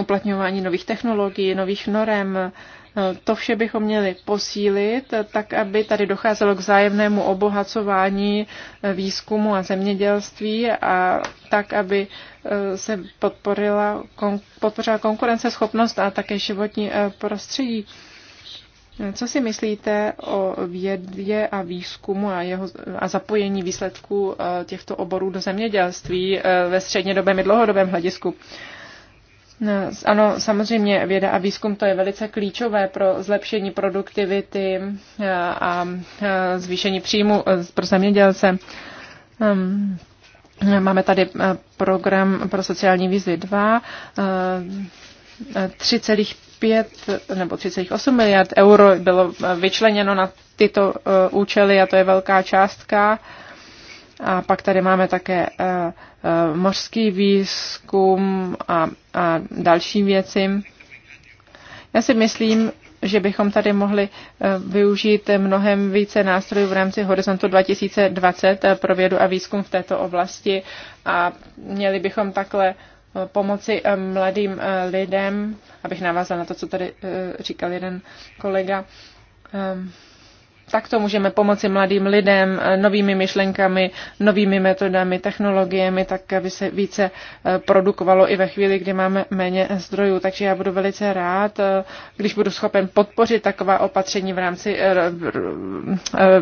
uplatňování nových technologií, nových norem, to vše bychom měli posílit, tak aby tady docházelo k vzájemnému obohacování eh, výzkumu a zemědělství a tak, aby eh, se podporila, podpořila konkurenceschopnost a také životní eh, prostředí. Co si myslíte o vědě a výzkumu a, jeho, a zapojení výsledků těchto oborů do zemědělství ve střednědobém i dlouhodobém hledisku? No, ano, samozřejmě věda a výzkum to je velice klíčové pro zlepšení produktivity eh, a eh, zvýšení příjmu eh, pro zemědělce. Ehm, máme tady program pro sociální výzvy 2, 3,5 nebo 3,8 miliard euro bylo vyčleněno na tyto účely a to je velká částka. A pak tady máme také eh, eh, mořský výzkum a, a další věci. Já si myslím, že bychom tady mohli eh, využít mnohem více nástrojů v rámci Horizontu 2020 pro vědu a výzkum v této oblasti a měli bychom takhle pomoci mladým lidem, abych navázal na to, co tady říkal jeden kolega, Takto můžeme pomoci mladým lidem eh, novými myšlenkami, novými metodami, technologiemi, tak aby se více eh, produkovalo i ve chvíli, kdy máme méně zdrojů. Takže já budu velice rád, eh, když budu schopen podpořit taková opatření v rámci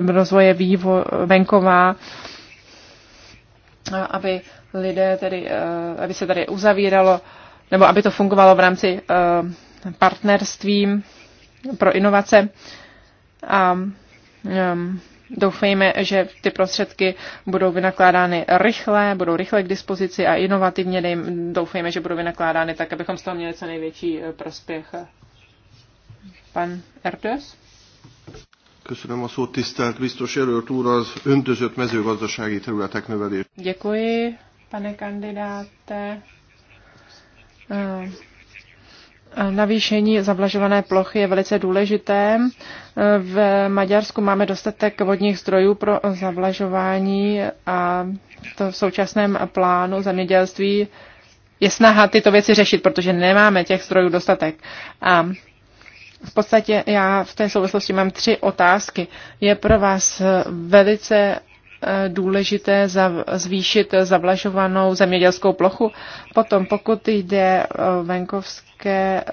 rozvoje vývo, venková, aby lidé tedy, aby se tady uzavíralo, nebo aby to fungovalo v rámci partnerství pro inovace. A Ehm, doufejme, že ty prostředky budou vynakládány rychle, budou rychle k dispozici a inovativně. Doufejme, že budou vynakládány tak, abychom z toho měli co největší eh, prospěch. Pan Erdős? Köszönöm a szót, tisztelt biztos jelölt úr, az öntözött mezőgazdasági területek növelés. Děkuji, pane kandidáte. Ehm, Navýšení zavlažované plochy je velice důležité. V Maďarsku máme dostatek vodních zdrojů pro zavlažování a to v současném plánu zemědělství je snaha tyto věci řešit, protože nemáme těch zdrojů dostatek. A v podstatě já v té souvislosti mám tři otázky. Je pro vás velice důležité zvýšit zavlažovanou zemědělskou plochu. Potom, pokud jde eh, venkovské,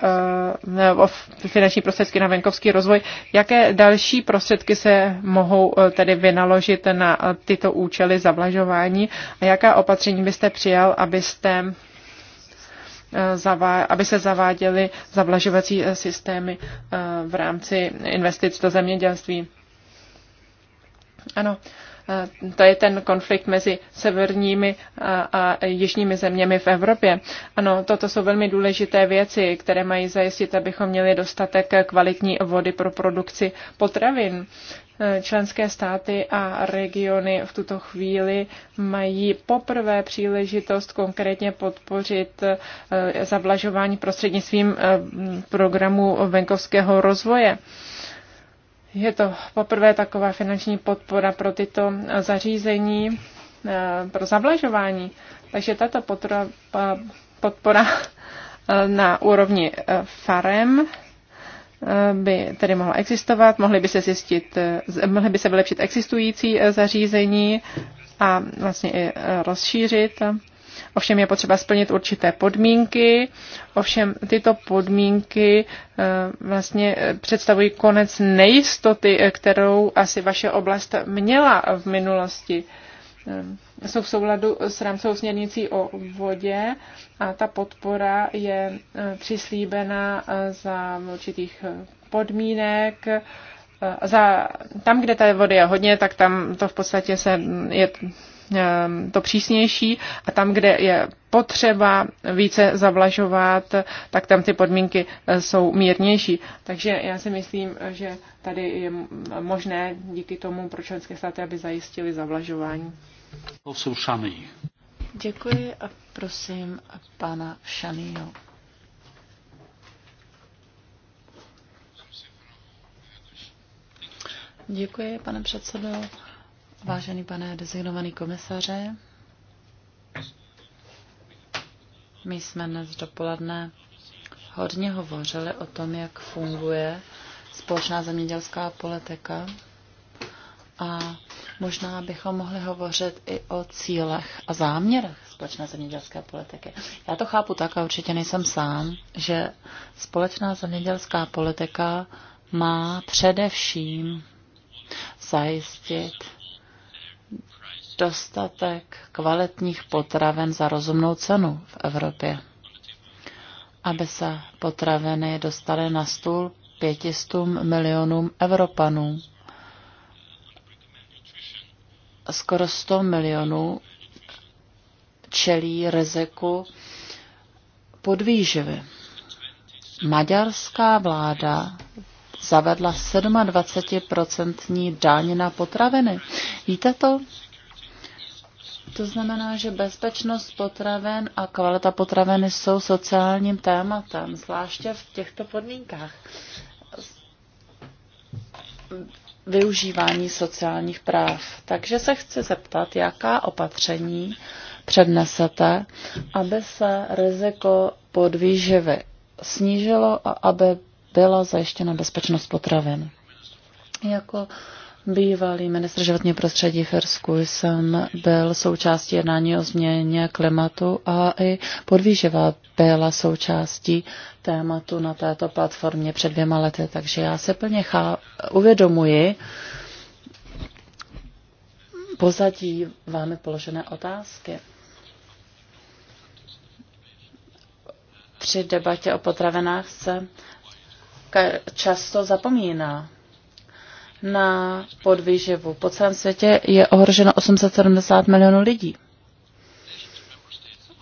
eh, o finanční prostředky na venkovský rozvoj, jaké další prostředky se mohou eh, tedy vynaložit na tyto účely zavlažování a jaká opatření byste přijal, abyste aby se zaváděly zavlažovací systémy v rámci investic do zemědělství. Ano, Eh, to je ten konflikt mezi severními a jižními zeměmi v Evropě. Ano, toto jsou velmi důležité věci, které mají zajistit, abychom měli dostatek kvalitní vody pro produkci potravin. Eh, členské státy a regiony v tuto chvíli mají poprvé příležitost konkrétně podpořit eh, zavlažování prostřednictvím programu venkovského rozvoje. Je to poprvé taková finanční podpora pro tyto zařízení eh, pro zavlažování. Takže tato podpora, eh, na úrovni eh, farem by tedy mohla existovat, mohly by se zjistit, mohly by se vylepšit existující zařízení a vlastně i rozšířit. Ovšem je potřeba splnit určité podmínky, ovšem tyto podmínky eh, vlastně eh, představují konec nejistoty, eh, kterou asi vaše oblast měla v minulosti jsou v souladu s rámcovou směrnicí o vodě a ta podpora je přislíbená za určitých podmínek. Za, tam, kde té vody je hodně, tak tam to v podstatě se mm, je Ehm, to přísnější a tam, kde je potřeba více zavlažovat, tak tam ty podmínky eh, jsou mírnější. Takže já si myslím, že tady je možné díky tomu pro členské státy, aby zajistili zavlažování. Poslušaný. Děkuji a prosím pana Šanýho. Děkuji, pane předsedo. Vážený pane designovaný komisaře, my jsme dnes dopoledne hodně hovořili o tom, jak funguje společná zemědělská politika a možná bychom mohli hovořit i o cílech a záměrech společné zemědělské politiky. Já to chápu tak a určitě nejsem sám, že společná zemědělská politika má především zajistit dostatek kvalitních potraven za rozumnou cenu v Evropě, aby se potraviny dostaly na stůl 500 milionům Evropanů. Skoro 100 milionů čelí riziku podvýživy. Maďarská vláda zavedla 27% daň na potraviny. Víte to? To znamená, že bezpečnost potraven a kvalita potraveny jsou sociálním tématem, zvláště v těchto podmínkách. Využívání sociálních práv. Takže se chci zeptat, jaká opatření přednesete, aby se riziko podvýživy snížilo a aby byla zajištěna bezpečnost potravin. Jako Bývalý ministr životního prostředí v Hersku jsem byl součástí jednání o změně klimatu a i podvýživa byla součástí tématu na této platformě před dvěma lety, takže já se plně chá- uvědomuji pozadí vámi položené otázky. Při debatě o potravinách se často zapomíná na podvýživu. Po celém světě je ohroženo 870 milionů lidí.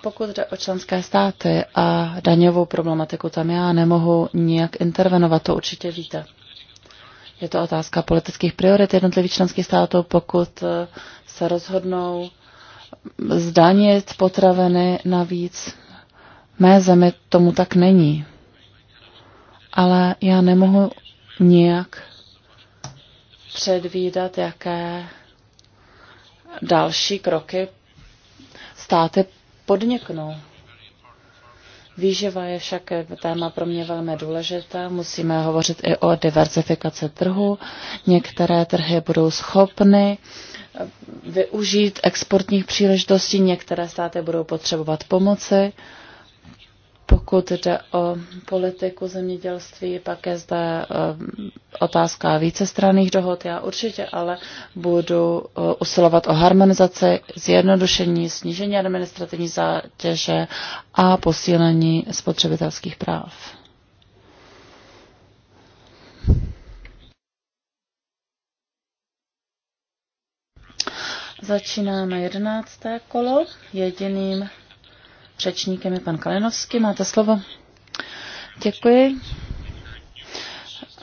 Pokud jde o členské státy a daňovou problematiku, tam já nemohu nijak intervenovat, to určitě víte. Je to otázka politických priorit jednotlivých členských států, pokud eh, se rozhodnou zdanit potraveny navíc. mé zemi tomu tak není. Ale já nemohu nijak předvídat, jaké další kroky státy podniknou. Výživa je však téma pro mě velmi důležité. Musíme hovořit i o diversifikaci trhu. Některé trhy budou schopny využít exportních příležitostí, některé státy budou potřebovat pomoci. Pokud jde o politiku zemědělství, pak je zde eh, otázka vícestranných dohod. Já určitě ale budu eh, usilovat o harmonizaci, zjednodušení, snížení administrativní zátěže a posílení spotřebitelských práv. Začínáme jedenácté kolo jediným Řečníkem je pan Kalinovský, máte slovo. Děkuji.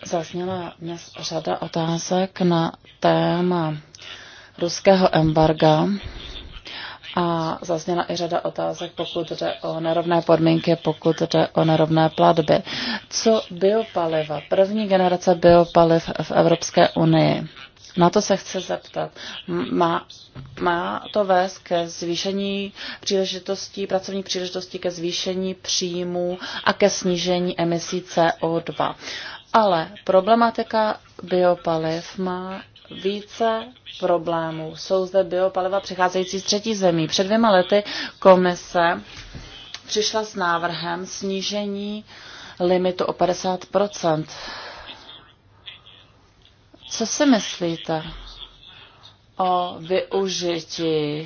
Zazněla dnes řada otázek na téma ruského embarga a zazněla i řada otázek, pokud jde o nerovné podmínky, pokud jde o nerovné platby. Co biopaliva? První generace biopaliv v Evropské unii. Na to se chce zeptat. Má, má to vést ke zvýšení příležitostí, pracovní příležitostí, ke zvýšení příjmů a ke snížení emisí CO2. Ale problematika biopaliv má více problémů. Jsou zde biopaliva přicházející z třetí zemí. Před dvěma lety komise přišla s návrhem snížení limitu o 50 co si myslíte o využití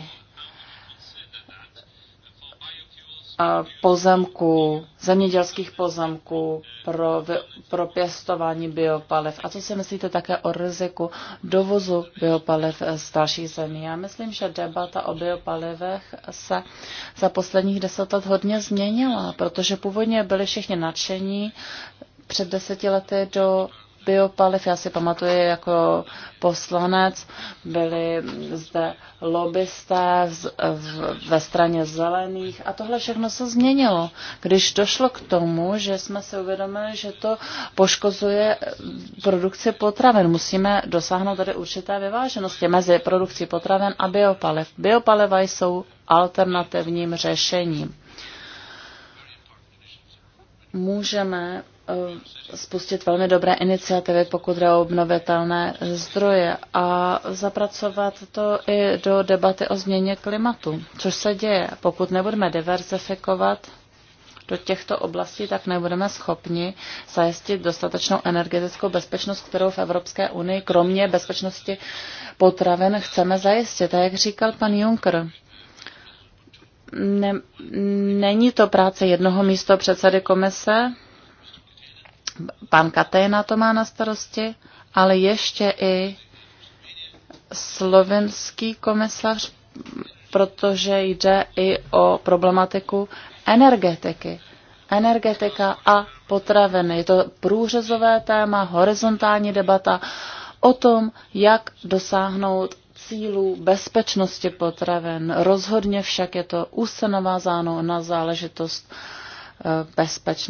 eh, pozemků, zemědělských pozemků pro, pro pěstování biopaliv. A co si myslíte také o riziku dovozu biopaliv z dalších zemí? Já myslím, že debata o biopalivech se za posledních deset let hodně změnila, protože původně byli všichni nadšení před deseti lety do biopaliv. Já si pamatuju jako poslanec, byli zde lobbysté z, v, ve straně zelených a tohle všechno se změnilo. Když došlo k tomu, že jsme si uvědomili, že to poškozuje produkci potravin, musíme dosáhnout tady určité vyváženosti mezi produkcí potravin a biopaliv. Biopaliva jsou alternativním řešením. Můžeme Eh, spustit velmi dobré iniciativy, pokud jde o obnovitelné zdroje a zapracovat to i do debaty o změně klimatu, což se děje. Pokud nebudeme diverzifikovat do těchto oblastí, tak nebudeme schopni zajistit dostatečnou energetickou bezpečnost, kterou v Evropské unii, kromě bezpečnosti potravin, chceme zajistit. A jak říkal pan Juncker, ne, není to práce jednoho místo předsedy komise, Pan Katéna to má na starosti, ale ještě i slovenský komisař, protože jde i o problematiku energetiky. Energetika a potraviny. Je to průřezové téma, horizontální debata o tom, jak dosáhnout cílů bezpečnosti potravin. Rozhodně však je to úzce na záležitost eh, bezpečnosti.